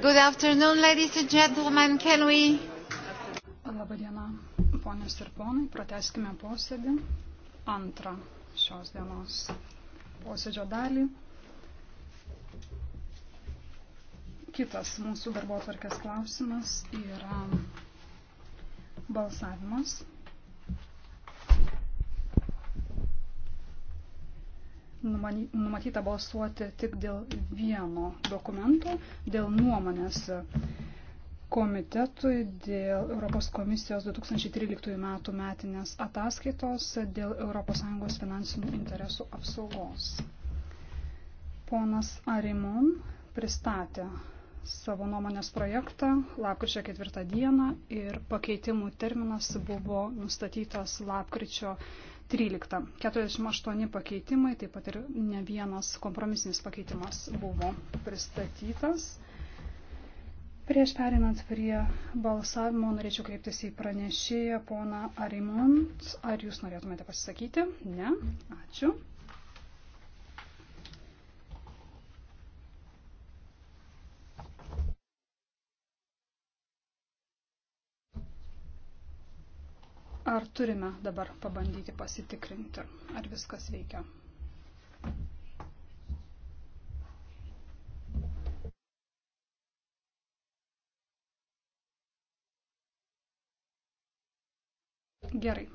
Good afternoon, ladies and gentlemen. Can we? Labadiena, ponios ir ponai. Prateskime posėdį. Antrą šios dienos posėdžio dalį. Kitas mūsų darbo tvarkės klausimas yra balsavimas numatyta balsuoti tik dėl vieno dokumento, dėl nuomonės komitetui, dėl Europos komisijos 2013 metų metinės ataskaitos, dėl ES finansinių interesų apsaugos. Ponas Arimon pristatė savo nuomonės projektą lapkričio 4 dieną ir pakeitimų terminas buvo nustatytas lapkričio 4 13. 48 pakeitimai, taip pat ir ne vienas kompromisinis pakeitimas buvo pristatytas. Prieš perinant prie balsavimo, norėčiau kreiptis į pranešėją poną Arimont. Ar jūs norėtumėte pasisakyti? Ne. Ačiū. Ar turime dabar pabandyti pasitikrinti, ar viskas veikia? Gerai,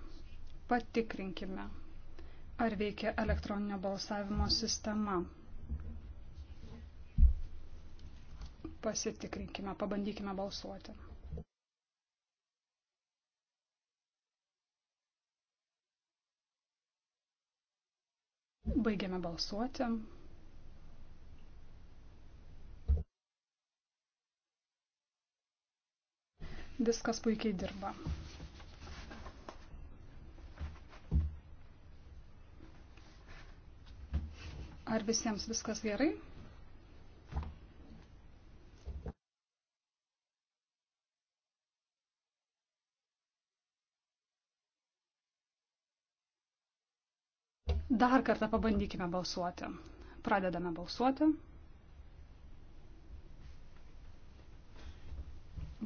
patikrinkime, ar veikia elektroninio balsavimo sistema. Pasitikrinkime, pabandykime balsuoti. Baigiame balsuoti. Viskas puikiai dirba. Ar visiems viskas gerai? Dar kartą pabandykime balsuoti. Pradedame balsuoti.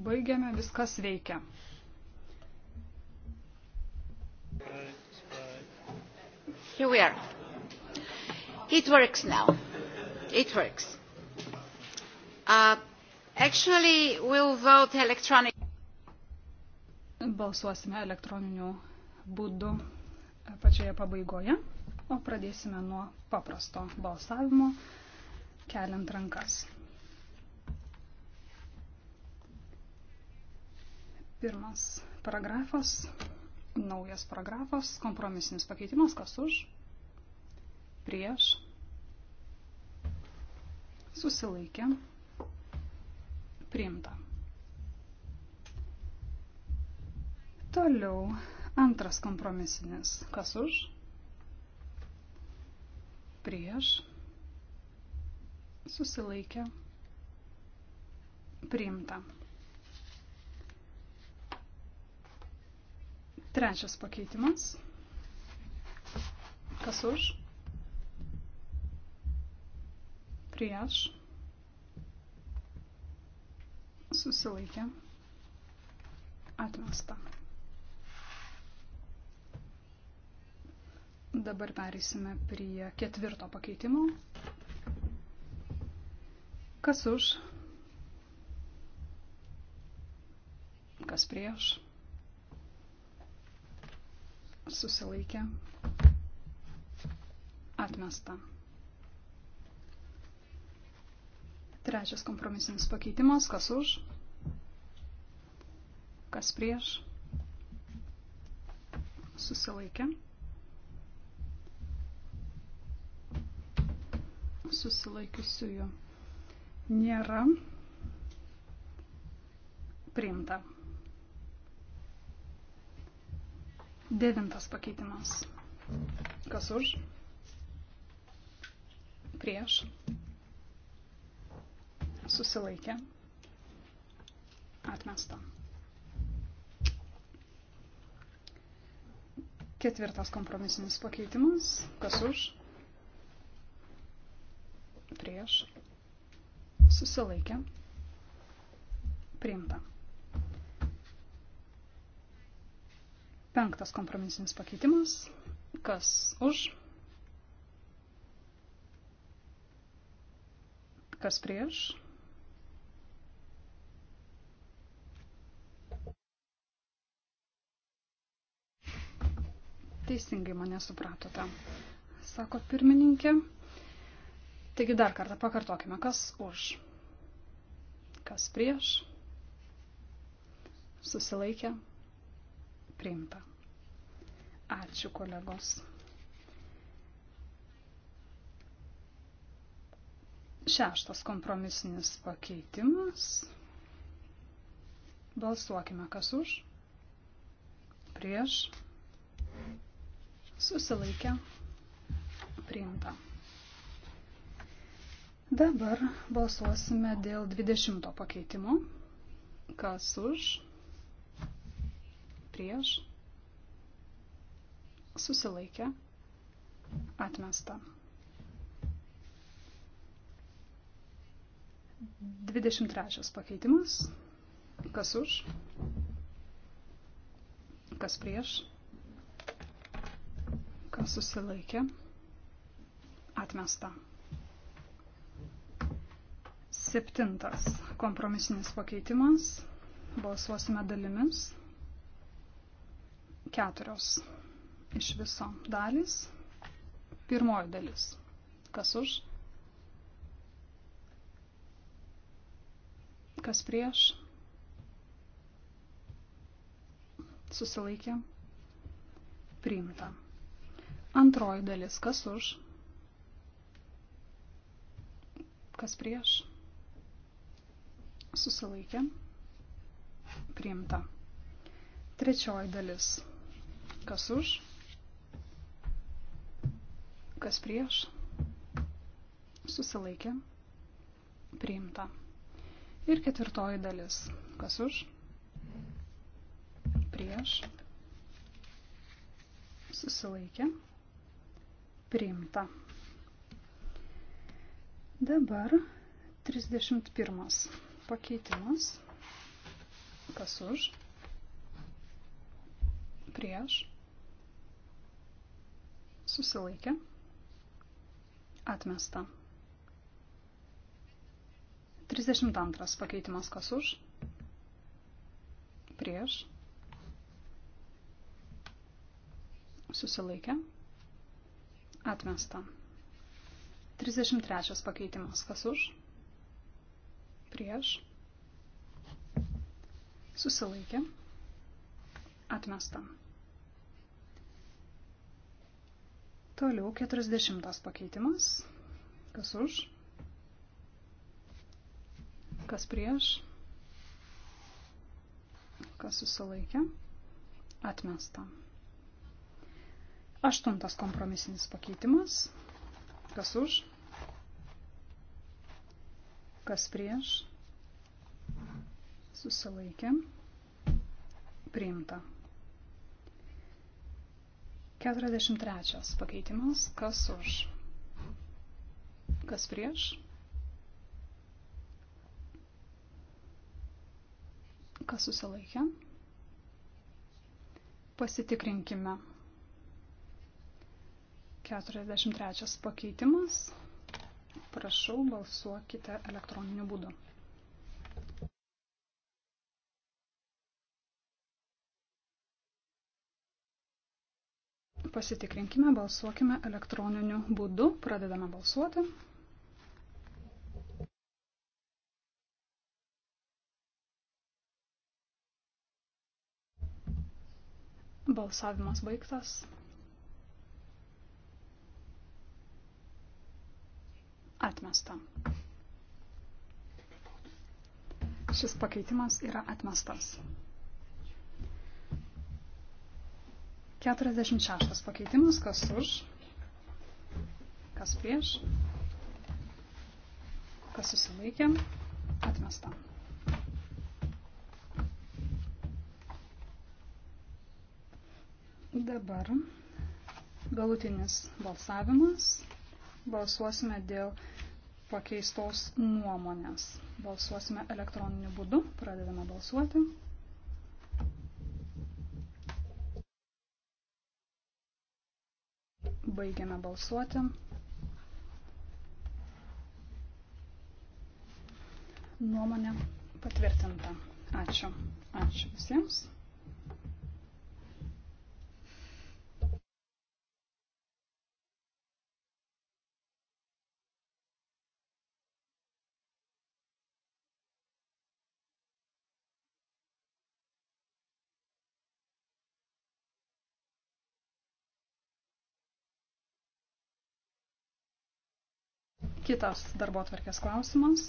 Baigiame, viskas veikia. Here we are. It works now. It works. Uh, actually, we'll vote electronic. Balsuosime elektroniniu būdu pačioje pabaigoje. O pradėsime nuo paprasto balsavimo, keliant rankas. Pirmas paragrafas, naujas paragrafas, kompromisinis pakeitimas, kas už, prieš, susilaikė, priimta. Toliau antras kompromisinis, kas už, prieš prieš, susilaikė, priimta. Trečias pakeitimas. Kas už? Prieš. Susilaikė. Atmesta. Dabar pereisime prie ketvirto pakeitimo. Kas už? Kas prieš? Susilaikė. Atmesta. Trečias kompromisinis pakeitimas. Kas už? Kas prieš? Susilaikė. susilaikiusiųjų nėra priimta. Devintas pakeitimas. Kas už? Prieš. Susilaikė. Atmesta. Ketvirtas kompromisinis pakeitimas. Kas už? prieš, susilaikė, priimta. Penktas kompromisinis pakeitimas, kas už, kas prieš, teisingai mane supratote, sako pirmininkė. Taigi dar kartą pakartokime, kas už, kas prieš, susilaikė, priimta. Ačiū kolegos. Šeštas kompromisinis pakeitimas. Balsuokime, kas už, prieš, susilaikė, priimta. Dabar balsuosime dėl 20 pakeitimo. Kas už? Prieš? Susilaikę? Atmesta. 23 pakeitimas. Kas už? Kas prieš? Kas susilaikė? Atmesta. Septintas kompromisinis pakeitimas. Balsuosime dalimis. Keturios iš viso dalys. Pirmoji dalis. Kas už? Kas prieš? Susilaikė. Priimta. Antroji dalis. Kas už? Kas prieš? susilaikė, priimta. Trečioji dalis, kas už, kas prieš, susilaikė, priimta. Ir ketvirtoji dalis, kas už, prieš, susilaikė, priimta. Dabar 31 pakeitimas. Kas už? Prieš. Susilaikė. Atmesta. 32 pakeitimas kas už? Prieš. Susilaikė. Atmesta. 33 pakeitimas kas už? prieš, susilaikė, atmesta. Toliau 40 pakeitimas, kas už, kas prieš, kas susilaikė, atmesta. Aštuntas kompromisinis pakeitimas, kas už, kas prieš Kas prieš? Susilaikė. Priimta. 43 pakeitimas. Kas už? Kas prieš? Kas susilaikė? Pasitikrinkime. 43 pakeitimas. Prašau, balsuokite elektroniniu būdu. Pasitikrinkime, balsuokime elektroniniu būdu. Pradedame balsuoti. Balsavimas baigtas. Atmesta. Šis pakeitimas yra atmestas. 46 pakeitimas, kas už, kas prieš, kas susilaikė, atmesta. Dabar galutinis balsavimas balsuosime dėl pakeistos nuomonės. Balsuosime elektroniniu būdu, pradedame balsuoti. Baigiame balsuoti. Nuomonė patvirtinta. Ačiū. Ačiū visiems. Kitas darbo atvarkės klausimas.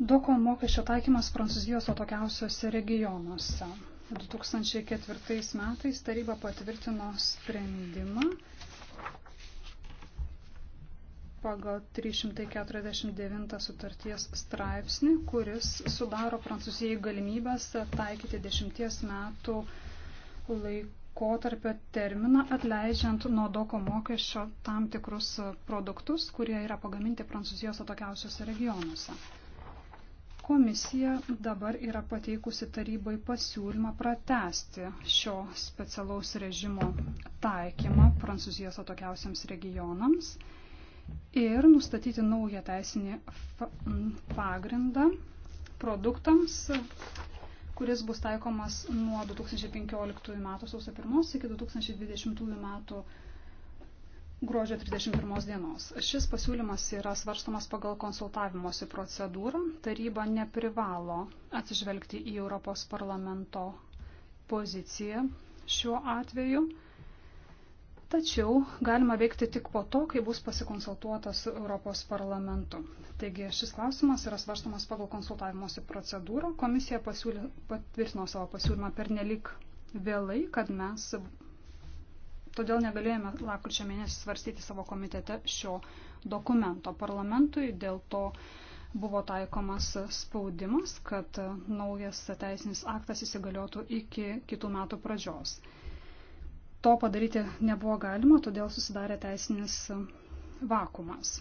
Doko mokesčio taikymas Prancūzijos atokiausiose regionuose. 2004 metais taryba patvirtino sprendimą pagal 349 sutarties straipsnį, kuris sudaro Prancūzijai galimybės taikyti 10 metų laikotarpio terminą, atleidžiant nuo doko mokesčio tam tikrus produktus, kurie yra pagaminti Prancūzijos atokiausiuose regionuose. Komisija dabar yra pateikusi tarybai pasiūlymą pratesti šio specialaus režimo taikymą Prancūzijos atokiausiams regionams ir nustatyti naują teisinį pagrindą produktams, kuris bus taikomas nuo 2015 m. sausio 1 iki 2020 m. gruodžio 31 dienos. Šis pasiūlymas yra svarstomas pagal konsultavimosi procedūrą. Taryba neprivalo atsižvelgti į Europos parlamento poziciją šiuo atveju. Tačiau galima veikti tik po to, kai bus pasikonsultuota su Europos parlamentu. Taigi šis klausimas yra svarstamas pagal konsultavimosi procedūrą. Komisija pasiūlė, patvirtino savo pasiūlymą per nelik vėlai, kad mes todėl negalėjome lakrūčio mėnesį svarstyti savo komitete šio dokumento. Parlamentui dėl to buvo taikomas spaudimas, kad naujas teisinis aktas įsigaliotų iki kitų metų pradžios to padaryti nebuvo galima, todėl susidarė teisinis vakumas.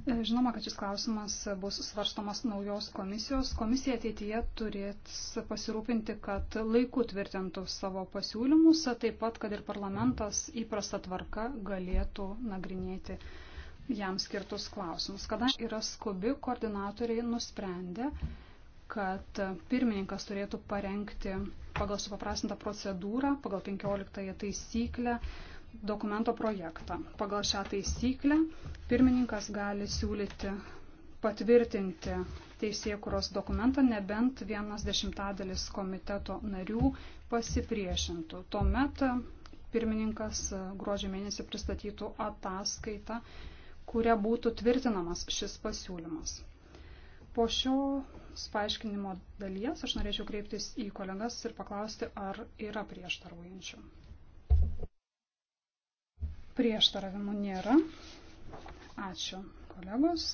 E, žinoma, kad šis klausimas bus svarstomas naujos komisijos. Komisija ateityje turės pasirūpinti, kad laiku tvirtintų savo pasiūlymus, taip pat, kad ir parlamentas įprasta tvarka galėtų nagrinėti jam skirtus klausimus. Kadangi yra skubi, koordinatoriai nusprendė, kad pirmininkas turėtų parengti pagal supaprastintą procedūrą, pagal 15 taisyklę dokumento projektą. Pagal šią taisyklę pirmininkas gali siūlyti patvirtinti teisėkuros dokumentą, nebent vienas dešimtadalis komiteto narių pasipriešintų. Tuomet pirmininkas gruodžio mėnesį pristatytų ataskaitą, kuria būtų tvirtinamas šis pasiūlymas. Po šio paaiškinimo dalies aš norėčiau kreiptis į kolegas ir paklausti, ar yra prieštaraujančių. Prieštaravimų nėra. Ačiū, kolegos.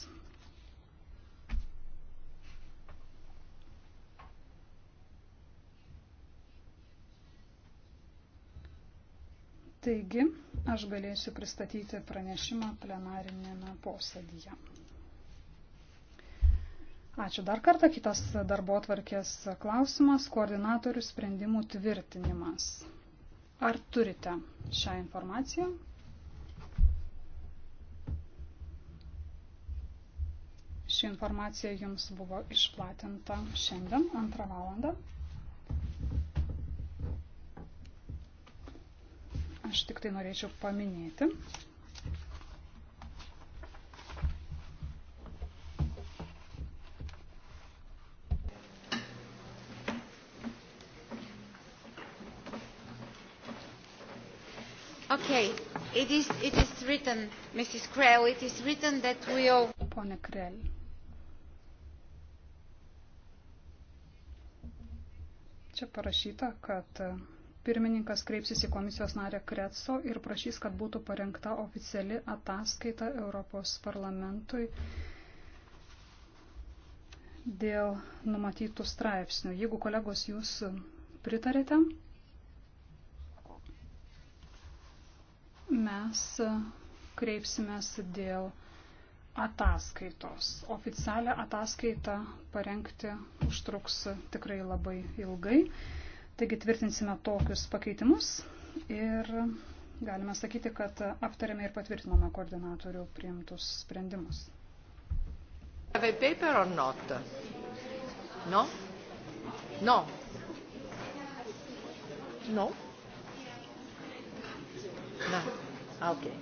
Taigi, aš galėsiu pristatyti pranešimą plenarinėme posėdyje. Ačiū dar kartą. Kitas darbo atvarkės klausimas - koordinatorių sprendimų tvirtinimas. Ar turite šią informaciją? Ši informacija jums buvo išplatinta šiandien antrą valandą. Aš tik tai norėčiau paminėti, Okay. It is, it is written, Mrs. Krell, it is written that we all... Pone Krell. Čia parašyta, kad e, pirmininkas kreipsis į komisijos narę Kretso ir prašys, kad būtų parengta oficiali ataskaita Europos parlamentui dėl numatytų straipsnių. Jeigu kolegos jūs pritarėte, mes kreipsimės dėl ataskaitos. Oficialią ataskaitą parengti užtruks tikrai labai ilgai. Taigi tvirtinsime tokius pakeitimus ir galime sakyti, kad aptarėme ir patvirtinome koordinatorių priimtus sprendimus. Paper or not? No? No? No? No. Ah, okay.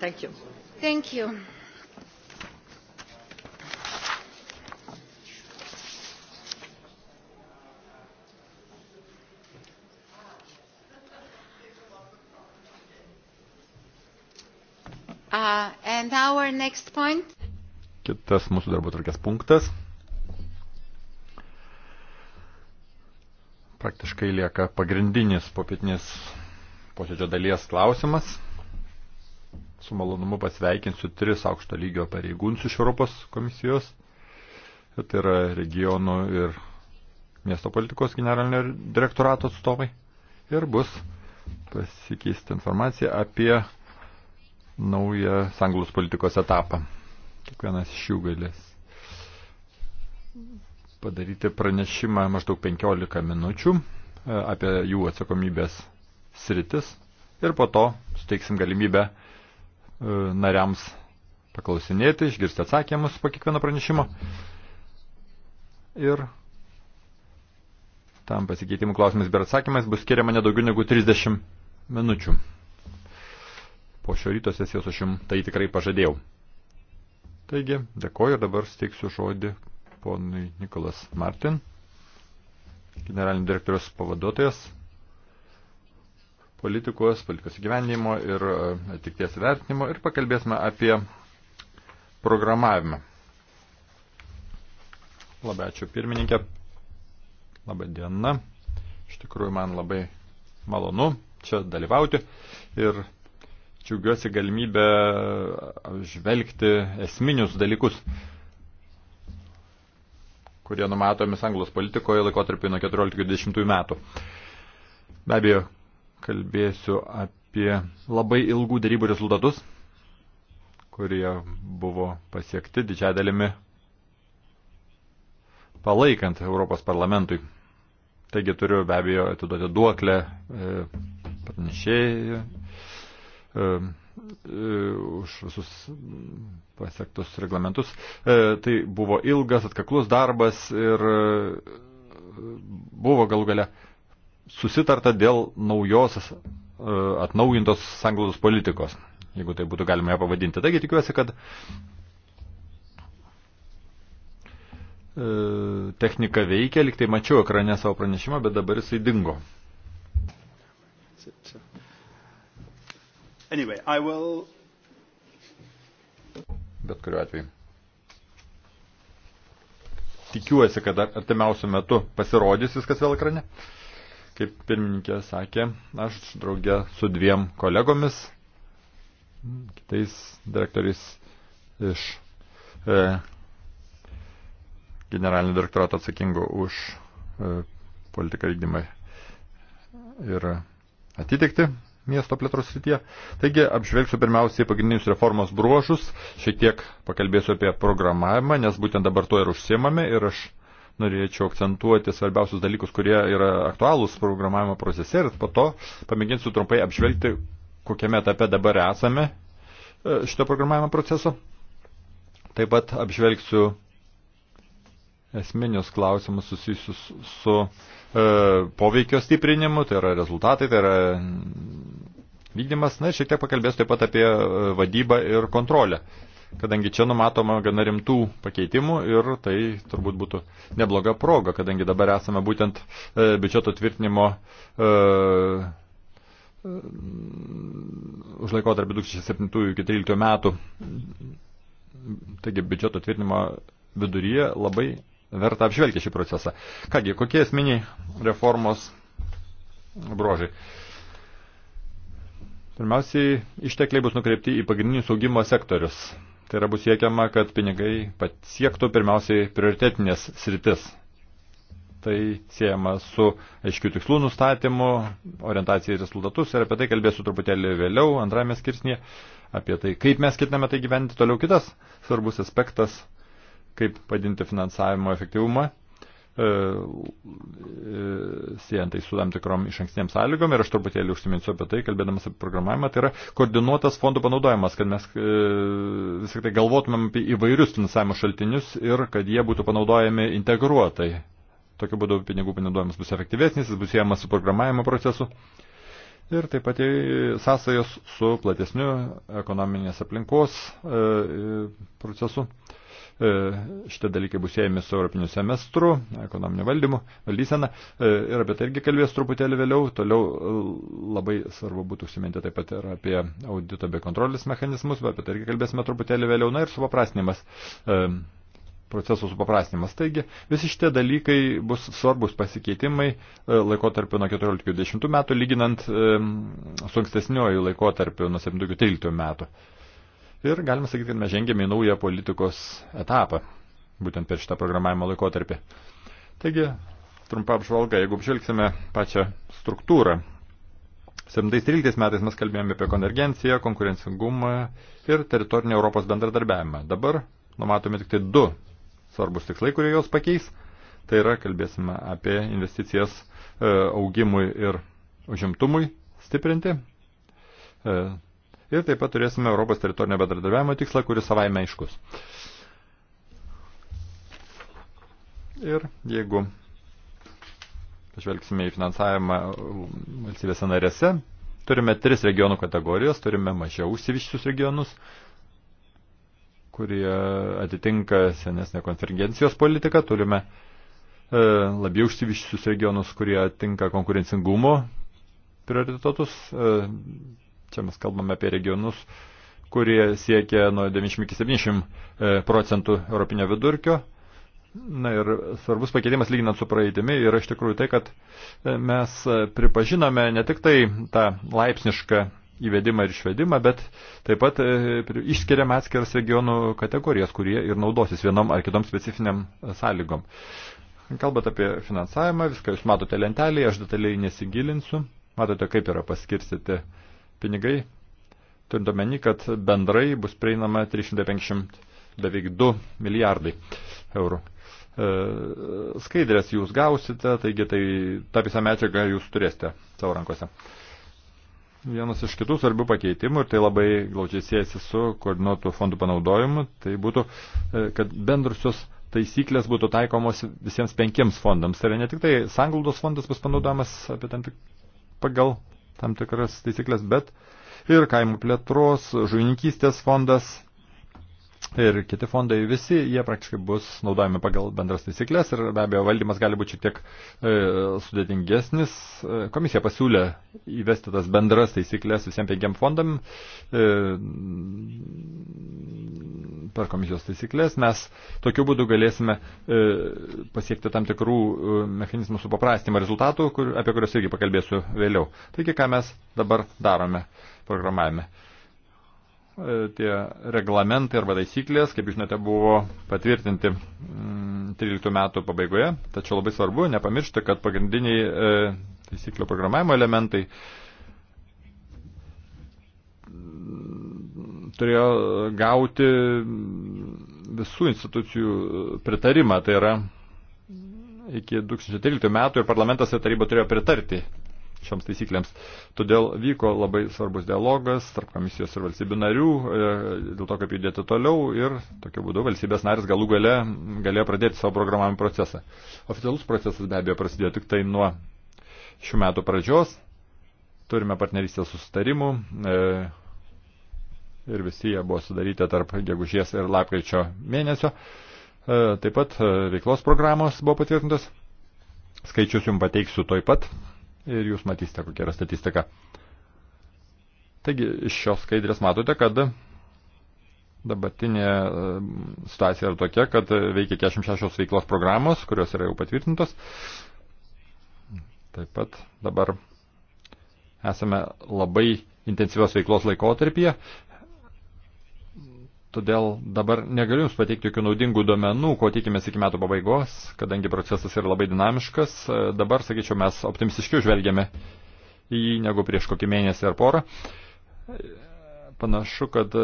Thank you. Thank you. Uh, and our next point. Kitas mūsų darbo tvarkės punktas. Praktiškai lieka pagrindinis popietinės posėdžio dalies klausimas. Su malonumu pasveikinsiu tris aukšto lygio pareigūnus iš Europos komisijos. Tai yra regionų ir miesto politikos generalinio direktorato atstovai. Ir bus pasikeisti informacija apie naują sanglus politikos etapą. Kiekvienas iš jų galės padaryti pranešimą maždaug 15 minučių e, apie jų atsakomybės sritis ir po to suteiksim galimybę e, nariams paklausinėti, išgirsti atsakymus po kiekvieno pranešimo. Ir tam pasikeitimų klausimais ir atsakymais bus skiriama nedaugiau negu 30 minučių. Po šio ryto sesijos aš jums tai tikrai pažadėjau. Taigi, dėkoju ir dabar steiksiu žodį ponui Nikolas Martin, generalinio direktorius pavaduotojas politikos, politikos įgyvendinimo ir e, tikties vertinimo ir pakalbėsime apie programavimą. Labai ačiū pirmininkė. Labai diena. Iš tikrųjų man labai malonu čia dalyvauti ir džiaugiuosi galimybę žvelgti esminius dalykus kurie numatomi Anglos politikoje laikotarpį nuo 14-20 metų. Be abejo, kalbėsiu apie labai ilgų dėrybų rezultatus, kurie buvo pasiekti didžiąją dalimi palaikant Europos parlamentui. Taigi turiu be abejo atiduoti duoklę e, pranešėjai e, e, už visus pasiektus reglamentus. E, tai buvo ilgas, atkaklus darbas ir e, buvo galų gale e, susitarta dėl naujos e, atnaujintos sanglaudos politikos, jeigu tai būtų galima ją pavadinti. Taigi tikiuosi, kad e, technika veikia, liktai mačiau ekrane savo pranešimą, bet dabar jisai dingo. Anyway, I will... Bet kuriuo atveju. Tikiuosi, kad artimiausiu metu pasirodys viskas vėl ekrane. Uh, Kaip pirmininkė sakė, aš draugė su dviem kolegomis, kitais direktoriais iš e, generalinio direktorato atsakingo už e, politiką vykdymą ir atitikti miesto plėtros srityje. Taigi apžvelgsiu pirmiausiai pagrindinius reformos bruožus, šiek tiek pakalbėsiu apie programavimą, nes būtent dabar to ir užsiemame ir aš norėčiau akcentuoti svarbiausius dalykus, kurie yra aktualūs programavimo procese ir po to pamėginsiu trumpai apžvelgti, kokiame etape dabar esame e, šito programavimo proceso. Taip pat apžvelgsiu esminius klausimus susijusius su e, poveikio stiprinimu, tai yra rezultatai, tai yra vykdymas. Na ir šiek tiek pakalbėsiu taip pat apie e, vadybą ir kontrolę. E, kadangi čia numatoma gana rimtų pakeitimų ir tai turbūt būtų nebloga proga, kadangi dabar esame būtent e, biudžeto tvirtinimo e, e už laikotarpį 2007 iki 2013 metų, taigi biudžeto tvirtinimo viduryje labai verta apžvelgti šį procesą. Kągi, kokie esminiai reformos brožai? Pirmiausiai, ištekliai bus nukreipti į pagrindinius augimo sektorius Tai yra bus siekiama, kad pinigai pasiektų pirmiausiai prioritetinės sritis. Tai siejama su aiškių tikslų nustatymu, orientacija į rezultatus ir apie tai kalbėsiu truputėlį vėliau, antrame skirsnėje, apie tai, kaip mes ketiname tai gyventi toliau kitas svarbus aspektas, kaip padinti finansavimo efektyvumą E, e, siejant tai su tam tikrom iš ankstiniam sąlygom ir aš truputėlį užsiminsiu apie tai, kalbėdamas apie programavimą, tai yra koordinuotas fondų panaudojimas, kad mes e, vis tik tai galvotumėm apie įvairius finansavimo šaltinius ir kad jie būtų panaudojami integruotai. Tokiu būdu pinigų panaudojimas bus efektyvesnis, jis bus siejamas su programavimo procesu ir taip pat sąsajos su platesniu ekonominės aplinkos procesu. E, šitie dalykai bus siejami su Europiniu semestru, ekonominiu valdymu, valdysena e, ir apie tai irgi kalbės truputėlį vėliau. Toliau e, labai svarbu būtų užsiminti taip pat ir apie audito bei kontrolės mechanizmus, bet apie tai irgi kalbėsime truputėlį vėliau. Na ir supaprastinimas procesų supaprastinimas. Taigi visi šitie dalykai bus svarbus pasikeitimai laikotarpiu nuo 14-20 metų, lyginant su ankstesniuoju laikotarpiu nuo 7-13 metų. Ir galime sakyti, kad mes žengėme į naują politikos etapą, būtent per šitą programavimo laikotarpį. Taigi, trumpa apžvalga, jeigu apžvelgsime pačią struktūrą. 17-13 metais mes kalbėjome apie konvergenciją, konkurencingumą ir teritorinį Europos bendradarbiavimą. Dabar numatome tik tai du svarbus tikslai, kurie jos pakeis. Tai yra, kalbėsime apie investicijas e, augimui ir užimtumui stiprinti. E, ir taip pat turėsime Europos teritorinio bendradarbiavimo tikslą, kuris savaime aiškus. Ir jeigu pažvelgsime į finansavimą valstybėse narėse, turime tris regionų kategorijos, turime mažiau užsivyščius regionus, kurie atitinka senesnę konvergencijos politiką, turime e, labiau užsivyščius regionus, kurie atitinka konkurencingumo prioritetus, e, Čia mes kalbame apie regionus, kurie siekia nuo 90 iki 70 e, procentų europinio vidurkio. Na ir svarbus pakeitimas lyginant su praeitimi yra iš tikrųjų tai, kad e, mes e, pripažinome ne tik tai tą laipsnišką įvedimą ir išvedimą, bet taip pat išskiriam atskiras regionų kategorijas, kurie ir naudosis vienom ar kitom specifiniam sąlygom. Kalbant apie finansavimą, viską jūs matote lentelėje, aš detaliai nesigilinsiu. Matote, kaip yra paskirstyti uh, pinigai, turint omeny, kad bendrai bus prieinama 350 beveik 2 milijardai eurų. E, skaidrės jūs gausite, taigi tai tą visą medžiagą jūs turėsite savo rankose. Vienas iš kitų svarbių pakeitimų, ir tai labai glaudžiai siejasi su koordinuotų fondų panaudojimu, tai būtų, e, kad bendrusios taisyklės būtų taikomos visiems penkiems fondams. Tai yra ne tik tai sanglaudos fondas bus panaudojamas apie tam tik pagal tam tikras taisyklės, bet ir kaimo plėtros, žuvininkystės fondas ir kiti fondai, visi jie praktiškai bus naudojami pagal bendras taisyklės ir be abejo valdymas gali būti šiek tiek e, sudėtingesnis. E, komisija pasiūlė įvesti tas bendras taisyklės visiems penkiem fondam e, per komisijos taisyklės. Mes tokiu būdu galėsime e, pasiekti tam tikrų e, mechanizmų supaprastymą rezultatų, kur, apie kuriuos irgi pakalbėsiu vėliau. Taigi, ką mes dabar darome programavime. E, E, tie reglamentai arba taisyklės, kaip žinote, buvo patvirtinti 13 mm, metų pabaigoje, tačiau labai svarbu nepamiršti, kad pagrindiniai e, taisyklių programavimo elementai mm, turėjo gauti visų institucijų pritarimą, tai yra iki 2013 metų ir parlamentas ir taryba turėjo pritarti šioms taisyklėms. Todėl vyko labai svarbus dialogas tarp komisijos ir valstybių narių, e, dėl to, kaip judėti toliau ir tokiu būdu valstybės narės galų gale galėjo pradėti savo programavimo procesą. Oficialus procesas be abejo prasidėjo tik tai nuo šių metų pradžios. Turime partnerystės sustarimų e, ir visi jie buvo sudaryti tarp gegužės ir lapkričio mėnesio. E, taip pat veiklos programos buvo patvirtintos. Skaičius jums pateiksiu toj pat, ir jūs matysite, kokia yra statistika. Taigi, iš šios skaidrės matote, kad dabartinė e, situacija yra tokia, kad veikia 46 veiklos programos, kurios yra jau patvirtintos. Taip pat dabar esame labai intensyvios veiklos laikotarpyje Todėl dabar negaliu Jums pateikti jokių naudingų duomenų, ko tikimės iki metų pabaigos, kadangi procesas yra labai dinamiškas. Dabar, sakyčiau, mes optimistiškiau žvelgiame į jį negu prieš kokį mėnesį ar porą. Panašu, kad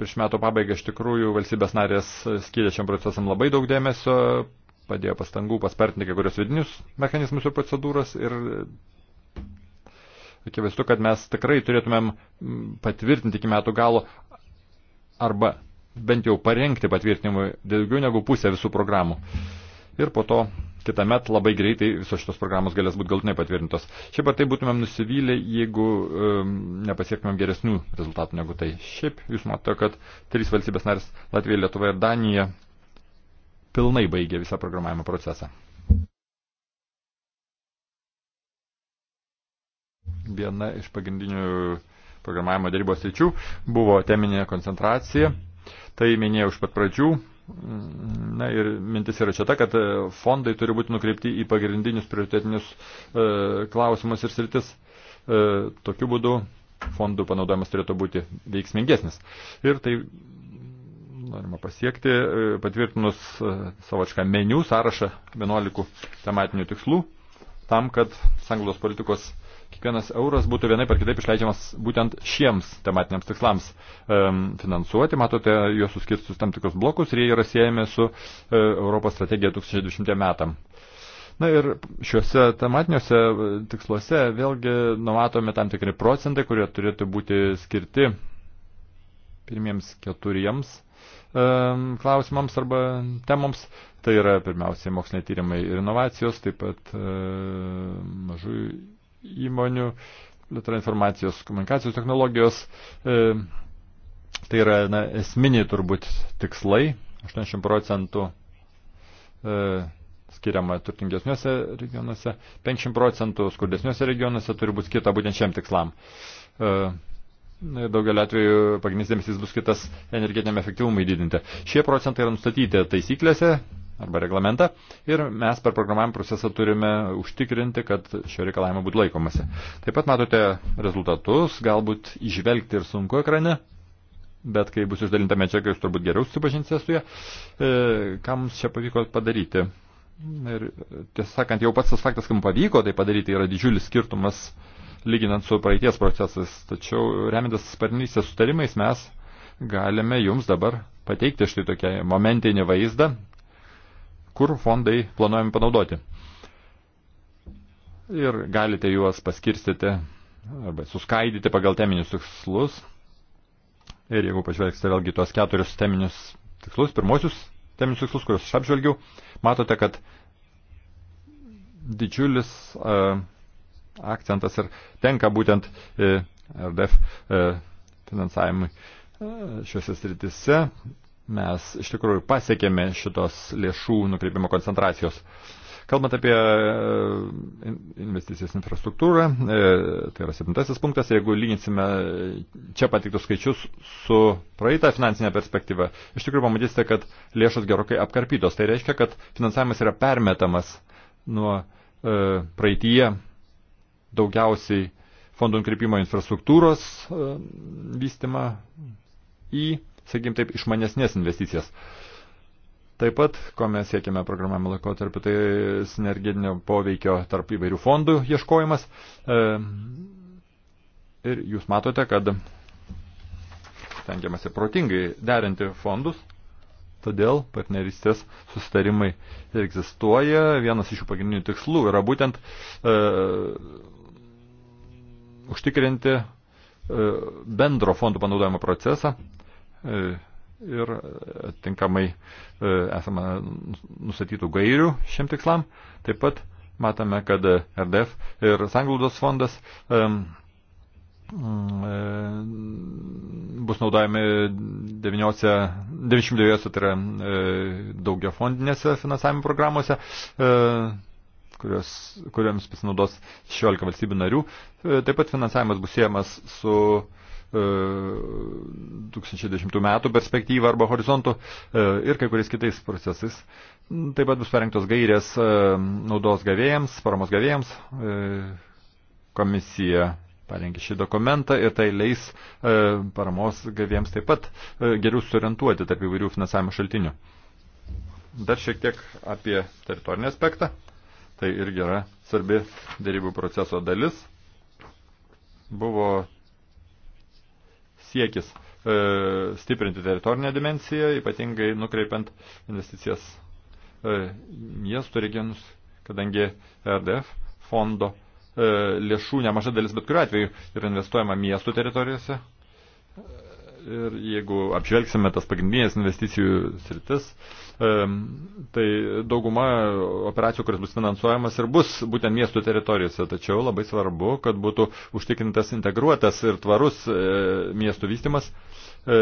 prieš metų pabaigą iš tikrųjų valstybės narės skyrė šiam procesam labai daug dėmesio, padėjo pastangų paspartinti kai kurios vidinius mechanizmus ir procedūras ir akivaizdu, kad mes tikrai turėtumėm patvirtinti iki metų galo arba bent jau parengti patvirtinimui daugiau negu pusę visų programų. Ir po to kitą met labai greitai visos šitos programos galės būti galtinai patvirtintos. Šiaip ar tai būtumėm nusivylę, jeigu um, nepasiektumėm geresnių rezultatų negu tai. Šiaip jūs matote, kad trys valstybės narės Latvija, Lietuva ir Danija pilnai baigė visą programavimo procesą. Viena iš pagrindinių uh, programavimo darybos ryčių buvo teminė koncentracija. Tai minėjau iš pat pradžių. Na ir mintis yra čia ta, kad e, fondai turi būti nukreipti į pagrindinius prioritetinius e, klausimus ir sritis. E, tokiu būdu fondų panaudojimas turėtų būti veiksmingesnis. Ir tai norima pasiekti, e, patvirtinus e, savočką meniu sąrašą 11 tematinių tikslų, tam, kad sanglos politikos kiekvienas euras būtų vienai per kitaip išleidžiamas būtent šiems tematiniams tikslams finansuoti. Matote, juos suskirstus tam tikrus blokus ir jie yra siejami su e, Europos strategija 2020 metam. Na ir šiuose tematiniuose e, tiksluose vėlgi numatome tam tikri procentai, kurie turėtų būti skirti pirmiems keturiems um, klausimams arba temoms. Tai yra pirmiausiai moksliniai tyrimai ir inovacijos, taip pat um, e, mažų įmonių, plėtra tai informacijos, komunikacijos technologijos. E, tai yra na, esminiai turbūt tikslai. 80 procentų e, skiriama turtingesniuose regionuose, 50 procentų skurdesniuose regionuose turi būti skirta būtent šiam tikslam. E, Daugelio atveju pagrindinis dėmesys bus kitas energetiniam efektyvumui didinti. Šie procentai yra nustatyti taisyklėse, arba reglamentą ir mes per programavimo procesą turime užtikrinti, kad šio reikalavimo būtų laikomasi. Taip pat matote rezultatus, galbūt išvelgti ir sunku ekrane, bet kai bus išdalinta medžiaga, jūs turbūt geriau susipažinsite su ją, e, ką mums čia pavyko padaryti. Ir tiesą sakant, jau pats tas faktas, kad mums pavyko tai padaryti, yra didžiulis skirtumas lyginant su praeities procesais. Tačiau remintis sparnystės sutarimais mes galime jums dabar pateikti štai tokią momentinį vaizdą, kur fondai planuojami panaudoti. Ir galite juos paskirstyti arba suskaidyti pagal teminius tikslus. Ir jeigu pažvelgsite vėlgi tuos keturius teminius tikslus, pirmosius teminius tikslus, kuriuos aš apžvelgiau, matote, kad didžiulis uh, akcentas ir tenka būtent uh, e, RDF uh, e, finansavimui uh, šiuose sritise mes iš tikrųjų pasiekėme šitos lėšų nukreipimo koncentracijos. Kalbant apie e, investicijas infrastruktūrą, e, tai yra septintasis punktas, jeigu lyginsime čia patiktus skaičius su praeitą finansinę perspektyvą, iš tikrųjų pamatysite, kad lėšos gerokai apkarpytos. Tai reiškia, kad finansavimas yra permetamas nuo e, praeitie daugiausiai fondų nukreipimo infrastruktūros vystimą į sakykim taip, išmanesnės investicijas. Taip pat, ko mes siekime programavimo laikotarpiu, tai sinerginio poveikio tarp įvairių fondų ieškojimas. E, ir jūs matote, kad stengiamasi protingai derinti fondus, todėl partneristės susitarimai ir egzistuoja. Vienas iš jų pagrindinių tikslų yra būtent e, užtikrinti e, bendro fondų panaudojimo procesą, E, ir tinkamai e, esame nusatytų gairių šiem tikslam. Taip pat matome, kad RDF ir Sanglaudos fondas e, bus naudojami 99, tai yra daugia fondinėse finansavimo programuose, kurios, kuriams pasinaudos 16 valstybių narių. Taip pat finansavimas bus siejamas su 2010 e, metų perspektyvą arba horizontų e, ir kai kuriais kitais procesais. Taip pat bus parengtos gairės e, naudos gavėjams, paramos gavėjams. Komisija parengė šį dokumentą ir tai leis paramos gavėjams taip pat geriau surientuoti tarp įvairių finansavimo šaltinių. Dar šiek tiek apie teritorinį aspektą. Tai irgi yra svarbi dėrybų proceso dalis. Buvo siekis e, stiprinti teritorinę dimenciją, ypatingai nukreipiant investicijas e, miestų regionus, kadangi RDF fondo e, lėšų nemaža dalis bet kuriuo atveju yra investuojama miestų teritorijose, Ir jeigu apžvelgsime tas pagrindinės investicijų sritis, tai dauguma operacijų, kurias bus finansuojamas ir bus būtent miestų teritorijose. Tačiau labai svarbu, kad būtų užtikrintas integruotas ir tvarus e, miestų vystimas, e,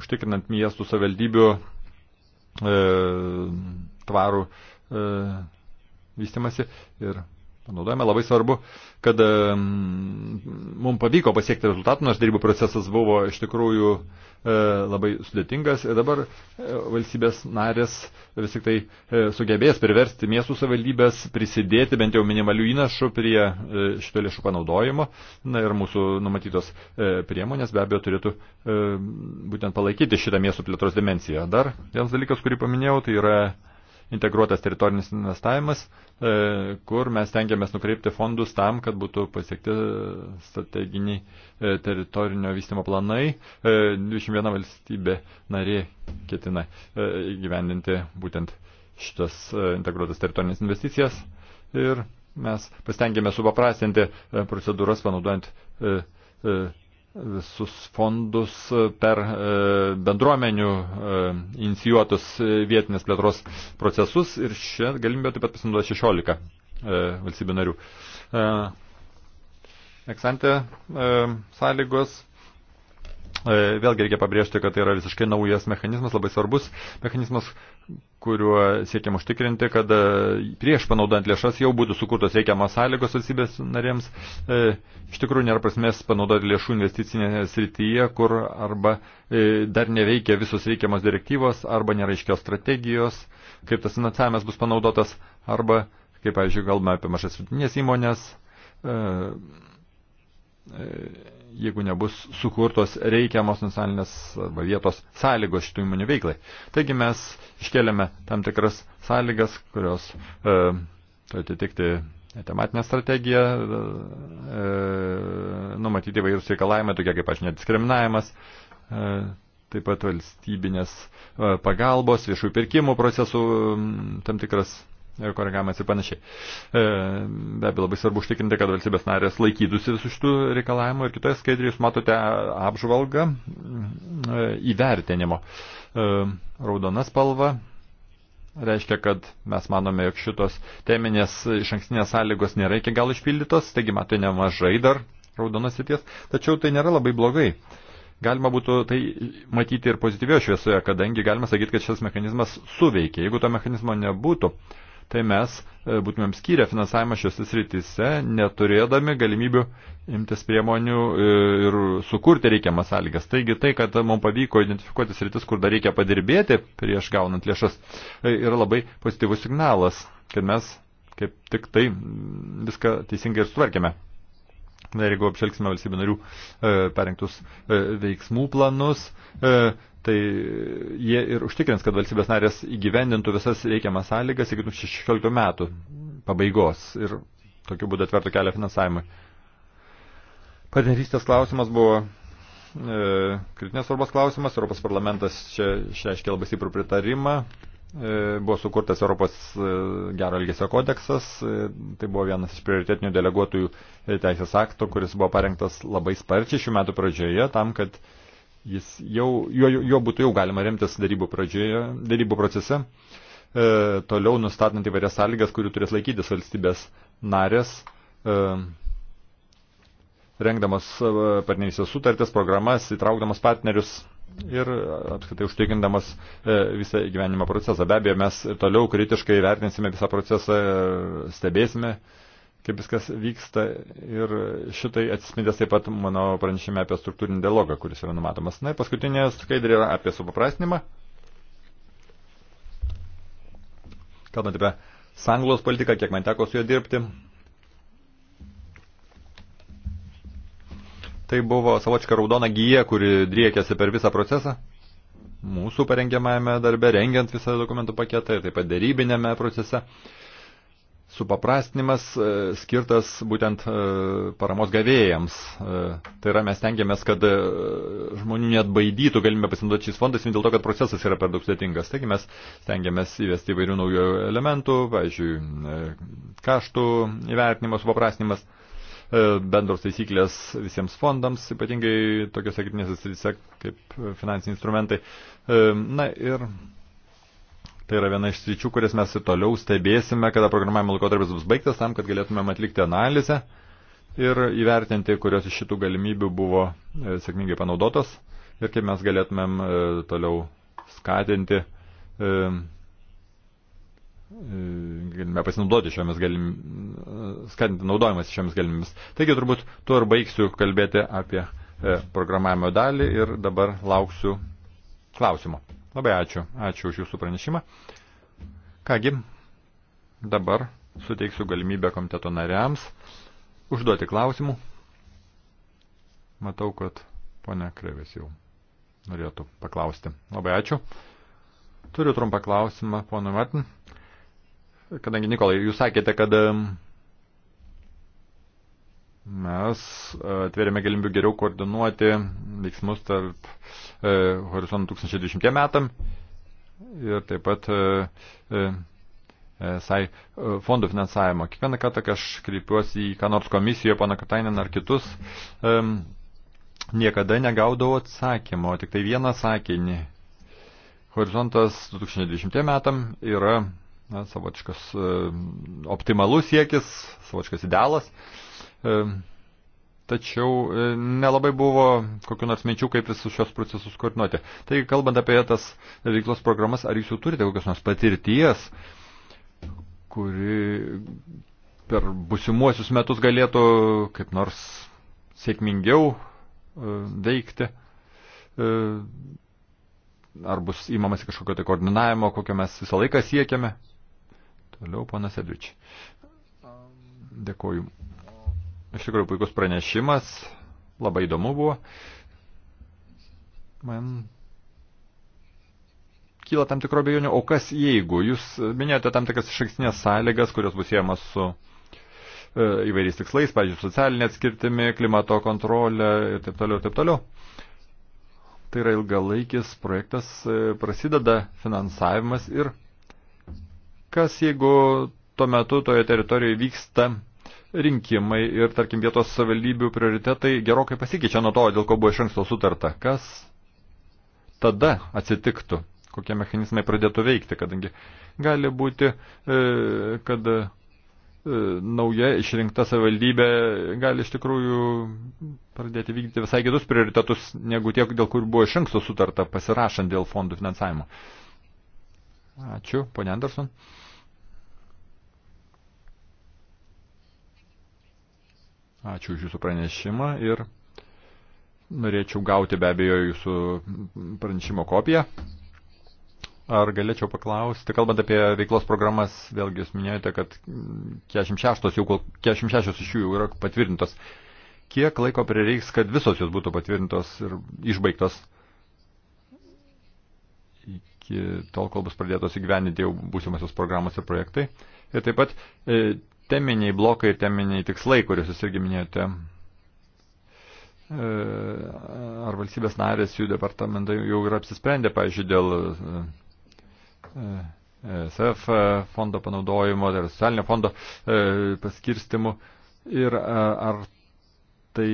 užtikrinant miestų savivaldybių e, tvarų vystimasi. Ir panaudojame. Labai svarbu, kad e, mums pavyko pasiekti rezultatų, nors darybų procesas buvo iš tikrųjų e, labai sudėtingas ir dabar e, valstybės narės vis tik tai sugebės priversti miestų savivaldybės prisidėti bent jau minimalių įnašų prie šito lėšų panaudojimo Na, ir mūsų numatytos priemonės be abejo turėtų būtent palaikyti šitą miestų plėtros dimenciją. Dar vienas dalykas, kurį paminėjau, tai yra integruotas teritorinis investavimas, e, kur mes tengiamės nukreipti fondus tam, kad būtų pasiekti strateginiai e, teritorinio vystimo planai. 21 e, valstybė narė ketina įgyvendinti būtent šitas integruotas teritorinis investicijas ir mes pasitengėme supaprastinti procedūras panaudojant visus fondus per e, bendruomenių e, inicijuotus vietinės plėtros procesus ir šią galimybę taip pat pasinaudoja 16 e, valstybių narių. Eksantė sąlygos E, vėlgi reikia pabrėžti, kad tai yra visiškai naujas mechanizmas, labai svarbus mechanizmas, kuriuo siekiam užtikrinti, kad e, prieš panaudant lėšas jau būtų sukurtos reikiamas sąlygos valstybės narėms. E, iš tikrųjų nėra prasmės panaudoti lėšų investicinėje srityje, kur arba dar neveikia visos reikiamos direktyvos, arba nėra aiškios strategijos, kaip tas finansavimas bus panaudotas, arba, kaip, pavyzdžiui, galime apie mažas vidutinės įmonės. E, e, jeigu nebus sukurtos reikiamos nacionalinės arba vietos sąlygos šitų įmonių veiklai. Taigi mes iškeliame tam tikras sąlygas, kurios e, turi atitikti tematinę strategiją, e, numatyti vairūs reikalavimai, tokie kaip aš nediskriminavimas, e, taip pat valstybinės e, pagalbos, viešųjų pirkimų procesų m, tam tikras koregavimas ir panašiai. E, be abejo, labai svarbu užtikrinti, kad valstybės narės laikytųsi visų šitų reikalavimų ir kitoje skaidrėje jūs matote apžvalgą e, įvertinimo. E, raudona spalva reiškia, kad mes manome, jog šitos teminės iš ankstinės sąlygos nėra iki gal išpildytos, taigi matai nemažai dar raudonos sėties, tačiau tai nėra labai blogai. Galima būtų tai matyti ir pozityvioje šviesoje, kadangi galima sakyti, kad šis mechanizmas suveikia. Jeigu to mechanizmo nebūtų, uh, tai mes e, būtumėm skyrę finansavimą šiose srityse, neturėdami galimybių imtis priemonių e, ir sukurti reikiamas sąlygas. Taigi tai, kad mums pavyko identifikuoti sritis, kur dar reikia padirbėti prieš gaunant lėšas, e, yra labai pozityvus signalas, kad mes kaip tik tai viską teisingai ir sutvarkėme. Na ir jeigu apšelgsime valstybių narių e, perinktus e, veiksmų planus, e, tai jie ir užtikrins, kad valstybės narės įgyvendintų visas reikiamas sąlygas iki 16 metų pabaigos ir tokiu būdu atvertų kelią finansavimui. Partnerystės klausimas buvo e, kritinės svarbos klausimas, Europos parlamentas čia išreiškė labai stiprų pritarimą, e, buvo sukurtas Europos e, gero elgesio kodeksas, e, tai buvo vienas iš prioritetinių deleguotųjų teisės aktų, kuris buvo parengtas labai sparčiai šių metų pradžioje tam, kad e, Jis jau, jo, jo būtų jau galima remtis darybų pradžioje, darybų procese, e, toliau nustatant įvairias sąlygas, kurių turės laikytis valstybės narės, e, rengdamas e, partnerystės sutartis, programas, įtraukdamas partnerius ir apskritai užtikrindamas e, visą gyvenimo procesą. Be abejo, mes toliau kritiškai vertinsime visą procesą, stebėsime kaip viskas vyksta ir šitai atsispindės taip pat mano pranešime apie struktūrinį dialogą, kuris yra numatomas. Na ir paskutinė skaidrė yra apie supaprastinimą. Kalbant apie sanglos politiką, kiek man teko su juo dirbti. Tai buvo savočka raudona gyja, kuri driekėsi per visą procesą mūsų parengiamajame darbe, rengiant visą dokumentų paketą ir taip pat dėrybinėme procese supaprastinimas e, skirtas būtent e, paramos gavėjams. E, tai yra, mes tengiamės, kad žmonių net baidytų galime pasinaudoti šiais fondais, vien dėl to, kad procesas yra per daug sudėtingas. Taigi mes tengiamės įvesti įvairių naujų elementų, pavyzdžiui, kaštų įvertinimas, supaprastinimas, bendros taisyklės visiems fondams, ypatingai tokiuose kritinėse srityse kaip finansiniai instrumentai. Na ir Tai yra viena iš sričių, kurias mes ir toliau stebėsime, kada programavimo laikotarpis bus baigtas, tam, kad galėtumėm atlikti analizę ir įvertinti, kurios iš šitų galimybių buvo e, sėkmingai panaudotos ir kaip mes galėtumėm e, toliau skatinti, e, galime pasinaudoti šiomis galimybėmis, skatinti naudojimas šiomis galimybėmis. Taigi turbūt tuo ir baigsiu kalbėti apie programavimo dalį ir dabar lauksiu klausimo. Labai ačiū. Ačiū už jūsų pranešimą. Kągi, dabar suteiksiu galimybę komiteto nariams užduoti klausimų. Matau, kad ponia Krevis jau norėtų paklausti. Labai ačiū. Turiu trumpą klausimą, pono Martin. Kadangi, Nikolai, jūs sakėte, kad mes e, atvėrėme galimybių geriau koordinuoti veiksmus tarp e, horizontų 2020 metam ir taip pat e, e, e, sai e, fondų finansavimo. Kiekvieną kartą, kai aš kreipiuosi į ką nors komisiją, pana Katainen ar kitus, e, niekada negaudavau atsakymo, tik tai vieną sakinį. Horizontas 2020 metam yra na, savotiškas e, optimalus siekis, savotiškas idealas. E, E, tačiau e, nelabai buvo kokiu nors minčių, kaip visus šios procesus koordinuoti. Taigi, kalbant apie tas veiklos programas, ar jūs jau turite kokios nors patirties, kuri per busimuosius metus galėtų kaip nors sėkmingiau e, veikti? Ar bus įmamasi kažkokio tai koordinavimo, kokio mes visą laiką siekiame? Toliau, panas Edvičiai. Dėkoju. Iš tikrųjų, puikus pranešimas, labai įdomu buvo. Man kyla tam tikro bejonių, o kas jeigu? Jūs minėjote tam tikras išankstinės sąlygas, kurios bus siejamas su e, įvairiais tikslais, pavyzdžiui, socialinė atskirtimi, klimato kontrolė ir taip toliau, ir taip toliau. Tai yra ilgalaikis projektas, e, prasideda finansavimas ir kas jeigu tuo metu toje teritorijoje vyksta rinkimai ir, tarkim, vietos savivaldybių prioritetai gerokai pasikeičia nuo to, dėl ko buvo iš anksto sutarta. Kas tada atsitiktų? Kokie mechanizmai pradėtų veikti? Kadangi gali būti, e, kad e, nauja išrinkta savivaldybė gali iš tikrųjų pradėti vykdyti visai kitus prioritetus, negu tie, dėl kur buvo iš anksto sutarta pasirašant dėl fondų finansavimo. Ačiū, ponė Anderson. Ačiū už Jūsų pranešimą ir norėčiau gauti be abejo Jūsų pranešimo kopiją. Ar galėčiau paklausti, kalbant apie veiklos programas, vėlgi Jūs minėjote, kad 46, jau, 46 iš jų jau yra patvirtintos. Kiek laiko prireiks, kad visos jos būtų patvirtintos ir išbaigtos? iki tol, kol bus pradėtos įgyveninti jau būsimasios programos ir projektai. Ir taip pat e, teminiai blokai ir teminiai tikslai, kuriuos jūs irgi minėjote. E, ar valstybės narės jų departamentai jau yra apsisprendę, pavyzdžiui, dėl e, e, SF fondo panaudojimo, dar socialinio fondo e, paskirstimų ir ar tai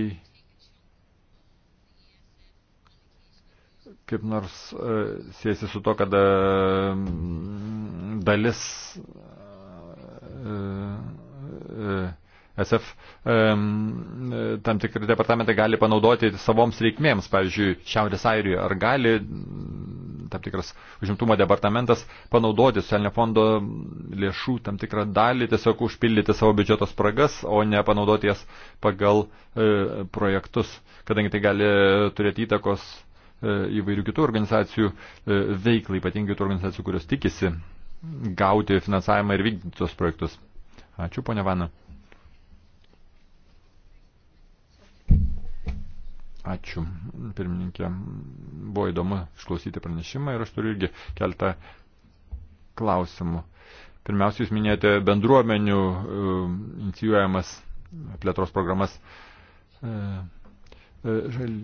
kaip nors e, siesi su to, kad dalis e, E, SF e, e, tam tikri departamentai gali panaudoti savoms reikmėms, pavyzdžiui, Šiaurės Airijoje, ar gali tam tikras užimtumo departamentas panaudoti socialinio fondo lėšų tam tikrą dalį, tiesiog užpildyti savo biudžeto spragas, o ne panaudoti jas pagal e, projektus, kadangi tai gali turėti įtakos e, įvairių kitų organizacijų e, veiklai, ypatingai tų organizacijų, kurios tikisi gauti finansavimą ir vykdyti tos projektus. Ačiū, ponia Vana. Ačiū, pirmininkė. Buvo įdomu išklausyti pranešimą ir aš turiu irgi keltą klausimų. Pirmiausia, jūs minėjote bendruomenių e, inicijuojamas plėtros programas. E, e, žal...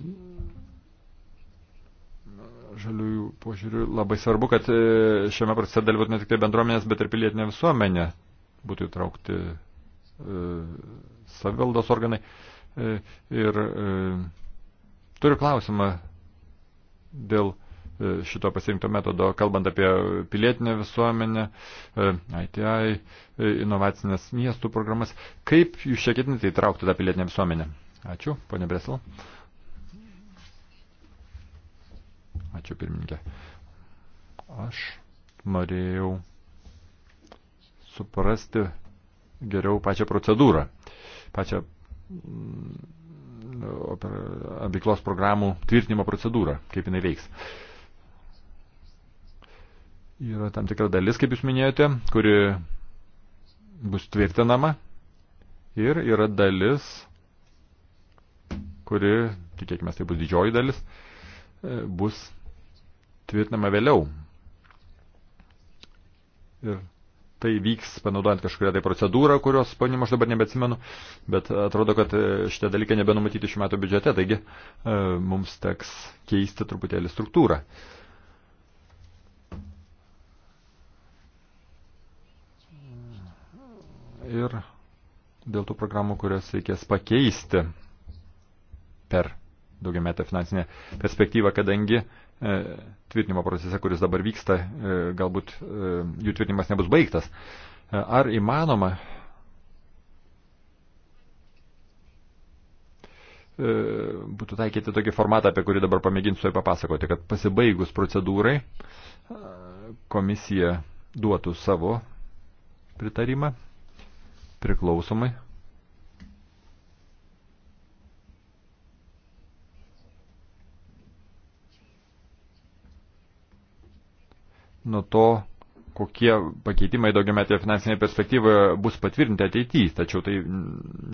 Žaliųjų požiūrių labai svarbu, kad šiame procese dalyvautų ne tik tai bendruomenės, bet ir pilietinė visuomenė būtų įtraukti e, savivaldos organai. E, ir e, turiu klausimą dėl e, šito pasirinkto metodo, kalbant apie pilietinę visuomenę, e, ITI, e, inovacinės miestų programas. Kaip jūs čia ketinate įtraukti tą pilietinę visuomenę? Ačiū, ponė Bresla. Ačiū pirmininkė. Aš norėjau suprasti geriau pačią procedūrą, pačią mm, veiklos programų tvirtinimo procedūrą, kaip jinai veiks. Yra tam tikra dalis, kaip jūs minėjote, kuri bus tvirtinama ir yra dalis, kuri, tikėkime, tai bus didžioji dalis, e, bus tvirtinama vėliau. Ir tai vyks, panaudojant kažkokią tai procedūrą, kurios panim aš dabar nebeatsimenu, bet atrodo, kad e, šitie dalykai nebenumatyti šių metų biudžete, taigi e, mums teks keisti truputėlį struktūrą. Ir dėl tų programų, kurias reikės pakeisti per daugiametę finansinę perspektyvą, kadangi E, tvirtinimo procese, kuris dabar vyksta, e, galbūt e, jų tvirtinimas nebus baigtas. Ar įmanoma būtų taikyti tokį formatą, apie kurį dabar pamėginsiu ir papasakoti, kad pasibaigus procedūrai komisija duotų savo pritarimą priklausomai nuo to, kokie pakeitimai daugiametėje finansinėje perspektyvoje bus patvirtinti ateityje, tačiau tai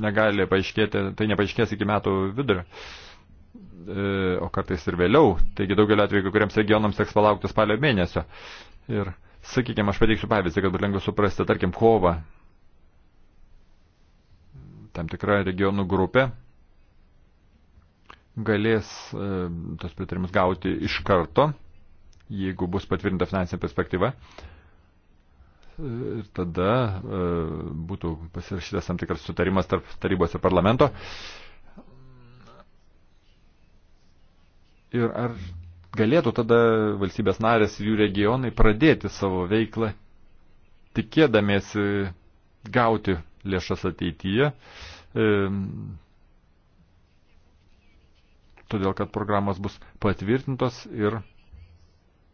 negali paaiškėti, tai nepaaiškės iki metų vidurio, e, o kartais ir vėliau. Taigi daugelio atveju, kuriems regionams teks palaukti spalio mėnesio. Ir, sakykime, aš pateiksiu pavyzdį, kad būtų lengviau suprasti, tarkim, kovą. Tam tikra regionų grupė galės e, tos pritarimus gauti iš karto jeigu bus patvirtinta finansinė perspektyva. Ir tada e, būtų pasirašytas tam tikras sutarimas tarp tarybos ir parlamento. Ir ar galėtų tada valstybės narės ir jų regionai pradėti savo veiklą, tikėdamėsi gauti lėšas ateityje, e, todėl kad programos bus patvirtintos ir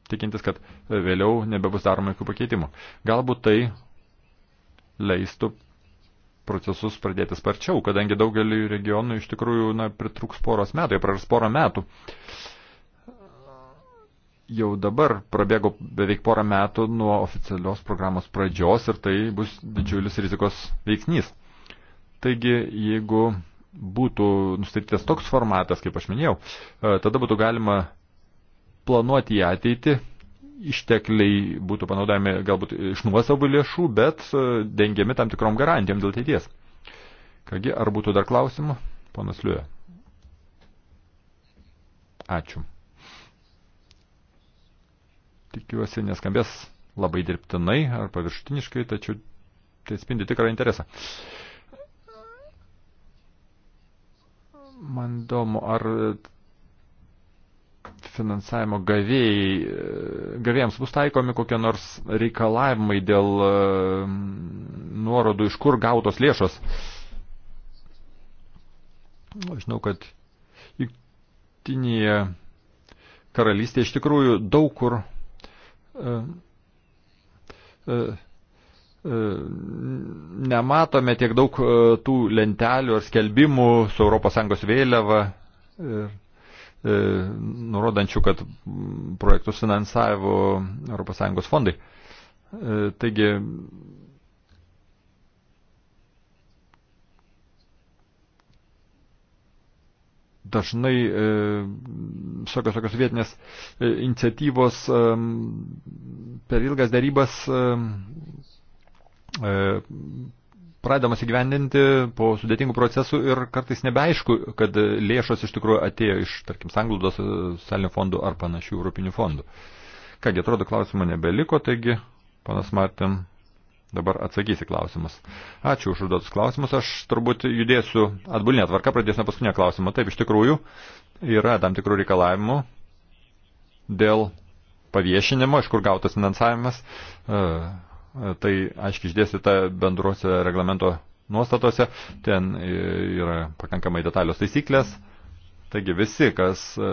tikintis, kad vėliau nebebus daroma jokių pakeitimų. Galbūt tai leistų procesus pradėti sparčiau, kadangi daugelį regionų iš tikrųjų na, pritruks poros metų, jie praras porą metų. Jau dabar prabėgo beveik porą metų nuo oficialios programos pradžios ir tai bus didžiulis rizikos veiksnys. Taigi, jeigu būtų nustatytas toks formatas, kaip aš minėjau, tada būtų galima planuoti į ateitį, ištekliai būtų panaudojami galbūt iš nuosavų lėšų, bet e, dengiami tam tikrom garantijom dėl ateities. Kągi, ar būtų dar klausimų? Ponas Liuja. Ačiū. Tikiuosi, neskambės labai dirbtinai ar paviršutiniškai, tačiau tai spindi tikrą interesą. Man įdomu, ar finansavimo gavėjai, e, gavėjams bus taikomi kokie nors reikalavimai dėl e, nuorodų, iš kur gautos lėšos. Žinau, kad jungtinėje karalystėje iš tikrųjų daug kur e, e, e nematome tiek daug tų lentelių ar skelbimų su ES vėliava. Ir E, nurodančių, kad projektus finansavo ES fondai. E, taigi, dažnai e, visokios tokios vietinės iniciatyvos per ilgas darybas pradedamas įgyvendinti po sudėtingų procesų ir kartais nebeaišku, kad lėšos iš tikrųjų atėjo iš, tarkim, sanglaudos e, socialinių fondų ar panašių europinių fondų. Kągi, atrodo, klausimų nebeliko, taigi, panas Martin, dabar atsakysi klausimus. Ačiū už užduotus klausimus, aš turbūt judėsiu atbulinę tvarką, pradėsiu nuo paskutinio klausimo. Taip, iš tikrųjų, yra tam tikrų reikalavimų dėl paviešinimo, iš kur gautas finansavimas. Uh, Tai aiškiai išdėstyta bendruose reglamento nuostatose, ten yra pakankamai detalios taisyklės. Taigi visi, kas e,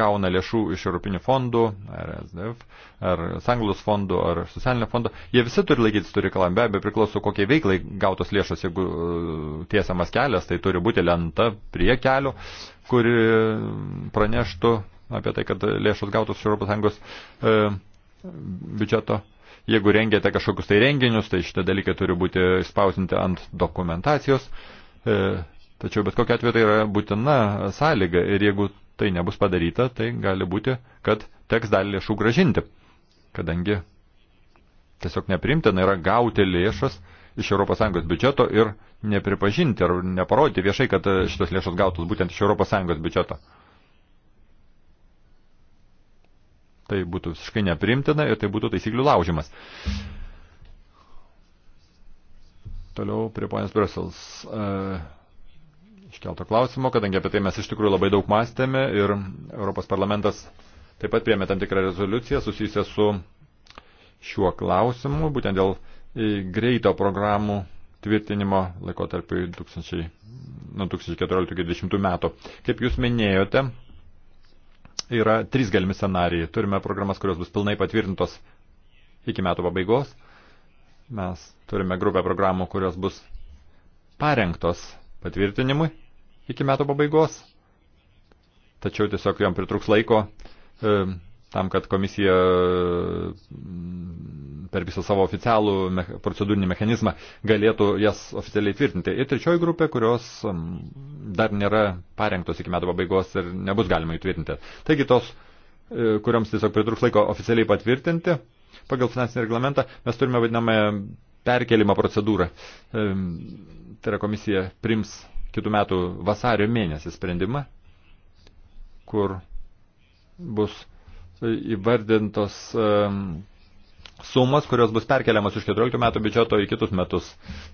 gauna lėšų iš Europinių fondų, ar SDF, ar Sanglus fondų, ar socialinio fondo, jie visi turi laikytis tų reikalavimų, be abejo priklauso kokiai veiklai gautos lėšos, jeigu e, tiesiamas kelias, tai turi būti lenta prie kelio, kuri praneštų apie tai, kad lėšos gautos iš ES e, biudžeto Jeigu rengiate kažkokius tai renginius, tai šitie dalykai turi būti spausinti ant dokumentacijos. E, tačiau bet kokia atveju tai yra būtina sąlyga ir jeigu tai nebus padaryta, tai gali būti, kad teks dalį lėšų gražinti, kadangi tiesiog neprimtina yra gauti lėšas iš ES biudžeto ir nepripažinti ar neparodyti viešai, kad šitos lėšos gautos būtent iš ES biudžeto. Tai būtų visiškai neprimtina ir tai būtų taisyklių laužimas. Toliau prie ponės Brussels. E, iškelto klausimo, kadangi apie tai mes iš tikrųjų labai daug mąstėme ir Europos parlamentas taip pat priėmė tam tikrą rezoliuciją susijusią su šiuo klausimu, būtent dėl e, greito programų tvirtinimo laikotarpiu 2014-2020 metų. Kaip jūs minėjote, yra trys galimi scenarijai. Turime programas, kurios bus pilnai patvirtintos iki metų pabaigos. Mes turime grupę programų, kurios bus parengtos patvirtinimui iki metų pabaigos. Tačiau tiesiog jam pritruks laiko e, tam, kad komisija mm, per visą savo oficialų procedūrinį mechanizmą galėtų jas oficialiai tvirtinti. Ir trečioji grupė, kurios mm, dar nėra parengtos iki metų pabaigos ir nebus galima įtvirtinti. Taigi tos, e, kuriams tiesiog pritruks laiko oficialiai patvirtinti pagal finansinį reglamentą, mes turime vadinamą perkelimą procedūrą. E, tai yra komisija prims kitų metų vasario mėnesį sprendimą, kur bus įvardintos sumos, kurios bus perkeliamas iš 14 metų biudžeto į kitus metus.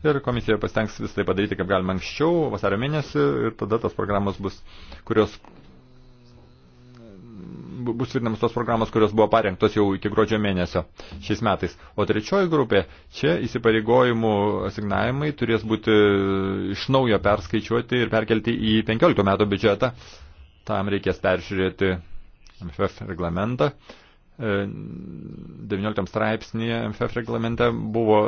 Ir komisija pasistengs vis tai padaryti kaip galima anksčiau, vasario mėnesį, ir tada tos programos bus, kurios bus vadinamos tos programos, kurios buvo parengtos jau iki gruodžio mėnesio šiais metais. O trečioji grupė, čia įsipareigojimų asignavimai turės būti e, iš naujo perskaičiuoti ir perkelti į 15 metų biudžetą. Tam reikės peržiūrėti MFF reglamentą. 19 e, straipsnėje MFF reglamente buvo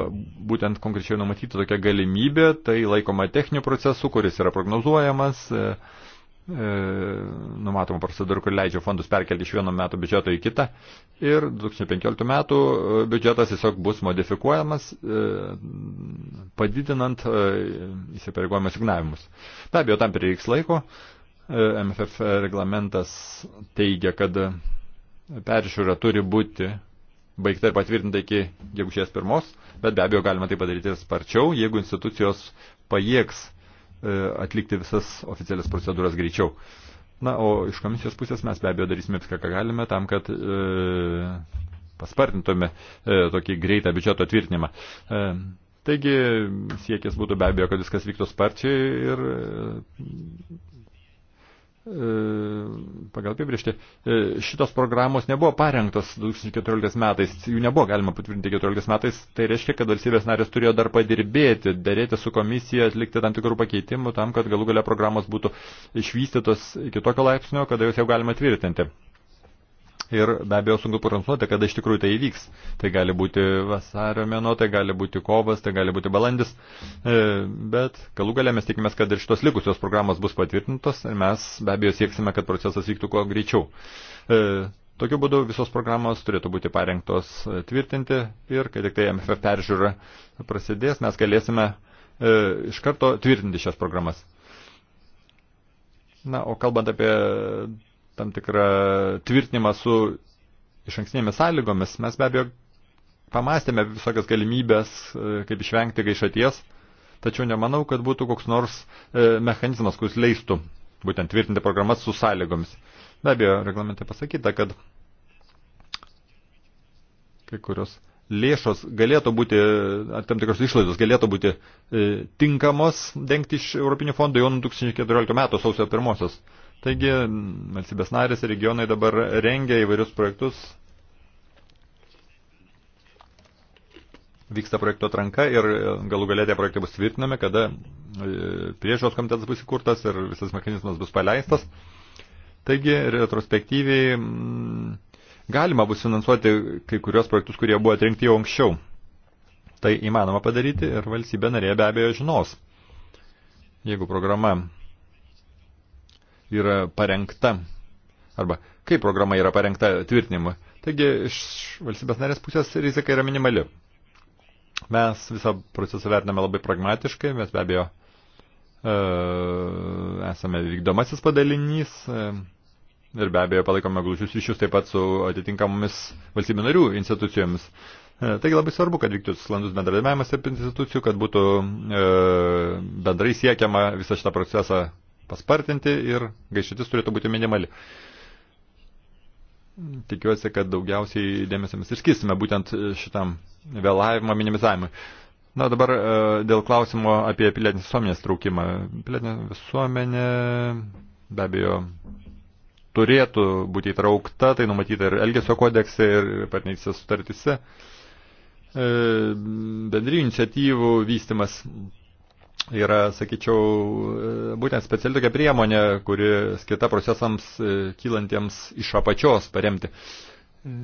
būtent konkrečiai numatyta tokia galimybė, tai laikoma techninių procesų, kuris yra prognozuojamas, e, e, numatoma procedūra, kur leidžia fondus perkelti iš vieno metų biudžeto į kitą ir 2015 metų biudžetas tiesiog bus modifikuojamas, padidinant įsipareigojimo signavimus. Be abejo, tam prireiks laiko, MFF reglamentas teigia, kad peržiūra turi būti baigta ir patvirtinta iki gegužės pirmos, bet be abejo galima tai padaryti sparčiau, jeigu institucijos pajėgs e, atlikti visas oficialias procedūras greičiau. Na, o iš komisijos pusės mes be abejo darysime viską, ką galime, tam, kad e, paspartintume e, tokį greitą biudžeto tvirtinimą. E, taigi, siekis būtų be abejo, kad viskas vyktų sparčiai ir e, pagal apibriežtį, e, šitos programos nebuvo parengtos 2014 metais, jų nebuvo galima patvirtinti 2014 metais, tai reiškia, kad valstybės narės turėjo dar padirbėti, darėti su komisija, atlikti tam tikrų pakeitimų tam, kad galų galia programos būtų išvystytos iki tokio laipsnio, kada jos jau galima tvirtinti ir be abejo sunku prognozuoti, kada iš tikrųjų tai įvyks. Tai gali būti vasario mėno, tai gali būti kovas, tai gali būti balandis, e, bet galų galę mes tikimės, kad ir šitos likusios programos bus patvirtintos ir mes be abejo sieksime, kad procesas vyktų kuo greičiau. E, tokiu būdu visos programos turėtų būti parengtos e, tvirtinti ir kai tik tai MFF peržiūra prasidės, mes galėsime e, iš karto tvirtinti šias programas. Na, o kalbant apie tam tikrą tvirtinimą su iš ankstinėmis sąlygomis, mes be abejo pamastėme visokias galimybės, e, kaip išvengti gaišaties, tačiau nemanau, kad būtų koks nors e, mechanizmas, kuris leistų būtent tvirtinti programas su sąlygomis. Be abejo, reglamente pasakyta, kad kai kurios lėšos galėtų būti, ar tam tikros išlaidos galėtų būti e, tinkamos dengti iš Europinių fondų jau 2014 metų sausio pirmosios. Taigi, valstybės narės ir regionai dabar rengia įvairius projektus. Vyksta projekto atranka ir e, galų galę tie projektai bus tvirtinami, kada e, priežiūros komitetas bus įkurtas ir visas mechanizmas bus paleistas. Taigi, retrospektyviai mm, galima bus finansuoti kai kurios projektus, kurie buvo atrinkti jau anksčiau. Tai įmanoma padaryti ir valstybė narė be abejo žinos. Jeigu programa yra parengta arba kaip programa yra parengta tvirtinimui. Taigi iš valstybės narės pusės rizika yra minimali. Mes visą procesą vertiname labai pragmatiškai, mes be abejo e, esame vykdomasis padalinys e, ir be abejo palaikome glūčius ryšius taip pat su atitinkamomis valstybių narių institucijomis. E, taigi labai svarbu, kad vyktų sklandus bendradarbiavimas tarp institucijų, kad būtų e, bendrai siekiama visą šitą procesą paspartinti ir gaišytis turėtų būti minimali. Tikiuosi, kad daugiausiai dėmesio mes ir skisime būtent šitam vėlavimo minimizavimui. Na dabar e, dėl klausimo apie pilietinės visuomenės traukimą. Pilietinė visuomenė be abejo turėtų būti įtraukta, tai numatyta ir Elgesio kodekse, ir partnerystės sutartyse. E, bendrijų iniciatyvų vystimas yra, sakyčiau, e, būtent speciali tokia priemonė, kuri skirta procesams e, kylantiems iš apačios paremti e,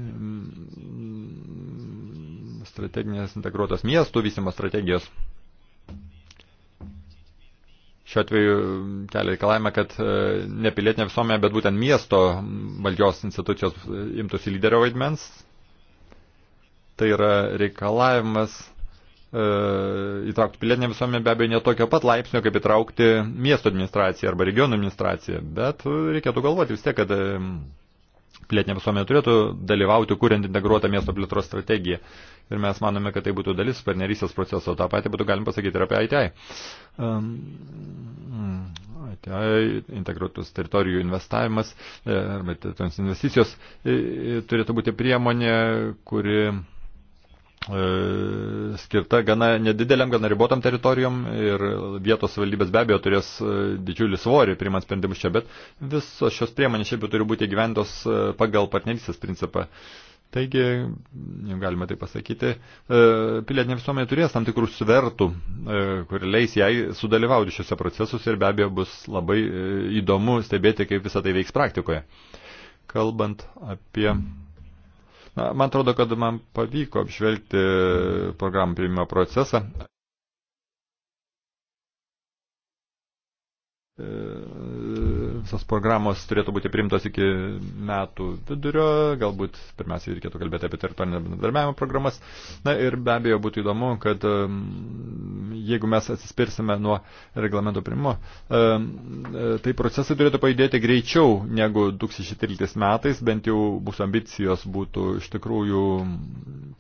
strateginės integruotos miestų vystimo strategijos. Šiuo atveju kelia reikalavimą, kad ne pilietinė visuomenė, bet būtent miesto valdžios institucijos imtųsi lyderio vaidmens. Tai yra reikalavimas E, įtraukti pilietinę visuomenę be abejo netokio pat laipsnio, kaip įtraukti miesto administraciją arba regionų administraciją, bet reikėtų galvoti vis tiek, kad e, pilietinė visuomenė turėtų dalyvauti, kuriant integruotą miesto plėtros strategiją. Ir mes manome, kad tai būtų dalis partnerystės proceso. Ta patį būtų galim pasakyti ir apie ITI. Um, ehm, mm, ITI, integruotus teritorijų investavimas e, arba investicijos turėtų būti priemonė, kuri E, skirta gana nedideliam, gana ribotam teritorijom ir vietos valdybės be abejo turės e, didžiulį svorį priimant sprendimus čia, bet visos šios priemonės šiaip turi būti gyventos e, pagal partnerystės principą. Taigi, galima tai pasakyti, pilietinė visuomenė turės tam tikrų svertų, kurie leis jai sudalyvauti šiuose procesuose ir be abejo bus labai įdomu stebėti, kaip visą tai veiks praktikoje. Kalbant apie. Mm Na, man atrodo, kad man pavyko apžvelgti programų priimimo procesą. E, visos programos turėtų būti primtos iki metų vidurio, galbūt pirmiausia reikėtų kalbėti apie teritorinio bendradarbiavimo programas. Na ir be abejo būtų įdomu, kad um, jeigu mes atsispirsime nuo reglamento primimo, um, e, tai procesai turėtų pajudėti greičiau negu 2013 metais, bent jau mūsų ambicijos būtų iš tikrųjų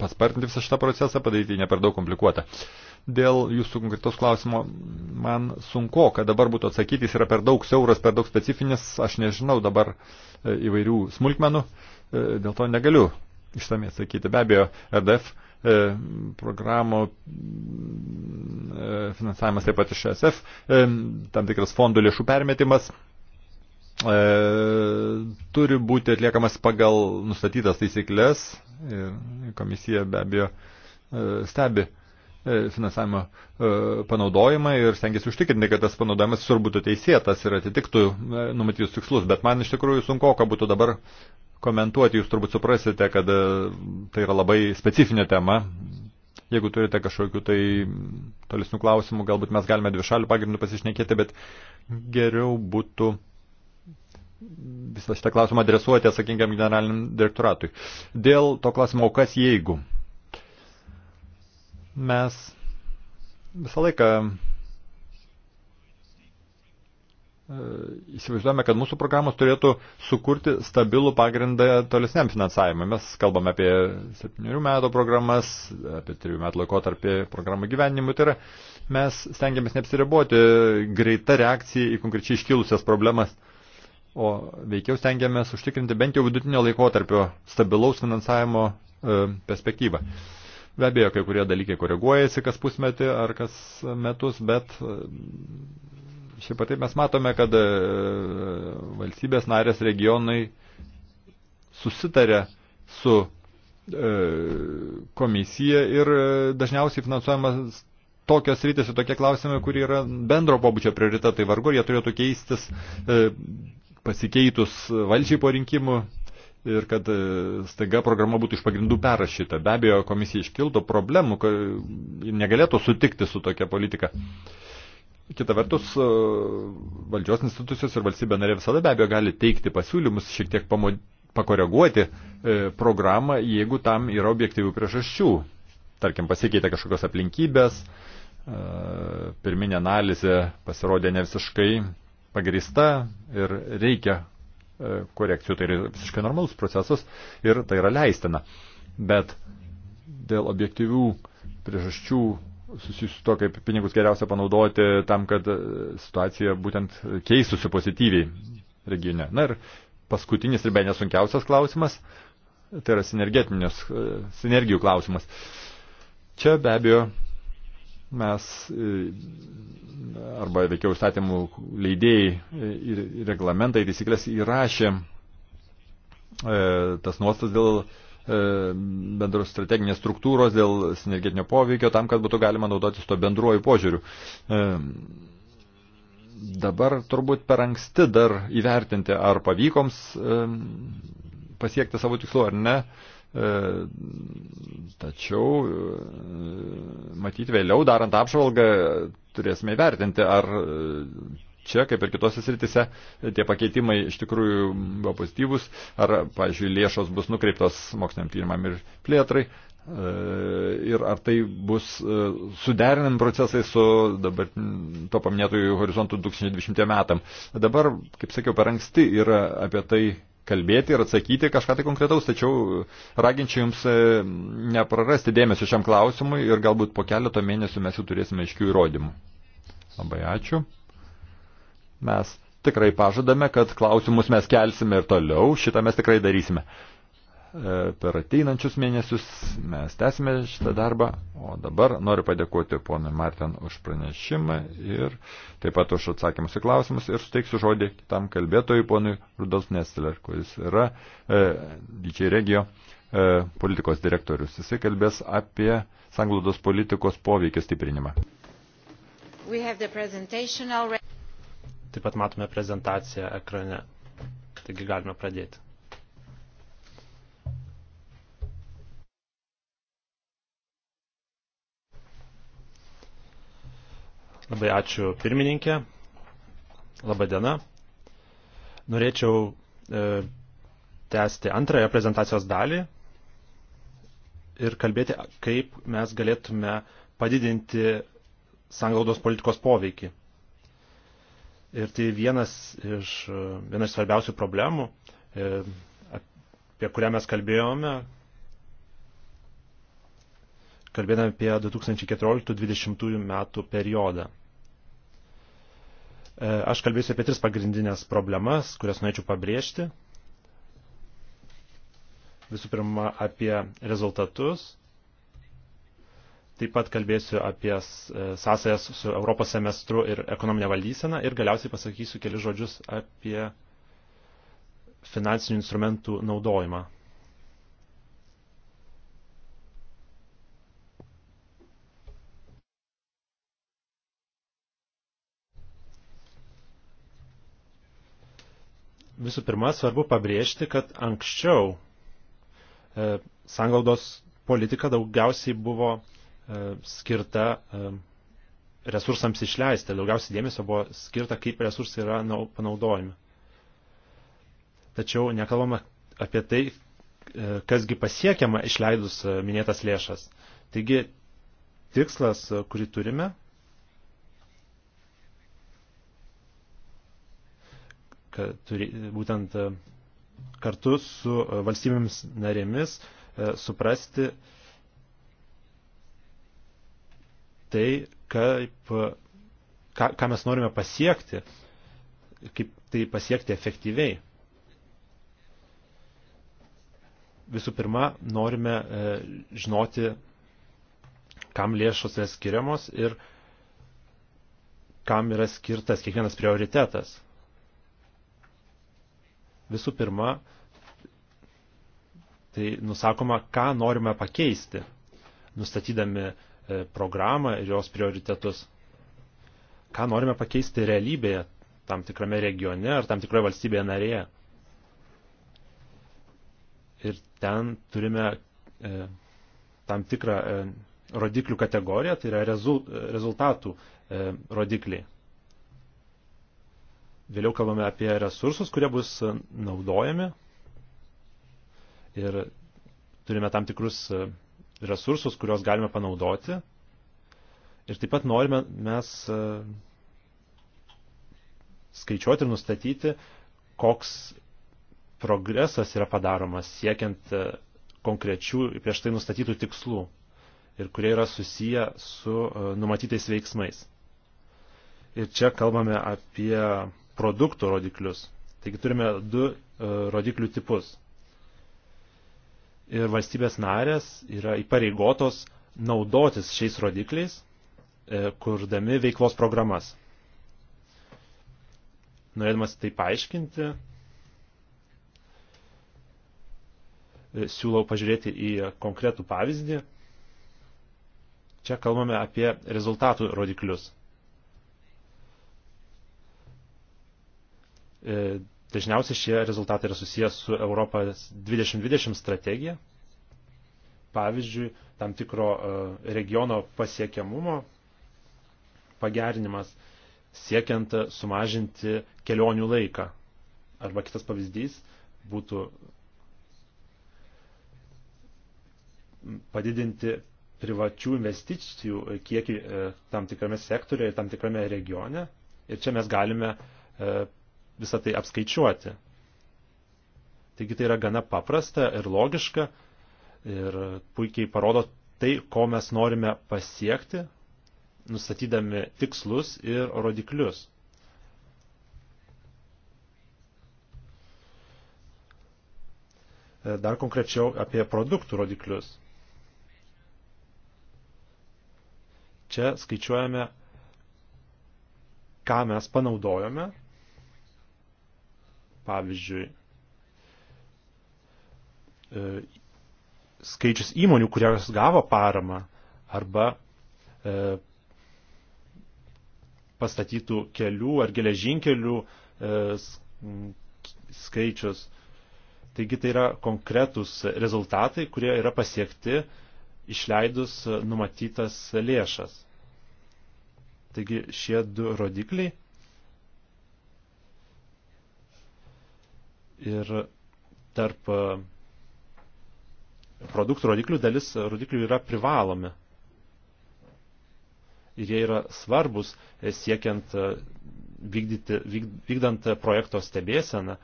paspartinti visą šitą procesą, padaryti ne per daug komplikuotą dėl jūsų konkretos klausimo man sunku, kad dabar būtų atsakytis yra per daug siauras, per daug specifinis specifinis, aš nežinau dabar e, įvairių smulkmenų, e, dėl to negaliu ištamiai atsakyti. Be abejo, RDF e, programų finansavimas taip pat iš ESF, tam tikras fondų lėšų permetimas turi būti atliekamas pagal nustatytas taisyklės ir komisija be abejo stebi E, finansavimo e, panaudojimą ir stengiasi užtikrinti, kad tas panaudojimas visur būtų teisėtas ir atitiktų e, numatytus tikslus. Bet man iš tikrųjų sunku, ką būtų dabar komentuoti. Jūs turbūt suprasite, kad tai yra labai specifinė tema. Jeigu turite kažkokių tai tolesnių klausimų, galbūt mes galime dvišalių pagrindų pasišnekėti, bet geriau būtų visą šitą klausimą adresuoti atsakingam generaliniam direktoratui. Dėl to klausimo, o kas jeigu? Mes visą laiką e, įsivaizduojame, kad mūsų programos turėtų sukurti stabilų pagrindą tolesniam finansavimui. Mes kalbame apie 7 metų programas, apie 3 metų laikotarpį programų gyvenimui. Tai yra, mes stengiamės neapsiriboti greita reakcija į konkrečiai iškilusias problemas, o veikiau stengiamės užtikrinti bent jau vidutinio laikotarpio stabilaus finansavimo e, perspektyvą. Mm. Be abejo, kai kurie dalykai koreguojasi kas pusmetį ar kas metus, bet e, šiaip taip mes matome, kad e, valstybės narės regionai susitarė su e, komisija ir dažniausiai finansuojamas tokios rytis ir tokie klausimai, kurie yra bendro pobūdžio prioritetai vargu, jie turėtų keistis pasikeitus valdžiai po rinkimų ir kad e, staiga programa būtų iš pagrindų perrašyta. Be abejo, komisija iškildo problemų, kad negalėtų sutikti su tokia politika. Kita vertus, e, valdžios institucijos ir valstybė narė visada be abejo gali teikti pasiūlymus, šiek tiek pamod... pakoreguoti e, programą, jeigu tam yra objektyvių priežasčių. Tarkim, pasikeitė kažkokios aplinkybės, pirminė analizė pasirodė ne visiškai pagrįsta ir reikia E, korekcijų. Tai yra visiškai normalus procesas ir tai yra leistina. Bet dėl objektyvių priežasčių susijusiu to, kaip pinigus geriausia panaudoti tam, kad e, situacija būtent keistusi pozityviai regione. Na ir paskutinis ir be nesunkiausias klausimas, tai yra sinergetinius, e, sinergijų klausimas. Čia be abejo mes e, arba veikiau įstatymų leidėjai e, ir reglamentai, taisyklės įrašė e, tas nuostas dėl bendros strateginės struktūros, dėl sinergetinio poveikio, tam, kad būtų galima naudotis to bendruoju požiūriu. Dabar turbūt per anksti dar įvertinti, ar pavykoms pasiekti savo tikslu ar ne. E, tačiau, e, matyt, vėliau darant apžvalgą turėsime įvertinti, ar e, čia, kaip ir kitose sritise, tie pakeitimai iš tikrųjų buvo pozityvus, ar, pavyzdžiui, lėšos bus nukreiptos moksliniam tyrimam ir plėtrai, ir ar tai bus suderinami procesai su dabar to paminėtojų horizontų 2020 metam. Dabar, kaip sakiau, per anksti yra apie tai kalbėti ir atsakyti kažką tai konkretaus, tačiau raginčiau jums e, neprarasti dėmesio šiam klausimui ir galbūt po keleto mėnesių mes jau turėsime aiškių įrodymų. Labai ačiū. Mes tikrai pažadame, kad klausimus mes kelsime ir toliau, šitą mes tikrai darysime. E, per ateinančius mėnesius mes tęsime šitą darbą, o dabar noriu padėkoti ponui Martin už pranešimą ir taip pat už atsakymus į klausimus ir suteiksiu žodį kitam kalbėtojui ponui Rudolf Nesteler, kuris yra e, didžiai regio e, politikos direktorius. Jisai kalbės apie sanglaudos politikos poveikį stiprinimą. Taip pat matome prezentaciją ekrane, taigi galime pradėti. Labai ačiū pirmininkė. Labą dieną. Norėčiau e, tęsti antrąją prezentacijos dalį ir kalbėti, kaip mes galėtume padidinti sangaudos politikos poveikį. Ir tai vienas iš, e, vienas svarbiausių problemų, e, apie kurią mes kalbėjome, kalbėdami apie 2014-2020 metų periodą. E, aš kalbėsiu apie tris pagrindinės problemas, kurias norėčiau pabrėžti. Visų pirma, apie rezultatus. Taip pat kalbėsiu apie e, sąsajas su Europos semestru ir ekonominė valdysena ir galiausiai pasakysiu keli žodžius apie finansinių instrumentų naudojimą. visų pirma svarbu pabrėžti, kad anksčiau e, sangaldos politika daugiausiai buvo e, skirta e, resursams išleisti, daugiausiai dėmesio buvo skirta, kaip resursai yra panaudojami. Tačiau nekalbama apie tai, e, kasgi pasiekiama išleidus e, minėtas lėšas. Taigi tikslas, e, kurį turime, kad turi, būtent e, kartu su e, valstybėmis narėmis e, suprasti tai, kaip, ką, ką mes norime pasiekti, kaip tai pasiekti efektyviai. Visų pirma, norime žinoti, kam lėšos yra skiriamos ir kam yra skirtas kiekvienas prioritetas. Visų pirma, tai nusakoma, ką norime pakeisti, nustatydami e, programą ir jos prioritetus. Ką norime pakeisti realybėje, tam tikrame regione ar tam tikroje valstybėje narėje. Ir ten turime e, tam tikrą e, rodiklių kategoriją, tai yra rezultatų e, rodikliai. Vėliau kalbame apie resursus, kurie bus naudojami ir turime tam tikrus resursus, kuriuos galime panaudoti. Ir taip pat norime mes e, skaičiuoti ir nustatyti, koks progresas yra padaromas siekiant e, konkrečių prieš tai nustatytų tikslų ir kurie yra susiję su e, numatytais veiksmais. Ir čia kalbame apie produktų rodiklius. Taigi turime du e, rodiklių tipus. Ir valstybės narės yra įpareigotos naudotis šiais rodikliais, e, kurdami veiklos programas. Norėdamas tai paaiškinti, e, siūlau pažiūrėti į konkretų pavyzdį. Čia kalbame apie rezultatų rodiklius. E, dažniausiai šie rezultatai yra susijęs su Europą 2020 strategija, pavyzdžiui, tam tikro e, regiono pasiekiamumo pagerinimas siekiant sumažinti kelionių laiką. Arba kitas pavyzdys būtų padidinti privačių investicijų kiekį e, tam tikrame sektoriuje ir tam tikrame regione. Ir čia mes galime visą tai apskaičiuoti. Taigi tai yra gana paprasta ir logiška ir puikiai parodo tai, ko mes norime pasiekti, nustatydami tikslus ir rodiklius. Dar konkrečiau apie produktų rodiklius. Čia skaičiuojame, ką mes panaudojome Pavyzdžiui, e, skaičius įmonių, kurios gavo paramą arba e, pastatytų kelių ar geležinkelių e, skaičius. Taigi tai yra konkretus rezultatai, kurie yra pasiekti išleidus numatytas lėšas. Taigi šie du rodikliai Ir tarp e, produktų rodiklių dalis rodiklių yra privalomi. Ir jie yra svarbus e, siekiant e, vykdyti, vyk, vykdant projekto stebėseną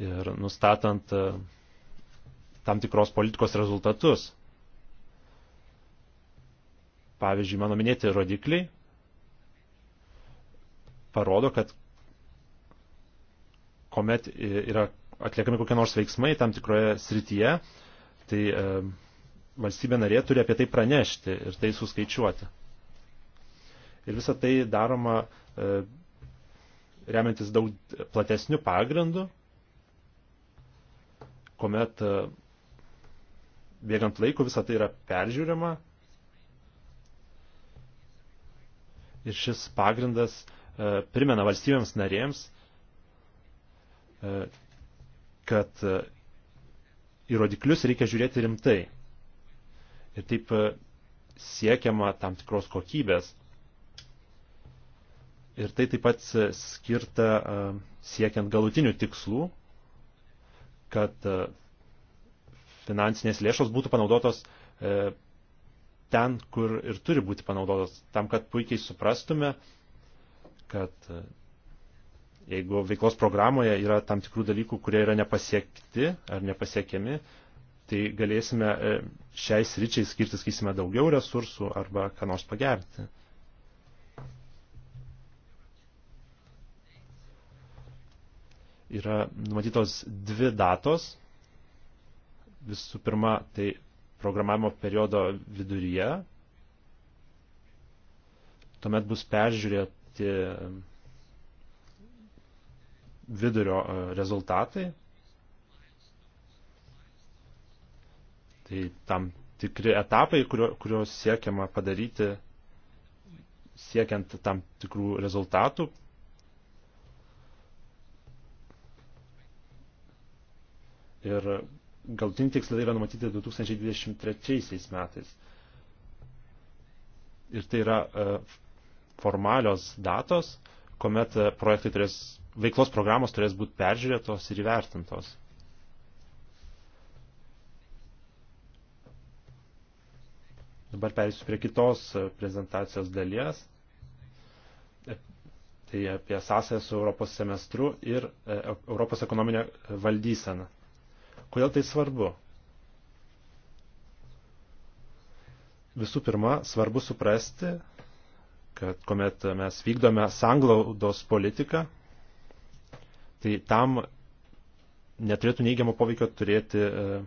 ir nustatant tam tikros politikos rezultatus. Pavyzdžiui, mano minėti rodikliai parodo, kad kuomet yra atliekami kokie nors veiksmai tam tikroje srityje, tai e, valstybė narė turi apie tai pranešti ir tai suskaičiuoti. Ir visa tai daroma e, remiantis daug platesnių pagrindų, kuomet e, bėgant laiko visa tai yra peržiūrima. Ir šis pagrindas e, primena valstybėms narėms, kad e, į rodiklius reikia žiūrėti rimtai. Ir taip e, siekiama tam tikros kokybės. Ir tai taip pat e, skirta siekiant galutinių tikslų, kad finansinės lėšos būtų panaudotos ten, kur ir turi būti panaudotos, tam, kad puikiai suprastume, kad Jeigu veiklos programoje yra tam tikrų dalykų, kurie yra nepasiekti ar nepasiekiami, tai galėsime e, šiai sričiai skirti, sakysime, daugiau resursų arba ką nors pagerinti. Yra numatytos dvi datos. Visų pirma, tai programavimo periodo viduryje. Tuomet bus peržiūrėti vidurio e, rezultatai. Tai tam tikri etapai, kuriuos kurio siekiama padaryti siekiant tam tikrų rezultatų. Ir galtinį tikslą yra numatyti 2023 metais. Ir tai yra e, formalios datos, kuomet e, projektai turės, veiklos programos turės būti peržiūrėtos ir įvertintos. Dabar perėsiu prie kitos e, prezentacijos dalies. E, tai apie sąsąją su Europos semestru ir Europos ekonominė valdysena. Kodėl tai svarbu? Visų pirma, svarbu suprasti, kad kuomet mes vykdome sanglaudos politiką, tai tam neturėtų neigiamo poveikio turėti e,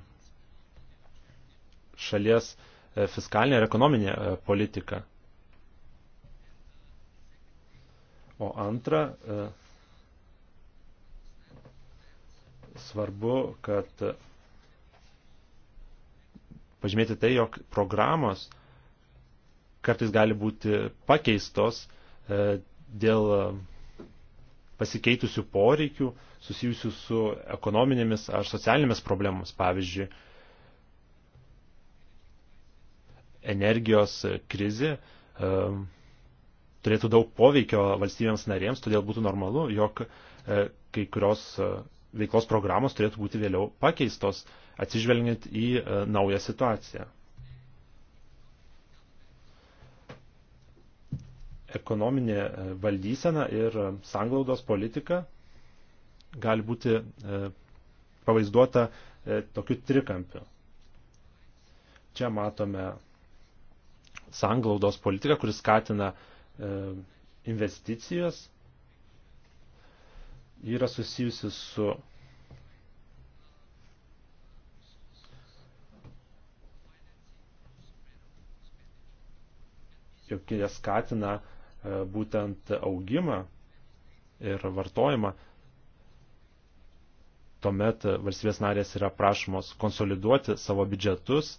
šalies e, fiskalinė ir ekonominė e, politika. O antra, svarbu, kad pažymėti tai, jog programos kartais gali būti pakeistos e, dėl e, pasikeitusių poreikių susijusių su ekonominėmis ar socialinėmis problemomis, pavyzdžiui, energijos krizė e, turėtų daug poveikio valstybėms narėms, todėl būtų normalu, jog kai kurios veiklos programos turėtų būti vėliau pakeistos, atsižvelgiant į naują situaciją. ekonominė e, valdysena ir e, sanglaudos politika gali būti e, pavaizduota tokiu trikampiu. Čia matome sanglaudos politiką, kuris skatina investicijas, yra susijusi su jog jie skatina uh, E, būtent augimą ir vartojimą, tuomet valstybės narės yra prašomos konsoliduoti savo biudžetus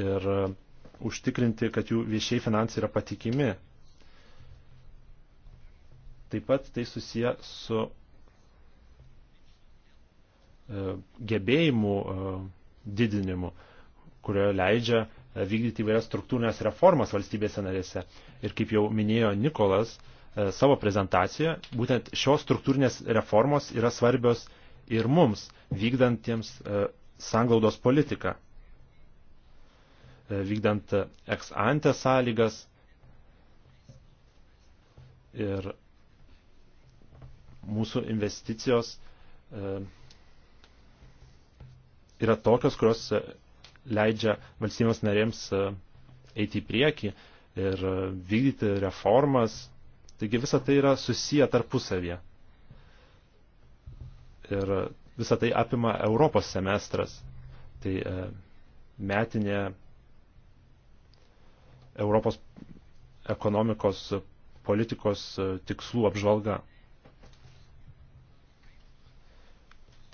ir užtikrinti, kad jų viešiai finansai yra patikimi. Taip pat tai susiję su e, gebėjimų e, didinimu, kurioje leidžia vykdyti įvairias struktūrinės reformas valstybėse narėse. Ir kaip jau minėjo Nikolas e, savo prezentacijoje, būtent šios struktūrinės reformos yra svarbios ir mums, vykdantiems e, sanglaudos politiką, e, vykdant ex ante sąlygas ir mūsų investicijos yra tokios, kurios leidžia valstybėms narėms e, eiti į priekį ir e, vykdyti reformas. Taigi visa tai yra susiję tarpusavėje. Ir e, visa tai apima Europos semestras. Tai metinė Europos ekonomikos politikos tikslų apžvalga.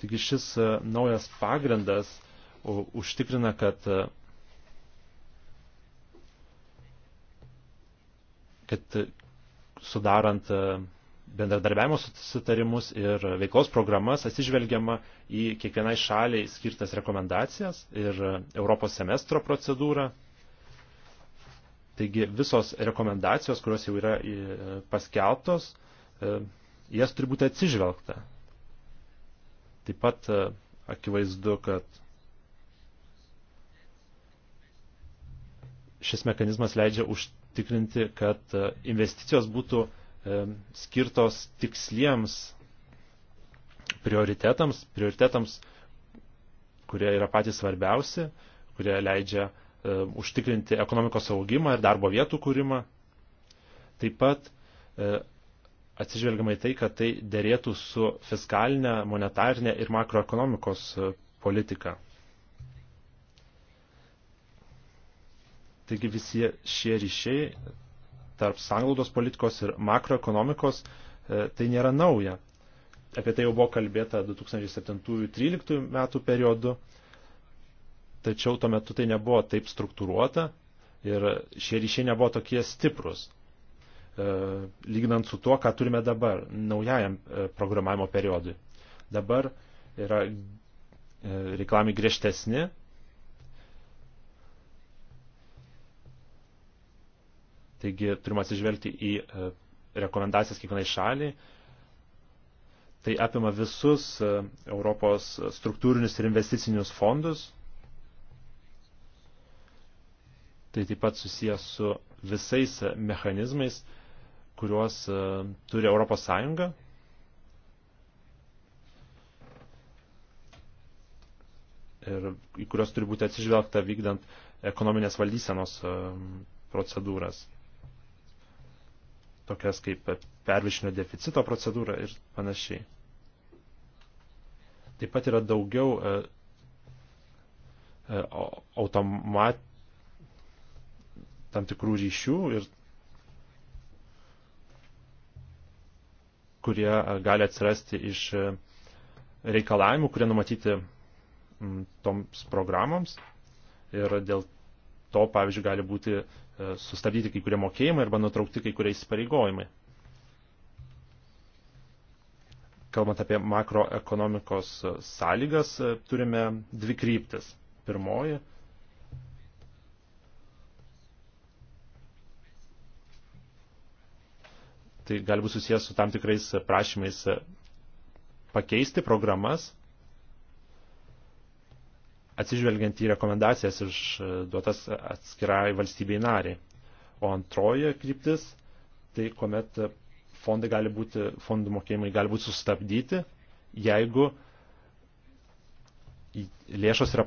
Taigi šis naujas pagrindas – užtikrina, kad, kad sudarant bendradarbiavimo sutarimus ir veiklos programas atsižvelgiama į kiekvienai šaliai skirtas rekomendacijas ir Europos semestro procedūrą. Taigi visos rekomendacijos, kurios jau yra e, paskeltos, e, jas turi būti atsižvelgta. Taip pat e, akivaizdu, kad šis mechanizmas leidžia užtikrinti, kad e, investicijos būtų e, skirtos tiksliems prioritetams, prioritetams, kurie yra patys svarbiausi, kurie leidžia e, užtikrinti ekonomikos augimą ir darbo vietų kūrimą. Taip pat atsižvelgiama į tai, kad tai dėrėtų su fiskalinė, monetarinė ir makroekonomikos politika. Taigi visi šie ryšiai tarp sanglaudos politikos ir makroekonomikos e, tai nėra nauja. Apie tai jau buvo kalbėta 2007-2013 metų periodu, tačiau tuo metu tai nebuvo taip struktūruota ir šie ryšiai nebuvo tokie stiprus, e, lyginant su tuo, ką turime dabar, naujajam e, programavimo periodui. Dabar yra reikalami griežtesni Taigi turime atsižvelgti į e, rekomendacijas kiekvienai šaliai. Tai apima visus e, Europos struktūrinius ir investicinius fondus. Tai taip pat susijęs su visais mechanizmais, kuriuos e, turi Europos Sąjunga. Ir į kuriuos turi būti atsižvelgta vykdant ekonominės valdysenos procedūras tokias kaip pervišinio deficito procedūra ir panašiai. Taip pat yra daugiau e, e, automat tam tikrų ryšių ir kurie e, gali atsirasti iš reikalavimų, kurie numatyti toms programoms ir dėl to, pavyzdžiui, gali būti E, sustabdyti kai kurie mokėjimai arba nutraukti kai kurie įsipareigojimai. Kalbant apie makroekonomikos sąlygas, e, turime dvi kryptis. Pirmoji tai gali būti susijęs su tam tikrais prašymais pakeisti programas atsižvelgiant į rekomendacijas išduotas e, atskirai valstybei nariai. O antroji kryptis, tai kuomet fondai gali būti, fondų mokėjimai gali būti sustabdyti, jeigu lėšos yra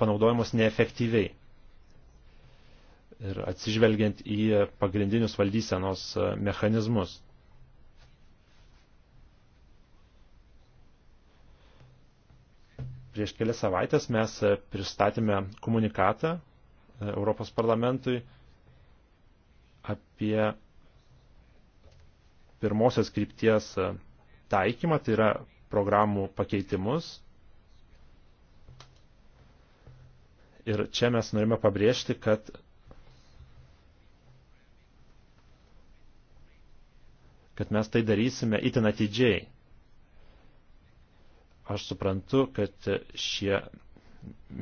panaudojamos neefektyviai. Ir atsižvelgiant į pagrindinius valdysenos e, mechanizmus. Prieš kelias savaitės mes e, pristatėme komunikatą e, Europos parlamentui apie pirmosios krypties e, taikymą, tai yra programų pakeitimus. Ir čia mes norime pabrėžti, kad kad mes tai darysime itin atidžiai. Aš suprantu, kad šie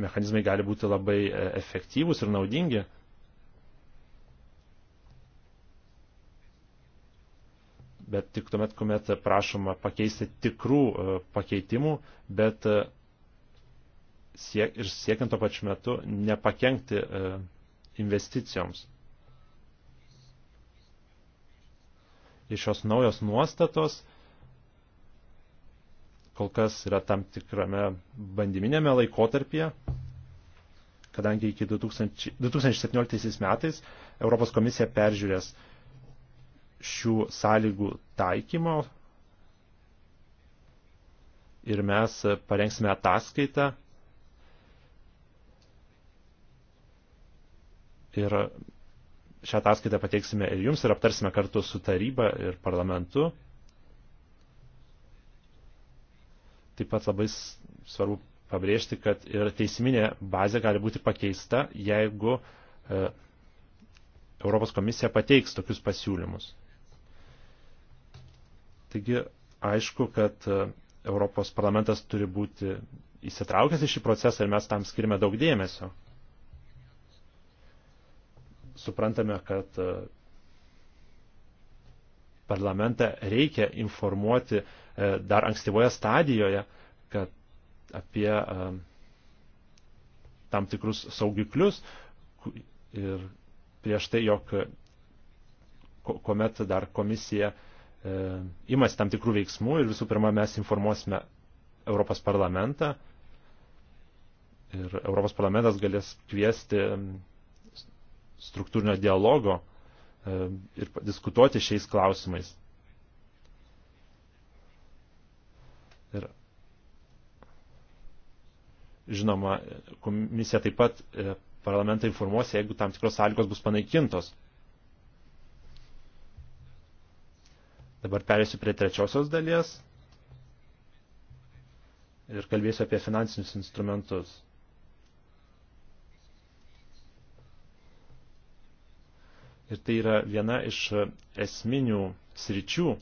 mechanizmai gali būti labai e, efektyvūs ir naudingi. Bet tik tuomet, kuomet prašoma pakeisti tikrų e, pakeitimų, bet e, siek, ir siekiant to pačiu metu nepakengti investicijoms. Iš šios naujos nuostatos – kol kas yra tam tikrame bandyminėme laikotarpyje, kadangi iki 2000, 2017 metais Europos komisija peržiūrės šių sąlygų taikymo ir mes parengsime ataskaitą ir šią ataskaitą pateiksime ir jums ir aptarsime kartu su taryba ir parlamentu. Taip pat labai svarbu pabrėžti, kad ir teisminė bazė gali būti pakeista, jeigu e, Europos komisija pateiks tokius pasiūlymus. Taigi, aišku, kad e, Europos parlamentas turi būti įsitraukęs į šį procesą ir mes tam skirime daug dėmesio. Suprantame, kad e, parlamentą reikia informuoti uh, E, dar ankstyvoje stadijoje, kad apie e, tam tikrus saugiklius ir prieš tai, jog kuomet dar komisija e, imasi tam tikrų veiksmų ir visų pirma mes informuosime Europos parlamentą ir Europos parlamentas galės kviesti struktūrinio dialogo ir diskutuoti šiais klausimais. Žinoma, komisija taip pat e, parlamentą informuos, jeigu tam tikros sąlygos bus panaikintos. Dabar perėsiu prie trečiosios dalies ir kalbėsiu apie finansinius instrumentus. Ir tai yra viena iš esminių sričių,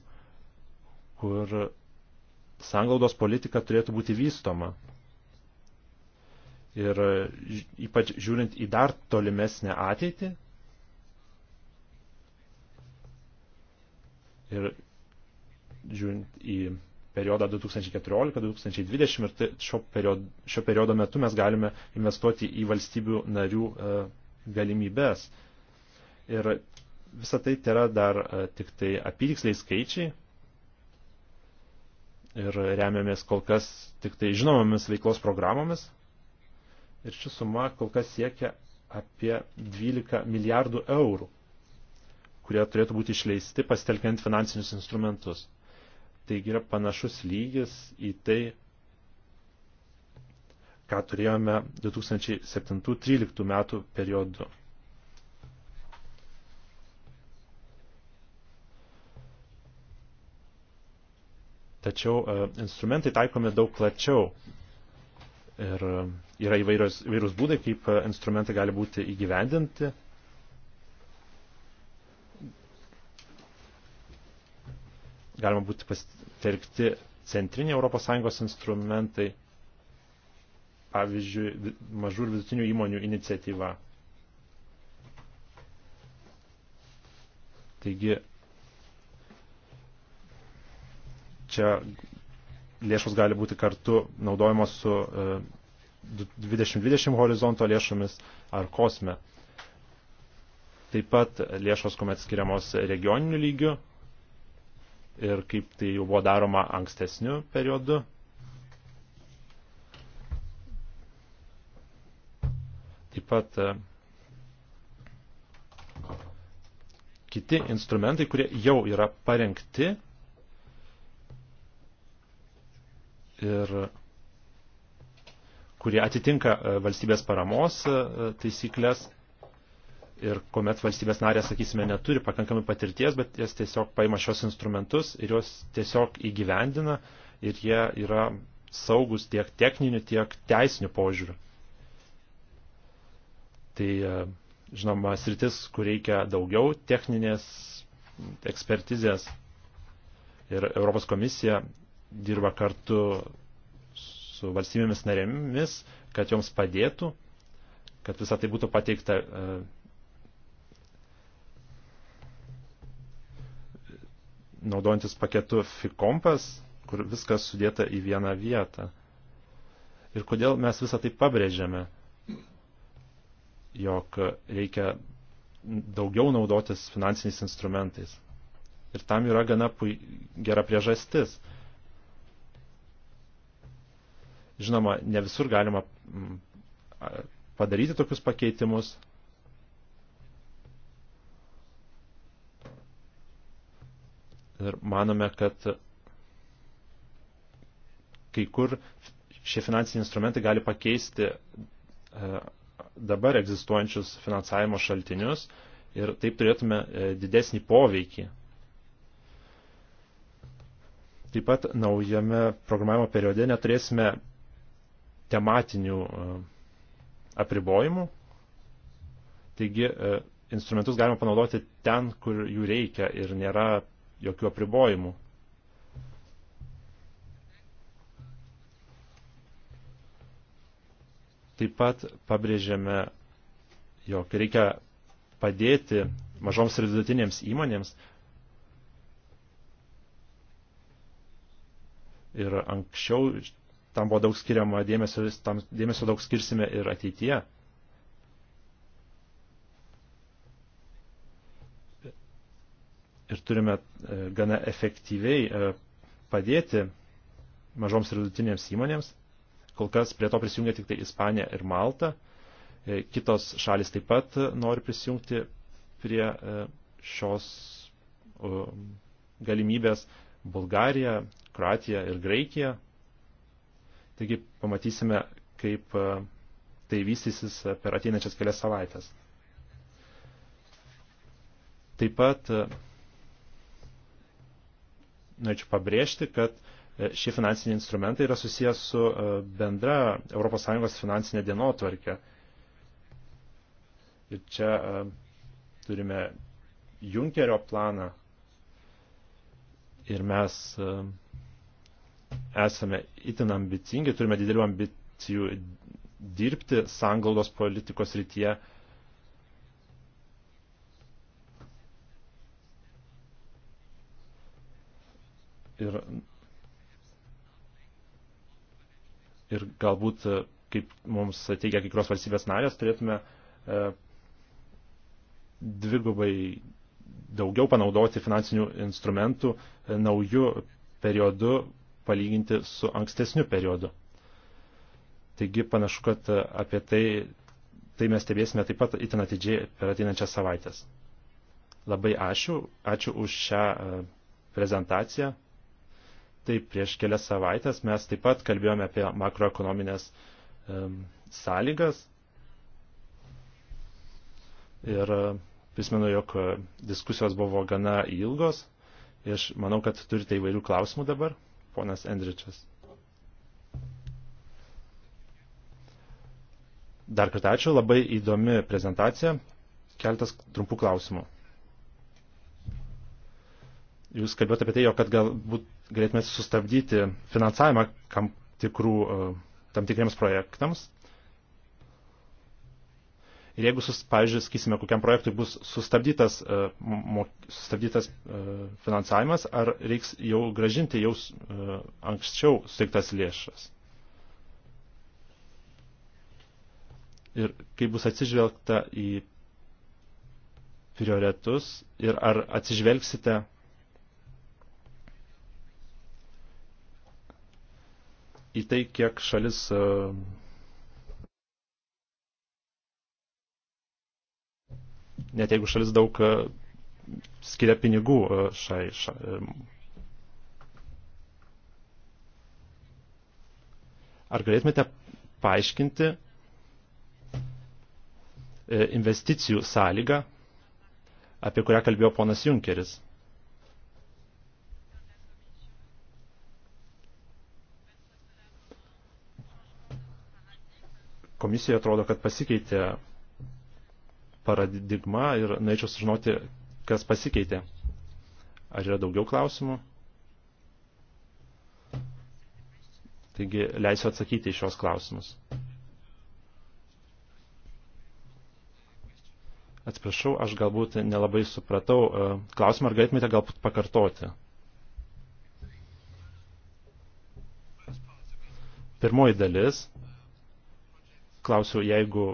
kur sanglaudos politika turėtų būti vystoma. Ir ypač žiūrint į dar tolimesnę ateitį. Ir žiūrint į periodą 2014-2020 ir tai, šio periodo, šio periodo metu mes galime investuoti į valstybių narių e, galimybės. Ir visą tai yra dar e, tik tai apytiksliai skaičiai ir remiamės kol kas tik tai žinomomis veiklos programomis, ir ši suma kol kas siekia apie 12 milijardų eurų, kurie turėtų būti išleisti pasitelkiant finansinius instrumentus. Taigi yra panašus lygis į tai, ką turėjome 2007-2013 metų periodu. Tačiau e, instrumentai taikomi daug plačiau Ir yra įvairios, įvairūs būdai, kaip e, instrumentai gali būti įgyvendinti. Galima būti pasitelkti centriniai ES instrumentai, pavyzdžiui, mažų ir vidutinių įmonių iniciatyva. Taigi, čia lėšos gali būti kartu naudojamos su 2020 e, horizonto lėšomis ar kosme. Taip pat lėšos, kuomet skiriamos regioniniu lygiu ir kaip tai jau buvo daroma ankstesniu periodu. Taip pat e, kiti instrumentai, kurie jau yra parengti ir kurie atitinka e, valstybės paramos e, taisyklės ir kuomet valstybės narės, sakysime, neturi pakankamai patirties, bet jas tiesiog paima šios instrumentus ir jos tiesiog įgyvendina ir jie yra saugus tiek techniniu, tiek teisiniu požiūriu. Tai, e, žinoma, sritis, kur reikia daugiau techninės ekspertizės ir Europos komisija dirba kartu su valstybėmis narėmis, kad joms padėtų, kad visą tai būtų pateikta e, naudojantis paketu FICOMPAS, kur viskas sudėta į vieną vietą. Ir kodėl mes visą tai pabrėžiame, jog reikia daugiau naudotis finansiniais instrumentais. Ir tam yra gana pui, gera priežastis. Žinoma, ne visur galima mm, padaryti tokius pakeitimus. Ir manome, kad kai kur šie finansiniai instrumentai gali pakeisti e, dabar egzistuojančius finansavimo šaltinius ir taip turėtume e, didesnį poveikį. Taip pat naujame programavimo periode neturėsime tematinių e, apribojimų. Taigi e, instrumentus galima panaudoti ten, kur jų reikia ir nėra jokių apribojimų. Taip pat pabrėžiame, jog reikia padėti mažoms ir vidutinėms įmonėms ir anksčiau tam buvo daug skiriama dėmesio, tam dėmesio daug skirsime ir ateityje. Ir turime e, gana efektyviai e, padėti mažoms ir vidutinėms įmonėms. Kol kas prie to prisijungia tik tai Ispanija ir Malta. E, kitos šalis taip pat nori prisijungti prie šios galimybės Bulgarija, Kroatija ir Graikija Taigi pamatysime, kaip e, tai vystysis e, per ateinančias kelias savaitės. Taip pat e, norėčiau pabrėžti, kad šie finansiniai instrumentai yra susijęs su bendra ES finansinė dienotvarkė. Ir čia turime Junkerio planą ir mes esame itin ambicingi, turime didelių ambicijų dirbti sangaldos politikos rytyje. Ir, ir galbūt, kaip mums teigia kai kurios valstybės narės, turėtume e, dvigubai daugiau panaudoti finansinių instrumentų e, naujų periodu palyginti su ankstesniu periodu. Taigi panašu, kad apie tai, tai mes stebėsime taip pat itin atidžiai per ateinančias savaitės. Labai ačiū, ačiū už šią e, prezentaciją. Taip, prieš kelias savaitės mes taip pat kalbėjome apie makroekonominės um, sąlygas. Ir e, prisimenu, jog diskusijos buvo gana ilgos. Ir manau, kad turite įvairių klausimų dabar ponas Endričias. Dar kartą ačiū, labai įdomi prezentacija. Keltas trumpų klausimų. Jūs kalbėjote apie tai, jog kad galbūt galėtume sustabdyti finansavimą kam tikrų, e, tam tikriems projektams, Ir jeigu, pavyzdžiui, sakysime, kokiam projektui bus sustabdytas, e, sustabdytas e, finansavimas, ar reiks jau gražinti jau e, anksčiau suteiktas lėšas. Ir kai bus atsižvelgta į prioritetus ir ar atsižvelgsite į tai, kiek šalis net jeigu šalis daug e, skiria pinigų e, šai, šai. E, Ar galėtumėte paaiškinti investicijų sąlygą, apie kurią kalbėjo ponas Junkeris? Komisijoje atrodo, kad pasikeitė paradigma ir norėčiau sužinoti, kas pasikeitė. Ar yra daugiau klausimų? Taigi leisiu atsakyti į šios klausimus. Atsiprašau, aš galbūt nelabai supratau. E, klausimą ar galėtumėte galbūt pakartoti? Pirmoji dalis. Klausiu, jeigu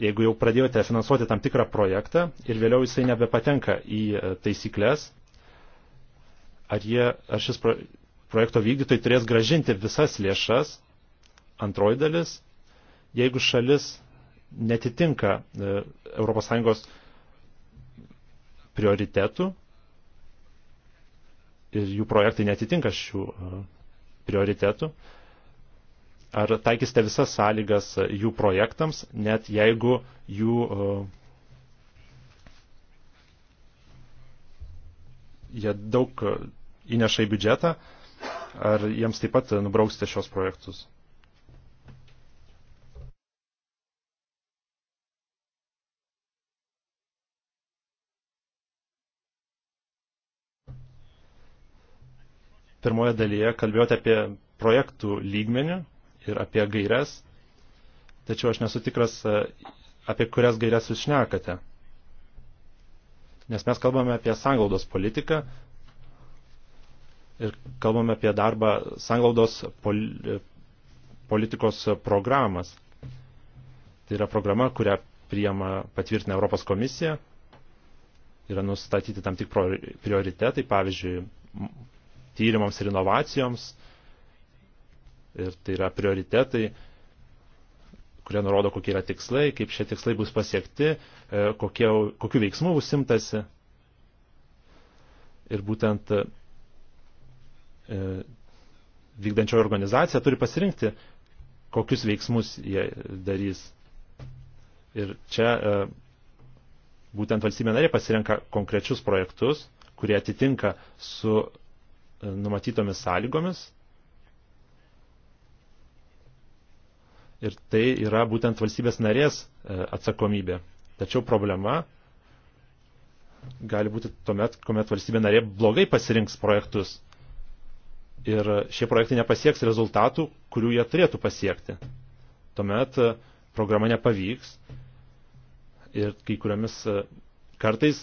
jeigu jau pradėjote finansuoti tam tikrą projektą ir vėliau jisai nebepatenka į e, taisyklės, ar, jie, ar šis pro, projekto vykdytojai turės gražinti visas lėšas, antroji dalis, jeigu šalis netitinka ES prioritetų ir jų projektai netitinka šių e, prioritetų, ar taikysite visas sąlygas jų projektams, net jeigu jų, e, jie daug įneša į biudžetą, ar jiems taip pat nubrauksite šios projektus? Pirmoje dalyje kalbėjote apie projektų lygmenį, ir apie gairias, tačiau aš nesu tikras, e, apie kurias gairias jūs šnekate. Nes mes kalbame apie sanglaudos politiką ir kalbame apie darbą sanglaudos poli e, politikos programas. Tai yra programa, kurią priema patvirtina Europos komisija. Yra nustatyti tam tik prioritetai, pavyzdžiui, tyrimams ir inovacijoms, ir tai yra prioritetai, kurie nurodo, kokie yra tikslai, kaip šie tikslai bus pasiekti, e, kokie, kokiu veiksmu bus simtasi. Ir būtent e, vykdančioji organizacija turi pasirinkti, kokius veiksmus jie darys. Ir čia e, būtent valstybė narė pasirenka konkrečius projektus, kurie atitinka su numatytomis sąlygomis ir tai yra būtent valstybės narės e, atsakomybė. Tačiau problema gali būti tuomet, kuomet valstybė narė blogai pasirinks projektus ir šie projektai nepasieks rezultatų, kurių jie turėtų pasiekti. Tuomet e, programa nepavyks ir kai kuriomis e, kartais,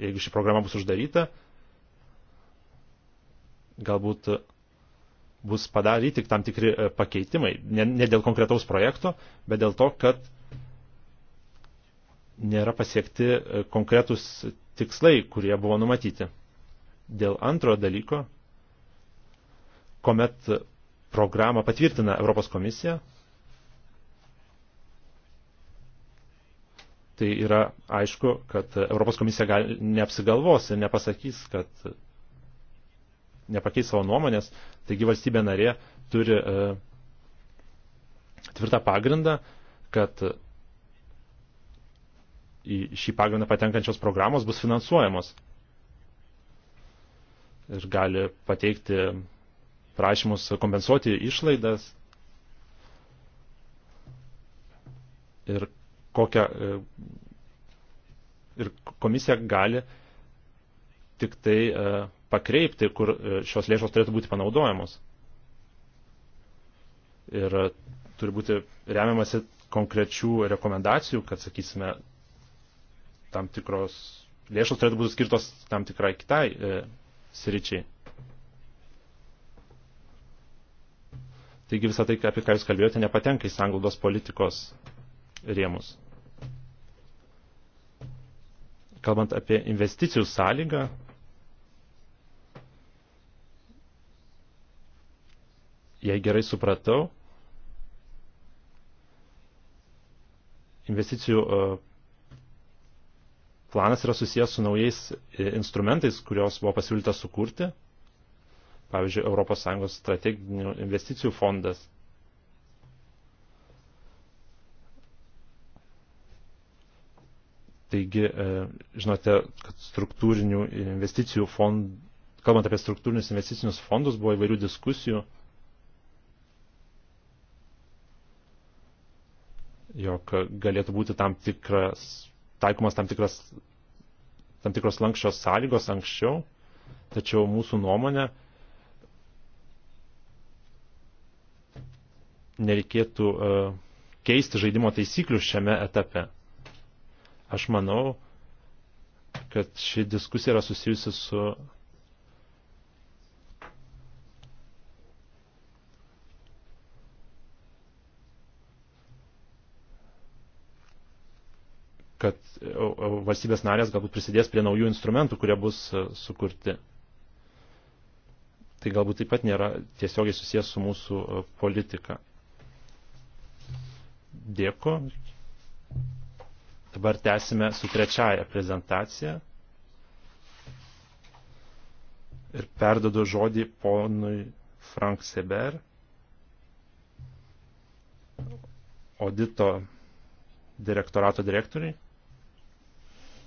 jeigu ši programa bus uždaryta, galbūt bus padaryti tik tam tikri e, pakeitimai. Ne, ne dėl konkretaus projekto, bet dėl to, kad nėra pasiekti e, konkretus tikslai, kurie buvo numatyti. Dėl antrojo dalyko, kuomet programą patvirtina Europos komisija, tai yra aišku, kad Europos komisija gal, neapsigalvos ir nepasakys, kad nepakeis savo nuomonės, taigi valstybė narė turi e, tvirtą pagrindą, kad į šį pagrindą patenkančios programos bus finansuojamos ir gali pateikti prašymus kompensuoti išlaidas ir kokią e, ir komisija gali tik tai e, pakreipti, kur e, šios lėšos turėtų būti panaudojamos. Ir e, turi būti remiamasi konkrečių rekomendacijų, kad, sakysime, tam tikros lėšos turėtų būti skirtos tam tikrai kitai e, sričiai. Taigi visą tai, apie ką jūs kalbėjote, nepatenka į sanglaudos politikos rėmus. Kalbant apie investicijų sąlygą, Jei gerai supratau, investicijų e, planas yra susijęs su naujais e, instrumentais, kurios buvo pasiūlyta sukurti. Pavyzdžiui, ES strateginių investicijų fondas. Taigi, e, žinote, kad struktūrinių investicijų fond, kalbant apie struktūrinius investicinius fondus, buvo įvairių diskusijų jog galėtų būti tam tikras, taikomas tam, tikras, tam tikros lankščios sąlygos anksčiau, tačiau mūsų nuomonė nereikėtų uh, keisti žaidimo taisyklių šiame etape. Aš manau, kad ši diskusija yra susijusi su kad e, valstybės narės galbūt prisidės prie naujų instrumentų, kurie bus e, sukurti. Tai galbūt taip pat nėra tiesiogiai susijęs su mūsų e, politika. Dėko. Dabar tęsime su trečiaja prezentacija. Ir perdodu žodį ponui Frank Seber, audito direktorato direktoriai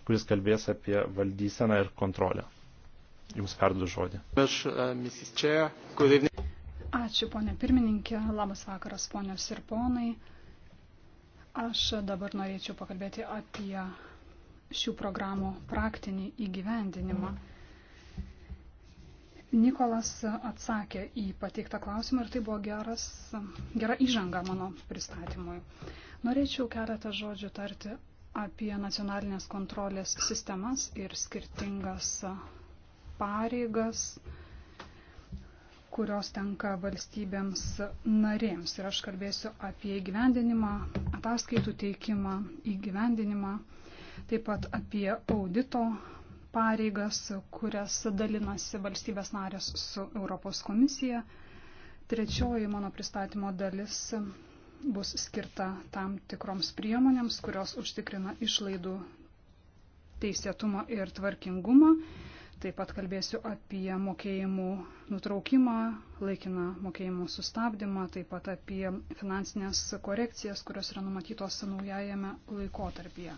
kuris kalbės apie valdyseną ir kontrolę. Jums perdu žodį. Aš, e, Mrs. Chair, good evening. Ačiū, ponė pirmininkė. Labas vakaras, ponios ir ponai. Aš dabar norėčiau pakalbėti apie šių programų praktinį įgyvendinimą. Nikolas atsakė į pateiktą klausimą ir tai buvo geras, gera įžanga mano pristatymui. Norėčiau keletą žodžių tarti apie nacionalinės kontrolės sistemas ir skirtingas pareigas, kurios tenka valstybėms narėms. Ir aš kalbėsiu apie įgyvendinimą, ataskaitų teikimą, įgyvendinimą, taip pat apie audito pareigas, kurias dalinasi valstybės narės su Europos komisija. Trečioji mano pristatymo dalis bus skirta tam tikroms priemonėms, kurios užtikrina išlaidų teisėtumą ir tvarkingumą. Taip pat kalbėsiu apie mokėjimų nutraukimą, laikiną mokėjimų sustabdymą, taip pat apie finansinės korekcijas, kurios yra numatytos naujajame laikotarpyje.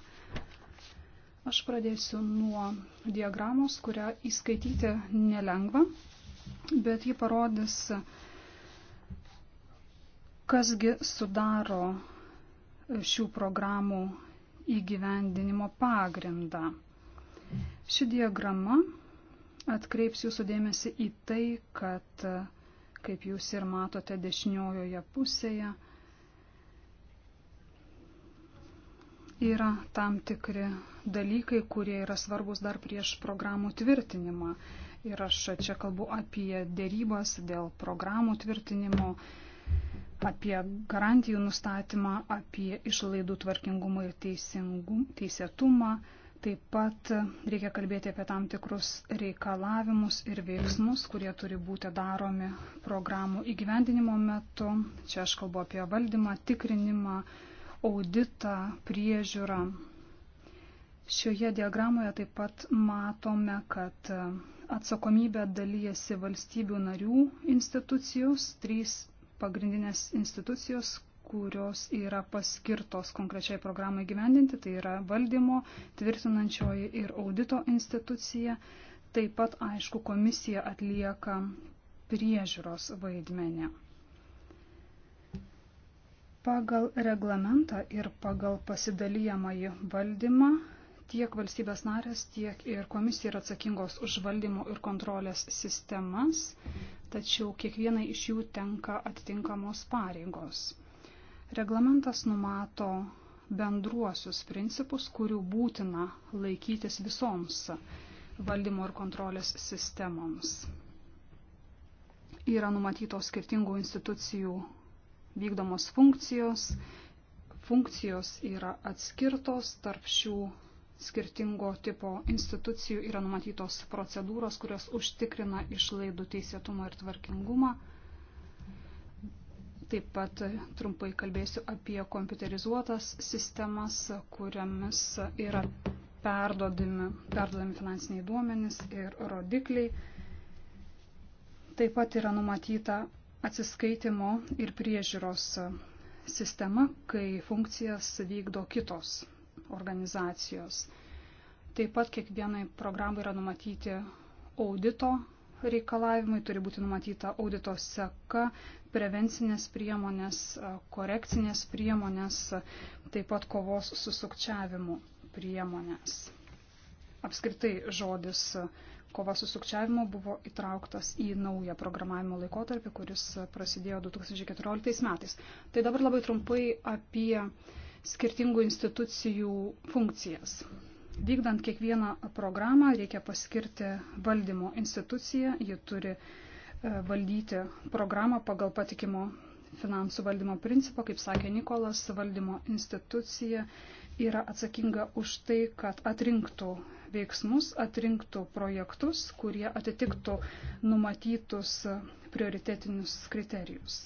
Aš pradėsiu nuo diagramos, kurią įskaityti nelengva, bet ji parodys, Kasgi sudaro šių programų įgyvendinimo pagrindą? Ši diagrama atkreips jūsų dėmesį į tai, kad, kaip jūs ir matote dešiniojoje pusėje, yra tam tikri dalykai, kurie yra svarbus dar prieš programų tvirtinimą. Ir aš čia kalbu apie dėrybas dėl programų tvirtinimo, apie garantijų nustatymą, apie išlaidų tvarkingumą ir teisėtumą. Taip pat reikia kalbėti apie tam tikrus reikalavimus ir veiksmus, kurie turi būti daromi programų įgyvendinimo metu. Čia aš kalbu apie valdymą, tikrinimą, auditą, priežiūrą. Šioje diagramoje taip pat matome, kad atsakomybę dalyjasi valstybių narių institucijos, trys pagrindinės institucijos, kurios yra paskirtos konkrečiai programai gyvendinti, tai yra valdymo, tvirtinančioji ir audito institucija. Taip pat, aišku, komisija atlieka priežiūros vaidmenį. Pagal reglamentą ir pagal pasidalyjamąjį valdymą tiek valstybės narės, tiek ir komisija yra atsakingos už valdymo ir kontrolės sistemas, tačiau kiekvienai iš jų tenka atitinkamos pareigos. Reglamentas numato bendruosius principus, kurių būtina laikytis visoms valdymo ir kontrolės sistemoms. Yra numatytos skirtingų institucijų vykdomos funkcijos, funkcijos yra atskirtos tarp šių skirtingo tipo institucijų yra numatytos procedūros, kurios užtikrina išlaidų teisėtumą ir tvarkingumą. Taip pat trumpai kalbėsiu apie kompiuterizuotas sistemas, kuriamis yra perduodami, perduodami finansiniai duomenys ir rodikliai. Taip pat yra numatyta atsiskaitimo ir priežiūros sistema, kai funkcijas vykdo kitos organizacijos. Taip pat kiekvienai programai yra numatyti audito reikalavimai, turi būti numatyta audito seka, prevencinės priemonės, korekcinės priemonės, taip pat kovos su sukčiavimu priemonės. Apskritai žodis kova su sukčiavimu buvo įtrauktas į naują programavimo laikotarpį, kuris prasidėjo 2014 metais. Tai dabar labai trumpai apie skirtingų institucijų funkcijas. Vykdant kiekvieną programą reikia paskirti valdymo instituciją, ji turi e, valdyti programą pagal patikimo finansų valdymo principą, kaip sakė Nikolas, valdymo institucija yra atsakinga už tai, kad atrinktų veiksmus, atrinktų projektus, kurie atitiktų numatytus prioritetinius kriterijus.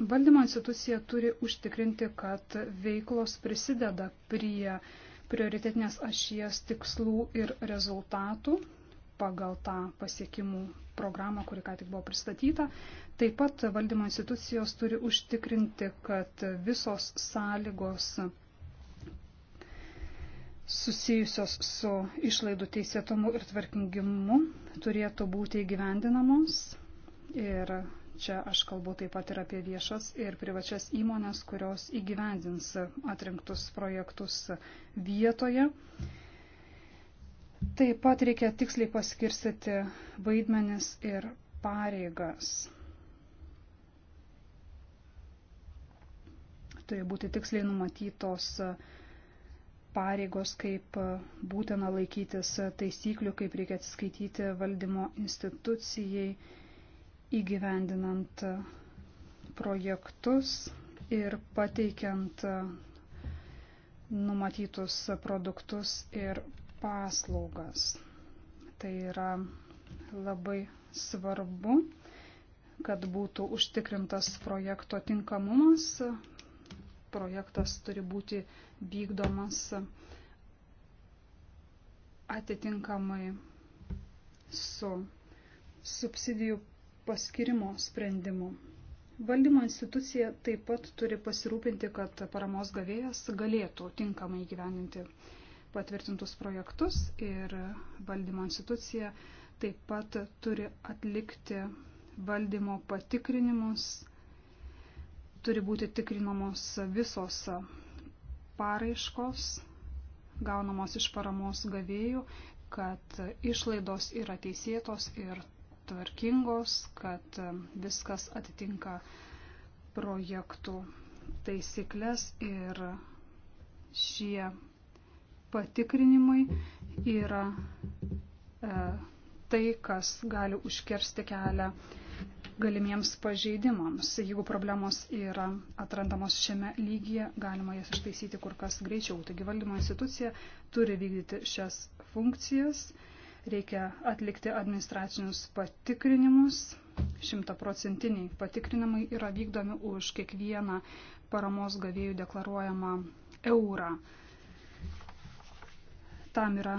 Valdymo institucija turi užtikrinti, kad veiklos prisideda prie prioritetinės ašies tikslų ir rezultatų pagal tą pasiekimų programą, kuri ką tik buvo pristatyta. Taip pat valdymo institucijos turi užtikrinti, kad visos sąlygos susijusios su išlaidų teisėtumu ir tvarkingimu turėtų būti įgyvendinamos ir Čia aš kalbu taip pat ir apie viešas ir privačias įmonės, kurios įgyvendins atrinktus projektus vietoje. Taip pat reikia tiksliai paskirstyti vaidmenis ir pareigas. Turi būti tiksliai numatytos pareigos, kaip būtina laikytis taisyklių, kaip reikia atsiskaityti valdymo institucijai įgyvendinant projektus ir pateikiant numatytus produktus ir paslaugas. Tai yra labai svarbu, kad būtų užtikrintas projekto tinkamumas. Projektas turi būti vykdomas atitinkamai su subsidijų paskirimo sprendimų. Valdymo institucija taip pat turi pasirūpinti, kad paramos gavėjas galėtų tinkamai gyveninti patvirtintus projektus ir valdymo institucija taip pat turi atlikti valdymo patikrinimus, turi būti tikrinamos visos paraiškos gaunamos iš paramos gavėjų, kad išlaidos yra teisėtos ir tvarkingos, kad e, viskas atitinka projektų taisyklės ir šie patikrinimai yra e, tai, kas gali užkersti kelią galimiems pažeidimams. Jeigu problemos yra atrandamos šiame lygyje, galima jas ištaisyti kur kas greičiau. Taigi valdymo institucija turi vykdyti šias funkcijas. E, Reikia atlikti administracinius patikrinimus. Šimtaprocentiniai patikrinimai yra vykdomi už kiekvieną paramos gavėjų deklaruojamą eurą. Tam yra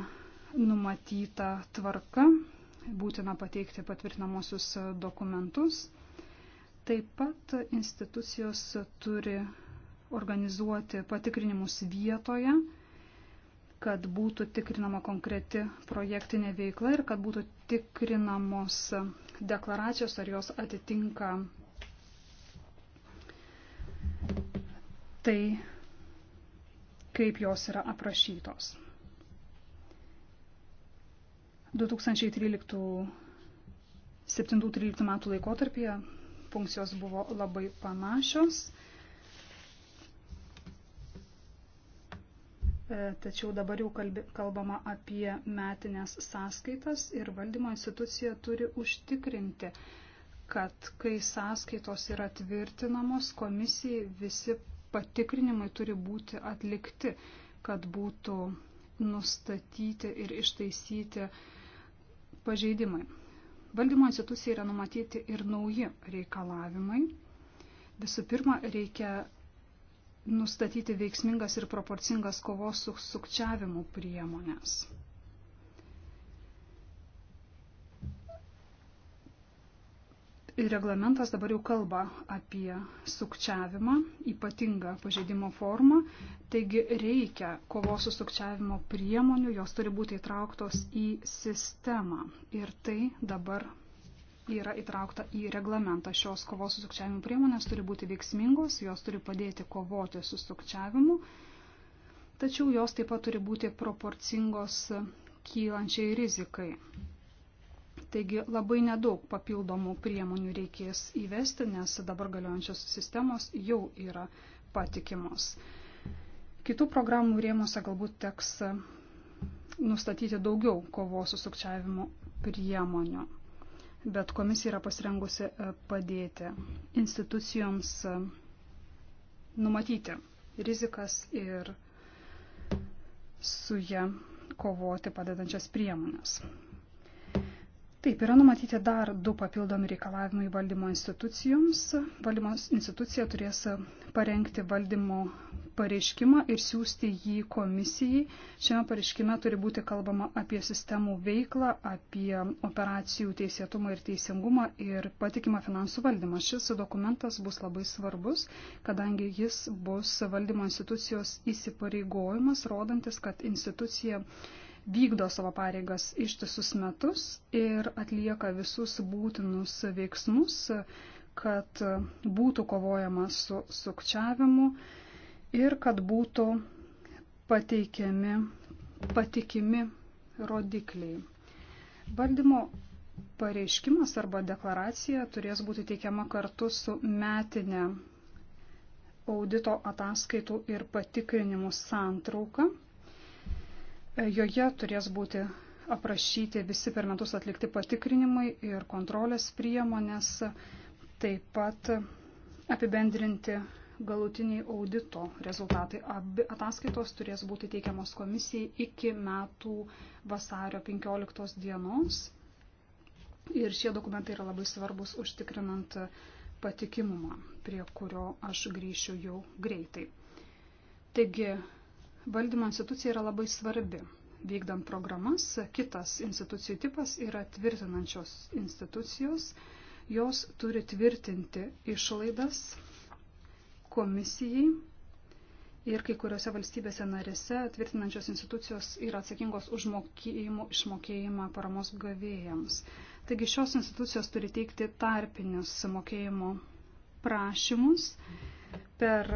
numatyta tvarka, būtina pateikti patvirtinamosius dokumentus. Taip pat institucijos turi organizuoti patikrinimus vietoje kad būtų tikrinama konkreti projektinė veikla ir kad būtų tikrinamos deklaracijos, ar jos atitinka tai, kaip jos yra aprašytos. 2013-2013 metų laikotarpyje funkcijos buvo labai panašios E, tačiau dabar jau kalbama apie metinės sąskaitas ir valdymo institucija turi užtikrinti, kad kai sąskaitos yra tvirtinamos, komisijai visi patikrinimai turi būti atlikti, kad būtų nustatyti ir ištaisyti pažeidimai. Valdymo institucijai yra numatyti ir nauji reikalavimai. Visų pirma, reikia nustatyti veiksmingas ir proporcingas kovos su sukčiavimu priemonės. Ir reglamentas dabar jau kalba apie sukčiavimą, ypatingą pažeidimo formą, taigi reikia kovos su sukčiavimo priemonių, jos turi būti įtrauktos į sistemą. Ir tai dabar yra įtraukta į reglamentą. Šios kovos su sukčiavimu priemonės turi būti veiksmingos, jos turi padėti kovoti su sukčiavimu, tačiau jos taip pat turi būti proporcingos kylančiai rizikai. Taigi labai nedaug papildomų priemonių reikės įvesti, nes dabar galiojančios sistemos jau yra patikimos. Kitų programų rėmose galbūt teks nustatyti daugiau kovos su sukčiavimu priemonių bet komisija yra pasirengusi e, padėti institucijoms e, numatyti rizikas ir su ją kovoti padedančias priemonės. Taip, yra numatyti dar du papildomi reikalavimai valdymo institucijoms. Valdymo institucija turės parengti valdymo pareiškimą ir siūsti jį komisijai. Šiame pareiškime turi būti kalbama apie sistemų veiklą, apie operacijų teisėtumą ir teisingumą ir patikimą finansų valdymą. Šis dokumentas bus labai svarbus, kadangi jis bus valdymo institucijos įsipareigojimas, rodantis, kad institucija vykdo savo pareigas ištisus metus ir atlieka visus būtinus veiksmus, kad būtų kovojama su sukčiavimu, ir kad būtų pateikiami patikimi rodikliai. Valdymo pareiškimas arba deklaracija turės būti teikiama kartu su metinė audito ataskaitų ir patikrinimų santrauka. Joje turės būti aprašyti visi per metus atlikti patikrinimai ir kontrolės priemonės, taip pat apibendrinti galutiniai audito rezultatai. Abi ataskaitos turės būti teikiamos komisijai iki metų vasario 15 dienos. Ir šie dokumentai yra labai svarbus užtikrinant patikimumą, prie kurio aš grįšiu jau greitai. Taigi, valdymo institucija yra labai svarbi. Vykdant programas, kitas institucijų tipas yra tvirtinančios institucijos. Jos turi tvirtinti išlaidas komisijai ir kai kuriuose valstybėse narėse tvirtinančios institucijos yra atsakingos už mokėjimų išmokėjimą paramos gavėjams. Taigi šios institucijos turi teikti tarpinius mokėjimo prašymus per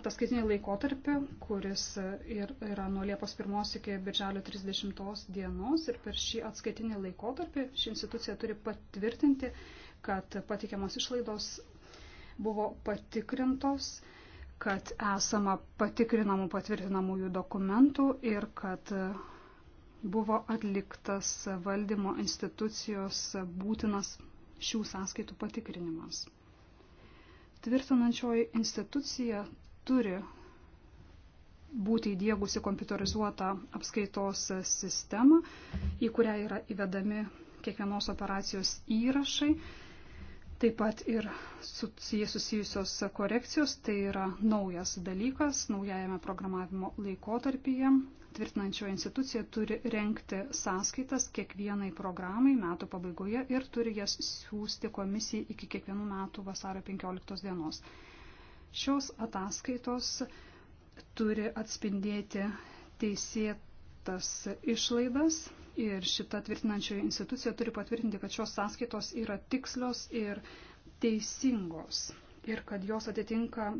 ataskaitinį laikotarpį, kuris ir yra nuo Liepos 1 iki Birželio 30 dienos ir per šį atskaitinį laikotarpį ši institucija turi patvirtinti, kad patikiamos išlaidos buvo patikrintos, kad esama patikrinamų patvirtinamųjų dokumentų ir kad buvo atliktas valdymo institucijos būtinas šių sąskaitų patikrinimas. Tvirtinančioji institucija turi būti įdėgusi kompiuterizuotą apskaitos sistemą, į kurią yra įvedami kiekvienos operacijos įrašai Taip pat ir susijusios korekcijos, tai yra naujas dalykas naujajame programavimo laikotarpyje. Tvirtinančioji institucija turi renkti sąskaitas kiekvienai programai metų pabaigoje ir turi jas siūsti komisijai iki kiekvienų metų vasario 15 dienos. Šios ataskaitos turi atspindėti teisėtas išlaidas Ir šita tvirtinančioji institucija turi patvirtinti, kad šios sąskaitos yra tikslios ir teisingos ir kad jos atitinka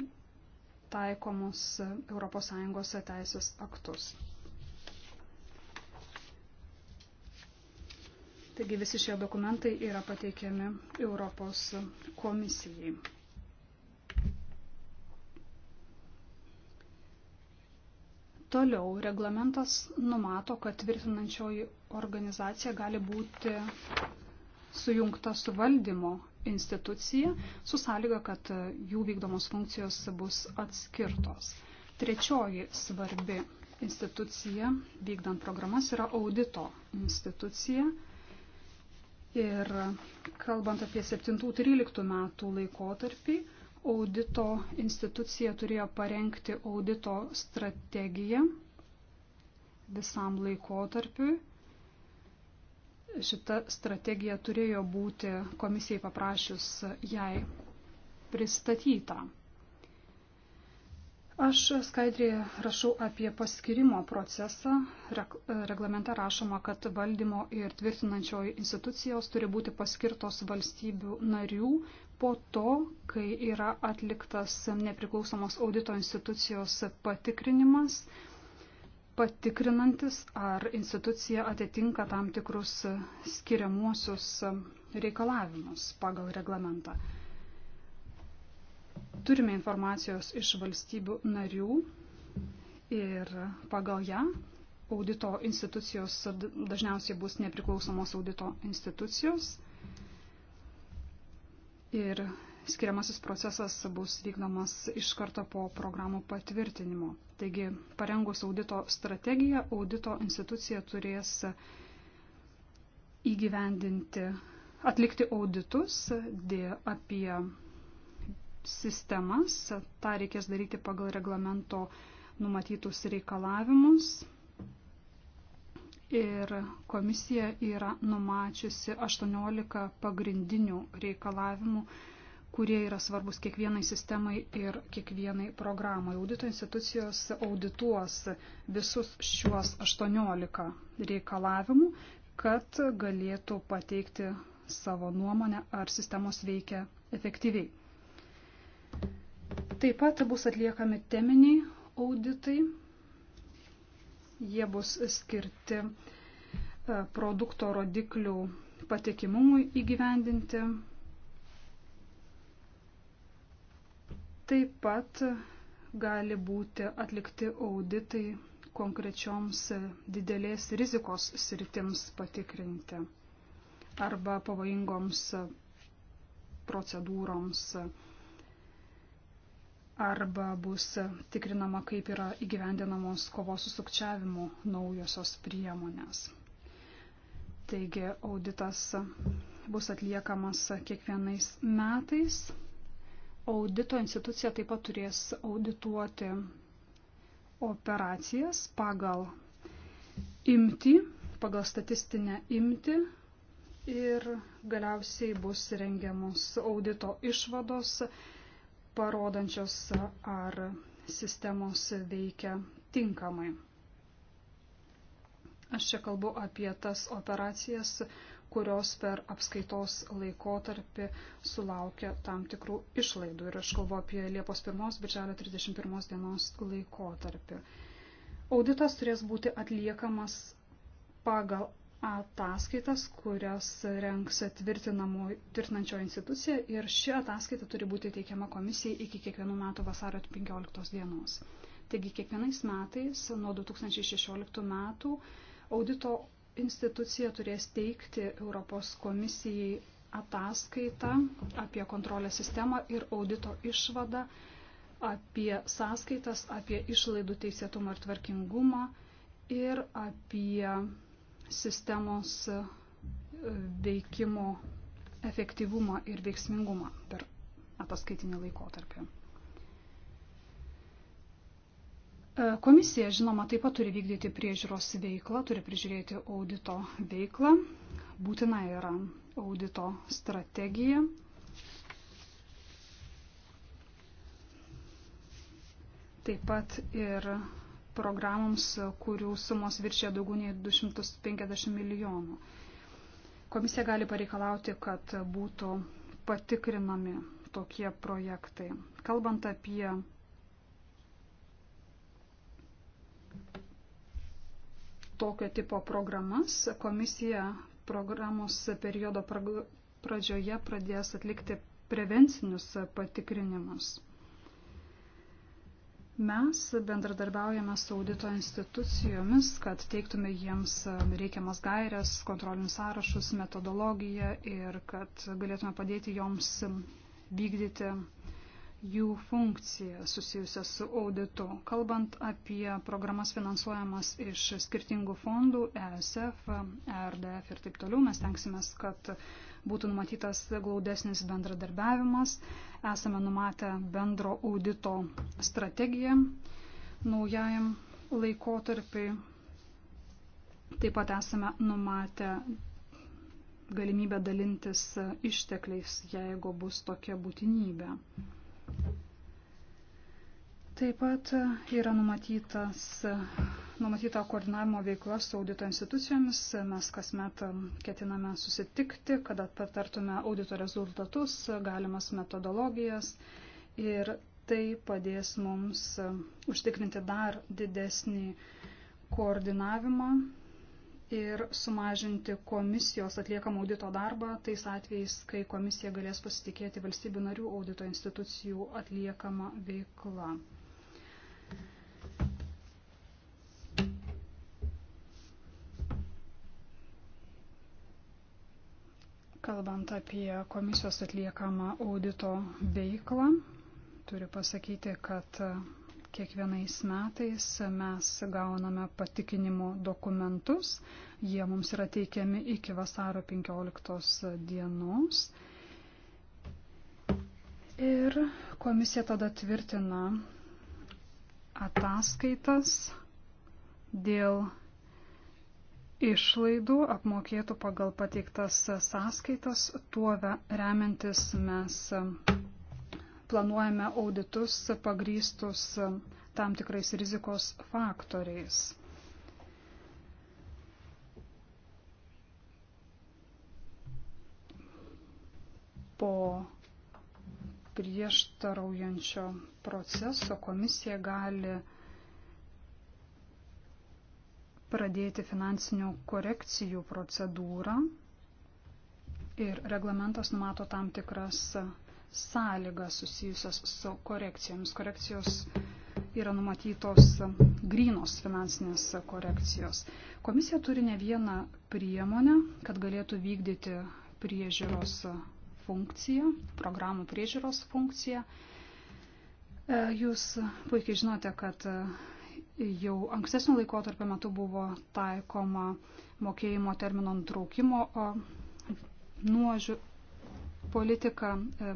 taikomus ES teisės aktus. Taigi visi šie dokumentai yra pateikiami Europos komisijai. Toliau reglamentas numato, kad tvirtinančioji organizacija gali būti sujungta su valdymo institucija, su sąlyga, kad jų vykdomos funkcijos bus atskirtos. Trečioji svarbi institucija, vykdant programas, yra audito institucija. Ir kalbant apie 7-13 metų laikotarpį, audito institucija turėjo parengti audito strategiją visam laikotarpiui Šita strategija turėjo būti komisijai paprašius jai pristatyta. Aš skaidrėje rašau apie paskirimo procesą. Reglamente rašoma, kad valdymo ir tvirtinančioji institucijos turi būti paskirtos valstybių narių po to, kai yra atliktas nepriklausomos audito institucijos patikrinimas patikrinantis, ar institucija atitinka tam tikrus skiriamuosius reikalavimus pagal reglamentą. Turime informacijos iš valstybių narių ir pagal ją audito institucijos dažniausiai bus nepriklausomos audito institucijos. Ir skiriamasis procesas bus vykdomas iš karto po programų patvirtinimo. Taigi, parengus audito strategiją, audito institucija turės įgyvendinti, atlikti auditus apie sistemas. Ta reikės daryti pagal reglamento numatytus reikalavimus. Ir komisija yra numačiusi 18 pagrindinių reikalavimų kurie yra svarbus kiekvienai sistemai ir kiekvienai programai. Audito institucijos audituos visus šiuos 18 reikalavimų, kad galėtų pateikti savo nuomonę, ar sistemos veikia efektyviai. Taip pat bus atliekami teminiai auditai. Jie bus skirti e, produkto rodiklių patikimumui įgyvendinti Taip pat gali būti atlikti auditai konkrečioms didelės rizikos sritims patikrinti arba pavojingoms procedūroms arba bus tikrinama, kaip yra įgyvendinamos kovos su sukčiavimu naujosios priemonės. Taigi auditas bus atliekamas kiekvienais metais Audito institucija taip pat turės audituoti operacijas pagal imti, pagal statistinę imti ir galiausiai bus rengiamos audito išvados, parodančios, ar sistemos veikia tinkamai. Aš čia kalbu apie tas operacijas, kurios per apskaitos laikotarpį sulaukia tam tikrų išlaidų. Ir aš kalbu apie Liepos 1, birželio 31 dienos laikotarpį. Auditas turės būti atliekamas pagal ataskaitas, kurias renks tvirtinančio institucija ir ši ataskaita turi būti teikiama komisijai iki kiekvienų metų vasario 15 dienos. Taigi kiekvienais metais nuo 2016 metų audito institucija turės teikti Europos komisijai ataskaitą apie kontrolės sistemą ir audito išvadą, apie sąskaitas, apie išlaidų teisėtumą ir tvarkingumą ir apie sistemos e, veikimo efektyvumą ir veiksmingumą per ataskaitinį laikotarpį. E, komisija, žinoma, taip pat turi vykdyti priežiūros veiklą, turi prižiūrėti audito veiklą. Būtina yra audito strategija. Taip pat ir programoms, kurių sumos viršė daugiau nei 250 milijonų. Komisija gali pareikalauti, kad būtų patikrinami tokie projektai. Kalbant apie tokio tipo programas. Komisija programos periodo pradžioje pradės atlikti prevencinius patikrinimus. Mes bendradarbiaujame su audito institucijomis, kad teiktume jiems reikiamas gairias, kontrolinius sąrašus, metodologiją ir kad galėtume padėti joms vykdyti jų funkciją susijusią su auditu. Kalbant apie programas finansuojamas iš skirtingų fondų, ESF, e RDF ir taip toliau, mes tenksimės, kad būtų numatytas glaudesnis bendradarbiavimas. Esame numatę bendro audito strategiją naujajam laikotarpiai. Taip pat esame numatę galimybę dalintis ištekliais, jeigu bus tokia būtinybė. Taip pat yra numatyta koordinavimo veikla su audito institucijomis. Mes kasmet ketiname susitikti, kad aptartume audito rezultatus, galimas metodologijas ir tai padės mums užtikrinti dar didesnį koordinavimą ir sumažinti komisijos atliekamą audito darbą tais atvejais, kai komisija galės pasitikėti valstybių narių audito institucijų atliekamą veiklą. Kalbant apie komisijos atliekamą audito veiklą, turiu pasakyti, kad Kiekvienais metais mes gauname patikinimo dokumentus, jie mums yra teikiami iki vasario 15 dienos. Ir komisija tada tvirtina ataskaitas dėl išlaidų apmokėtų pagal pateiktas sąskaitas, tuo remiantis mes planuojame auditus pagrystus tam tikrais rizikos faktoriais. Po prieštaraujančio proceso komisija gali pradėti finansinių korekcijų procedūrą ir reglamentas numato tam tikras sąlygas susijusias su korekcijomis. Korekcijos yra numatytos grynos finansinės korekcijos. Komisija turi ne vieną priemonę, kad galėtų vykdyti priežiūros funkciją, programų priežiūros funkciją. E, jūs puikiai žinote, kad jau ankstesnio laikotarpio metu buvo taikoma mokėjimo termino nutraukimo nuožių politika e,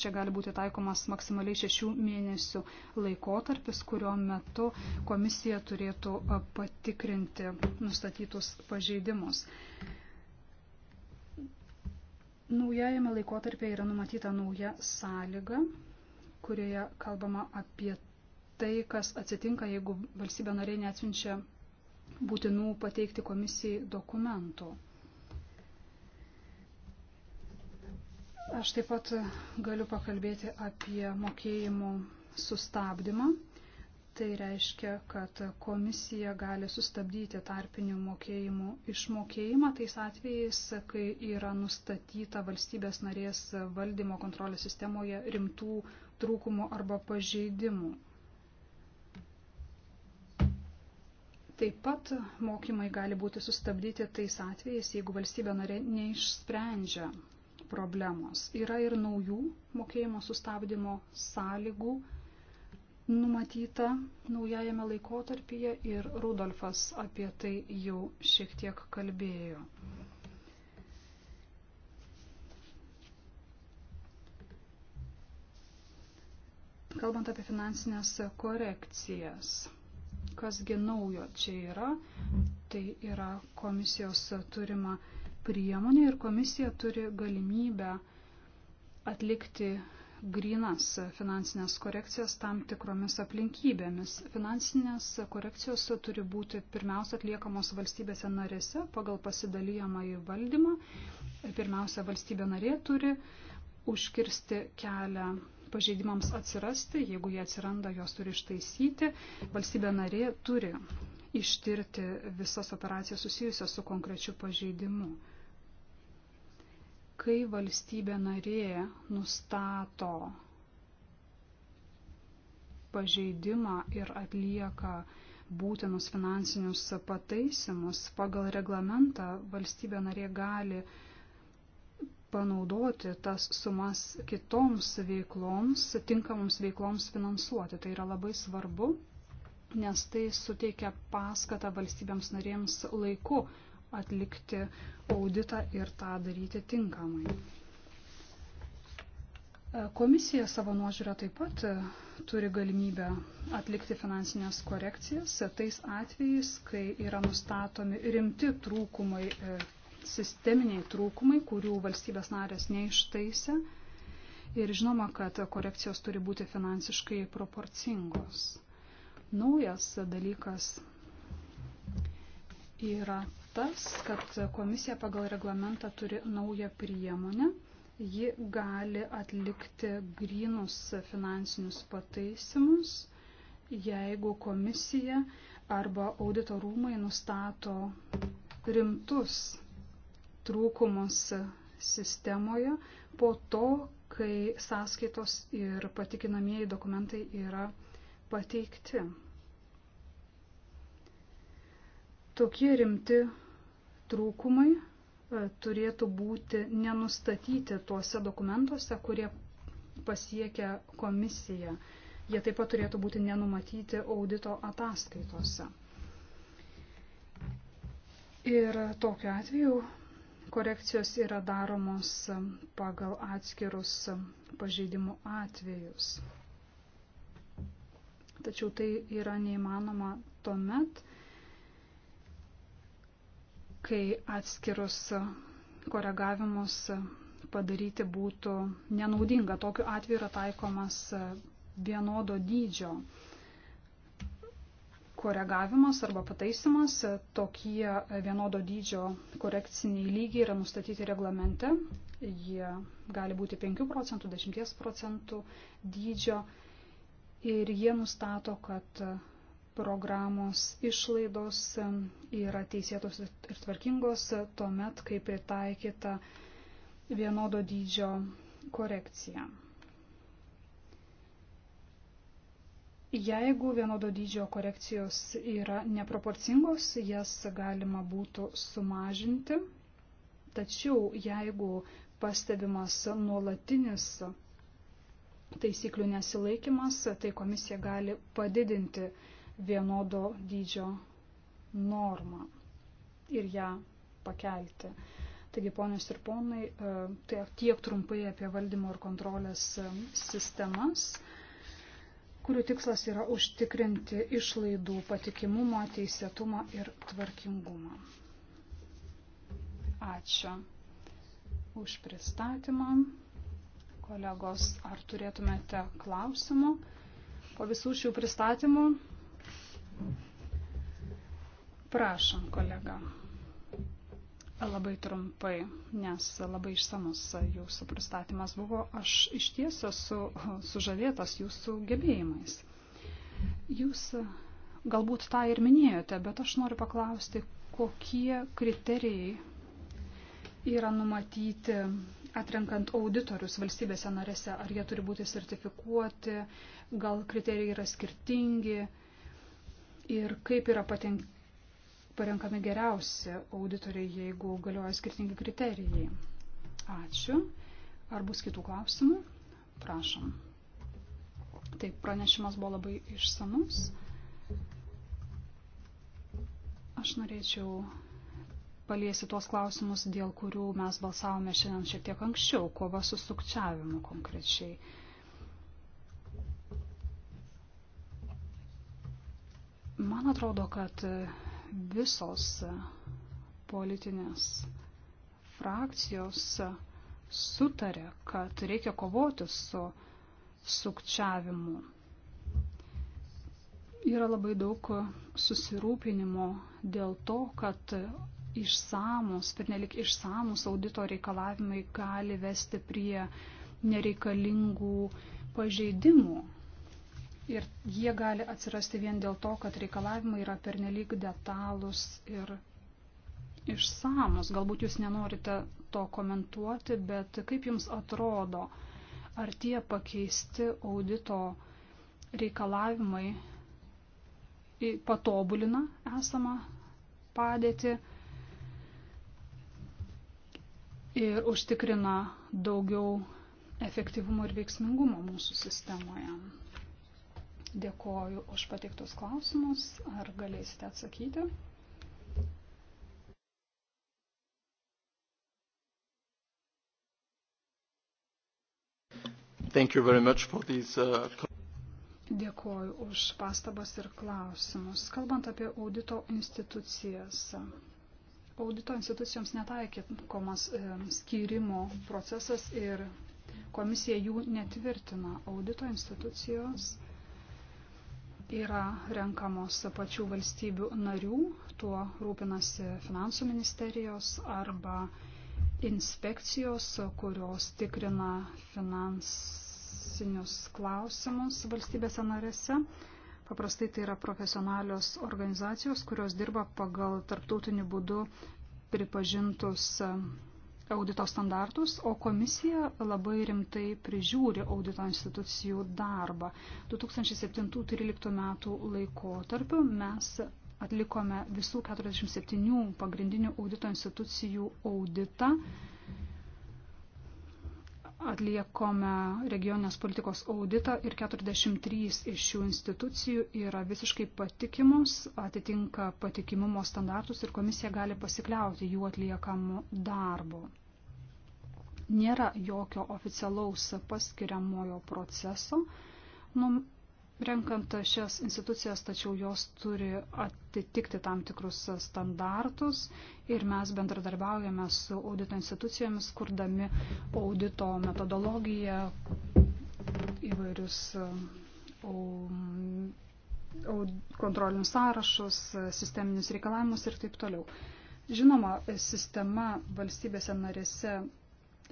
Čia gali būti taikomas maksimaliai šešių mėnesių laikotarpis, kurio metu komisija turėtų patikrinti nustatytus pažeidimus. Naujajame laikotarpėje yra numatyta nauja sąlyga, kurioje kalbama apie tai, kas atsitinka, jeigu valstybė nariai neatsiunčia būtinų pateikti komisijai dokumentų. Aš taip pat galiu pakalbėti apie mokėjimų sustabdymą. Tai reiškia, kad komisija gali sustabdyti tarpinių mokėjimų išmokėjimą tais atvejais, kai yra nustatyta valstybės narės valdymo kontrolės sistemoje rimtų trūkumų arba pažeidimų. Taip pat mokymai gali būti sustabdyti tais atvejais, jeigu valstybė narė neišsprendžia problemos. Yra ir naujų mokėjimo sustabdymo sąlygų numatyta naujajame laikotarpyje ir Rudolfas apie tai jau šiek tiek kalbėjo. Kalbant apie finansinės korekcijas, kasgi naujo čia yra, tai yra komisijos turima priemonė ir komisija turi galimybę atlikti grinas finansinės korekcijas tam tikromis aplinkybėmis. Finansinės korekcijos turi būti pirmiausia atliekamos valstybėse narėse pagal pasidalyjamą į valdymą. Pirmiausia, valstybė narė turi užkirsti kelią pažeidimams atsirasti, jeigu jie atsiranda, juos turi ištaisyti. Valstybė narė turi ištirti visas operacijas susijusias su konkrečiu pažeidimu kai valstybė narė nustato pažeidimą ir atlieka būtinus finansinius pataisimus, pagal reglamentą valstybė narė gali panaudoti tas sumas kitoms veikloms, tinkamoms veikloms finansuoti. Tai yra labai svarbu, nes tai suteikia paskatą valstybėms narėms laiku atlikti auditą ir tą daryti tinkamai. E, komisija savo nuožiūrę taip pat e, turi galimybę atlikti finansinės korekcijas e, tais atvejais, kai yra nustatomi rimti trūkumai, sisteminiai trūkumai, kurių valstybės narės neištaisė. Ir žinoma, kad korekcijos turi būti finansiškai proporcingos. Naujas dalykas yra tas, kad komisija pagal reglamentą turi naują priemonę. Ji gali atlikti grinus finansinius pataisimus, jeigu komisija arba audito rūmai nustato rimtus trūkumus sistemoje po to, kai sąskaitos ir patikinamieji dokumentai yra pateikti. Tokie rimti trūkumai e, turėtų būti nenustatyti tuose dokumentuose, kurie pasiekia komisiją. Jie taip pat turėtų būti nenumatyti audito ataskaitose. Ir tokiu atveju korekcijos yra daromos pagal atskirus pažeidimų atvejus. Tačiau tai yra neįmanoma tuomet, met, kai atskirus koregavimus padaryti būtų nenaudinga. Tokiu atveju yra taikomas vienodo dydžio koregavimas arba pataisimas. Tokie vienodo dydžio korekciniai lygiai yra nustatyti reglamente. Jie gali būti 5 procentų, 10 procentų dydžio. Ir jie nustato, kad programos išlaidos yra teisėtos ir tvarkingos tuomet, kai pritaikyta vienodo dydžio korekcija. Jeigu vienodo dydžio korekcijos yra neproporcingos, jas galima būtų sumažinti, tačiau jeigu pastebimas nuolatinis taisyklių nesilaikimas, tai komisija gali padidinti vienodo dydžio normą ir ją pakelti. Taigi, ponios ir ponai, e, tai tiek trumpai apie valdymo ir kontrolės e, sistemas, kurių tikslas yra užtikrinti išlaidų patikimumą, teisėtumą ir tvarkingumą. Ačiū už pristatymą. Kolegos, ar turėtumėte klausimų po visų šių pristatymų? Prašom, kolega. Labai trumpai, nes labai išsamus jūsų pristatymas buvo. Aš iš ties esu sužavėtas jūsų gebėjimais. Jūs galbūt tą ir minėjote, bet aš noriu paklausti, kokie kriterijai yra numatyti atrenkant auditorius valstybėse narėse, ar jie turi būti sertifikuoti, gal kriterijai yra skirtingi ir kaip yra patenk, parenkami geriausi auditoriai, jeigu galioja skirtingi kriterijai. Ačiū. Ar bus kitų klausimų? Prašom. Taip, pranešimas buvo labai išsamus. Aš norėčiau paliesi tuos klausimus, dėl kurių mes balsavome šiandien šiek tiek anksčiau, kova su sukčiavimu konkrečiai. Man atrodo, kad visos politinės frakcijos sutarė, kad reikia kovoti su sukčiavimu. Yra labai daug susirūpinimo dėl to, kad išsamus, pernelik išsamus audito reikalavimai gali vesti prie nereikalingų pažeidimų. Ir jie gali atsirasti vien dėl to, kad reikalavimai yra pernelyg detalūs ir išsamus. Galbūt jūs nenorite to komentuoti, bet kaip jums atrodo, ar tie pakeisti audito reikalavimai patobulina esamą padėtį ir užtikrina daugiau efektyvumo ir veiksmingumo mūsų sistemoje dėkoju už pateiktus klausimus. Ar galėsite atsakyti? These, uh... Dėkoju už pastabas ir klausimus. Kalbant apie audito institucijas. Audito institucijoms netaikykomas e, skyrimo procesas ir komisija jų netvirtina. Audito institucijos yra renkamos pačių valstybių narių, tuo rūpinasi finansų ministerijos arba inspekcijos, kurios tikrina finansinius klausimus valstybėse narėse. Paprastai tai yra profesionalios organizacijos, kurios dirba pagal tarptautiniu būdu pripažintus audito standartus, o komisija labai rimtai prižiūri audito institucijų darbą. 2007-2013 metų laikotarpiu mes atlikome visų 47 pagrindinių audito institucijų auditą atliekome regioninės politikos auditą ir 43 iš šių institucijų yra visiškai patikimus, atitinka patikimumo standartus ir komisija gali pasikliauti jų atliekamų darbų. Nėra jokio oficialaus paskiriamojo proceso, renkant šias institucijas, tačiau jos turi atitikti tam tikrus standartus ir mes bendradarbiaujame su audito institucijomis, kurdami audito metodologiją, įvairius um, kontrolinius sąrašus, sisteminius reikalavimus ir taip toliau. Žinoma, sistema valstybėse narėse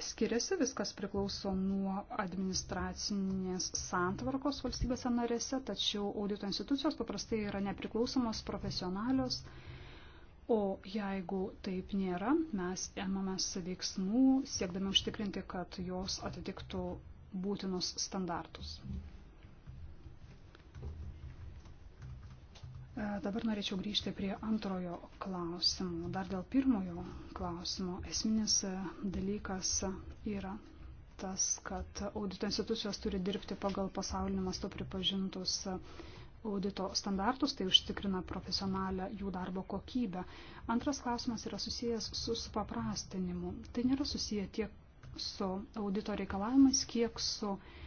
skiriasi, viskas priklauso nuo administracinės santvarkos valstybėse narėse, tačiau audito institucijos paprastai yra nepriklausomos, profesionalios. O jeigu taip nėra, mes emamės veiksmų, siekdami užtikrinti, kad jos atitiktų būtinus standartus. E, dabar norėčiau grįžti prie antrojo klausimo. Dar dėl pirmojo klausimo esminis e, dalykas yra tas, kad audito institucijos turi dirbti pagal pasaulinį mastu pripažintus e, audito standartus, tai užtikrina profesionalią jų darbo kokybę. Antras klausimas yra susijęs su supaprastinimu. Tai nėra susiję tiek su audito reikalavimais, kiek su uh,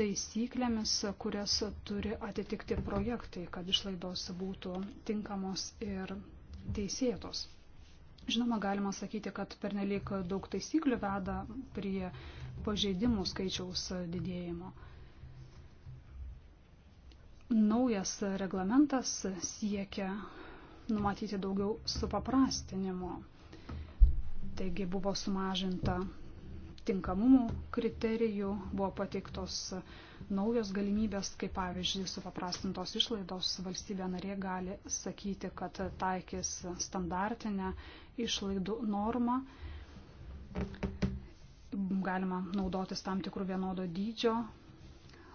taisyklėmis, kurias turi atitikti projektai, kad išlaidos būtų tinkamos ir teisėtos. Žinoma, galima sakyti, kad pernelyg daug taisyklių veda prie pažeidimų skaičiaus didėjimo. Naujas reglamentas siekia numatyti daugiau supaprastinimo. Taigi buvo sumažinta tinkamumo kriterijų, buvo pateiktos naujos galimybės, kaip pavyzdžiui, supaprastintos išlaidos valstybė narė gali sakyti, kad taikys standartinę išlaidų normą. Galima naudotis tam tikrų vienodo dydžio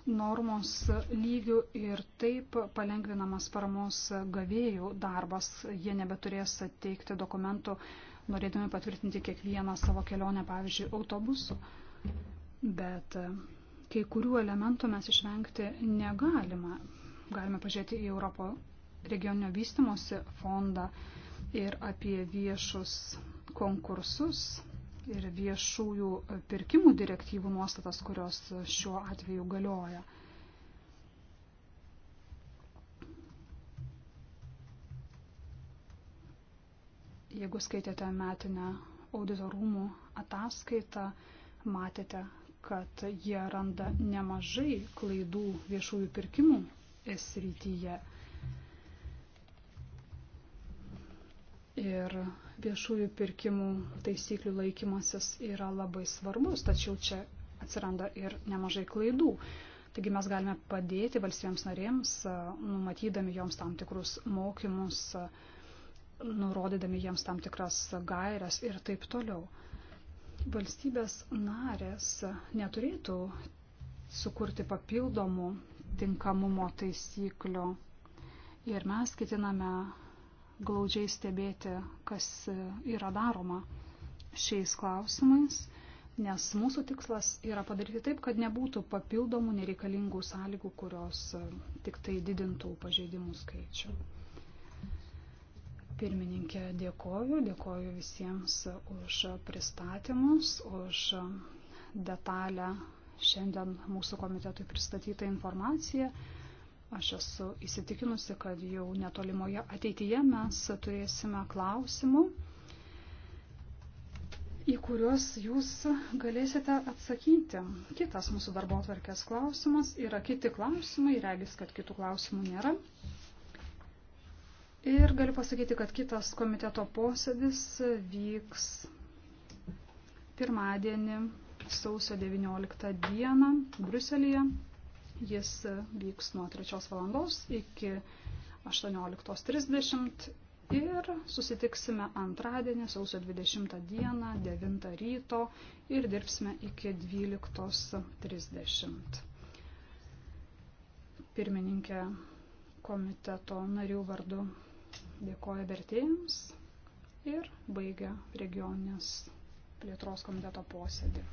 normos lygių ir taip palengvinamas paramos gavėjų darbas. Jie nebeturės teikti dokumentų norėdami patvirtinti kiekvieną savo kelionę, pavyzdžiui, autobusu. Bet e, kai kurių elementų mes išvengti negalime. Galime pažiūrėti į Europo regioninio vystimosi fondą ir apie viešus konkursus ir viešųjų pirkimų direktyvų nuostatas, kurios šiuo atveju galioja. Jeigu skaitėte metinę auditorumų ataskaitą, matėte, kad jie randa nemažai klaidų viešųjų pirkimų srityje. Ir viešųjų pirkimų taisyklių laikymasis yra labai svarbus, tačiau čia atsiranda ir nemažai klaidų. Taigi mes galime padėti valstybėms narėms, numatydami joms tam tikrus mokymus, uh, nurodydami jiems tam tikras gairias ir taip toliau. Valstybės narės neturėtų sukurti papildomų tinkamumo taisyklių ir mes ketiname glaudžiai stebėti, kas yra daroma šiais klausimais, nes mūsų tikslas yra padaryti taip, kad nebūtų papildomų nereikalingų sąlygų, kurios tik tai didintų pažeidimų skaičių. Pirmininkė, dėkoju, dėkoju visiems už pristatymus, už detalę šiandien mūsų komitetui pristatytą informaciją. Aš esu įsitikinusi, kad jau netolimoje ateityje mes turėsime klausimų, į kuriuos jūs galėsite atsakyti. Kitas mūsų darbo atvarkės klausimas yra kiti klausimai, regis, kad kitų klausimų nėra. Ir galiu pasakyti, kad kitas komiteto posėdis vyks pirmadienį sausio 19 dieną Bruselėje. Jis vyks nuo 3 valandos iki 18.30 ir susitiksime antradienį sausio 20 dieną 9 ryto ir dirbsime iki 12.30. Pirmininkė komiteto narių vardu dėkoja vertėjams ir baigia regioninės plėtros komiteto posėdį.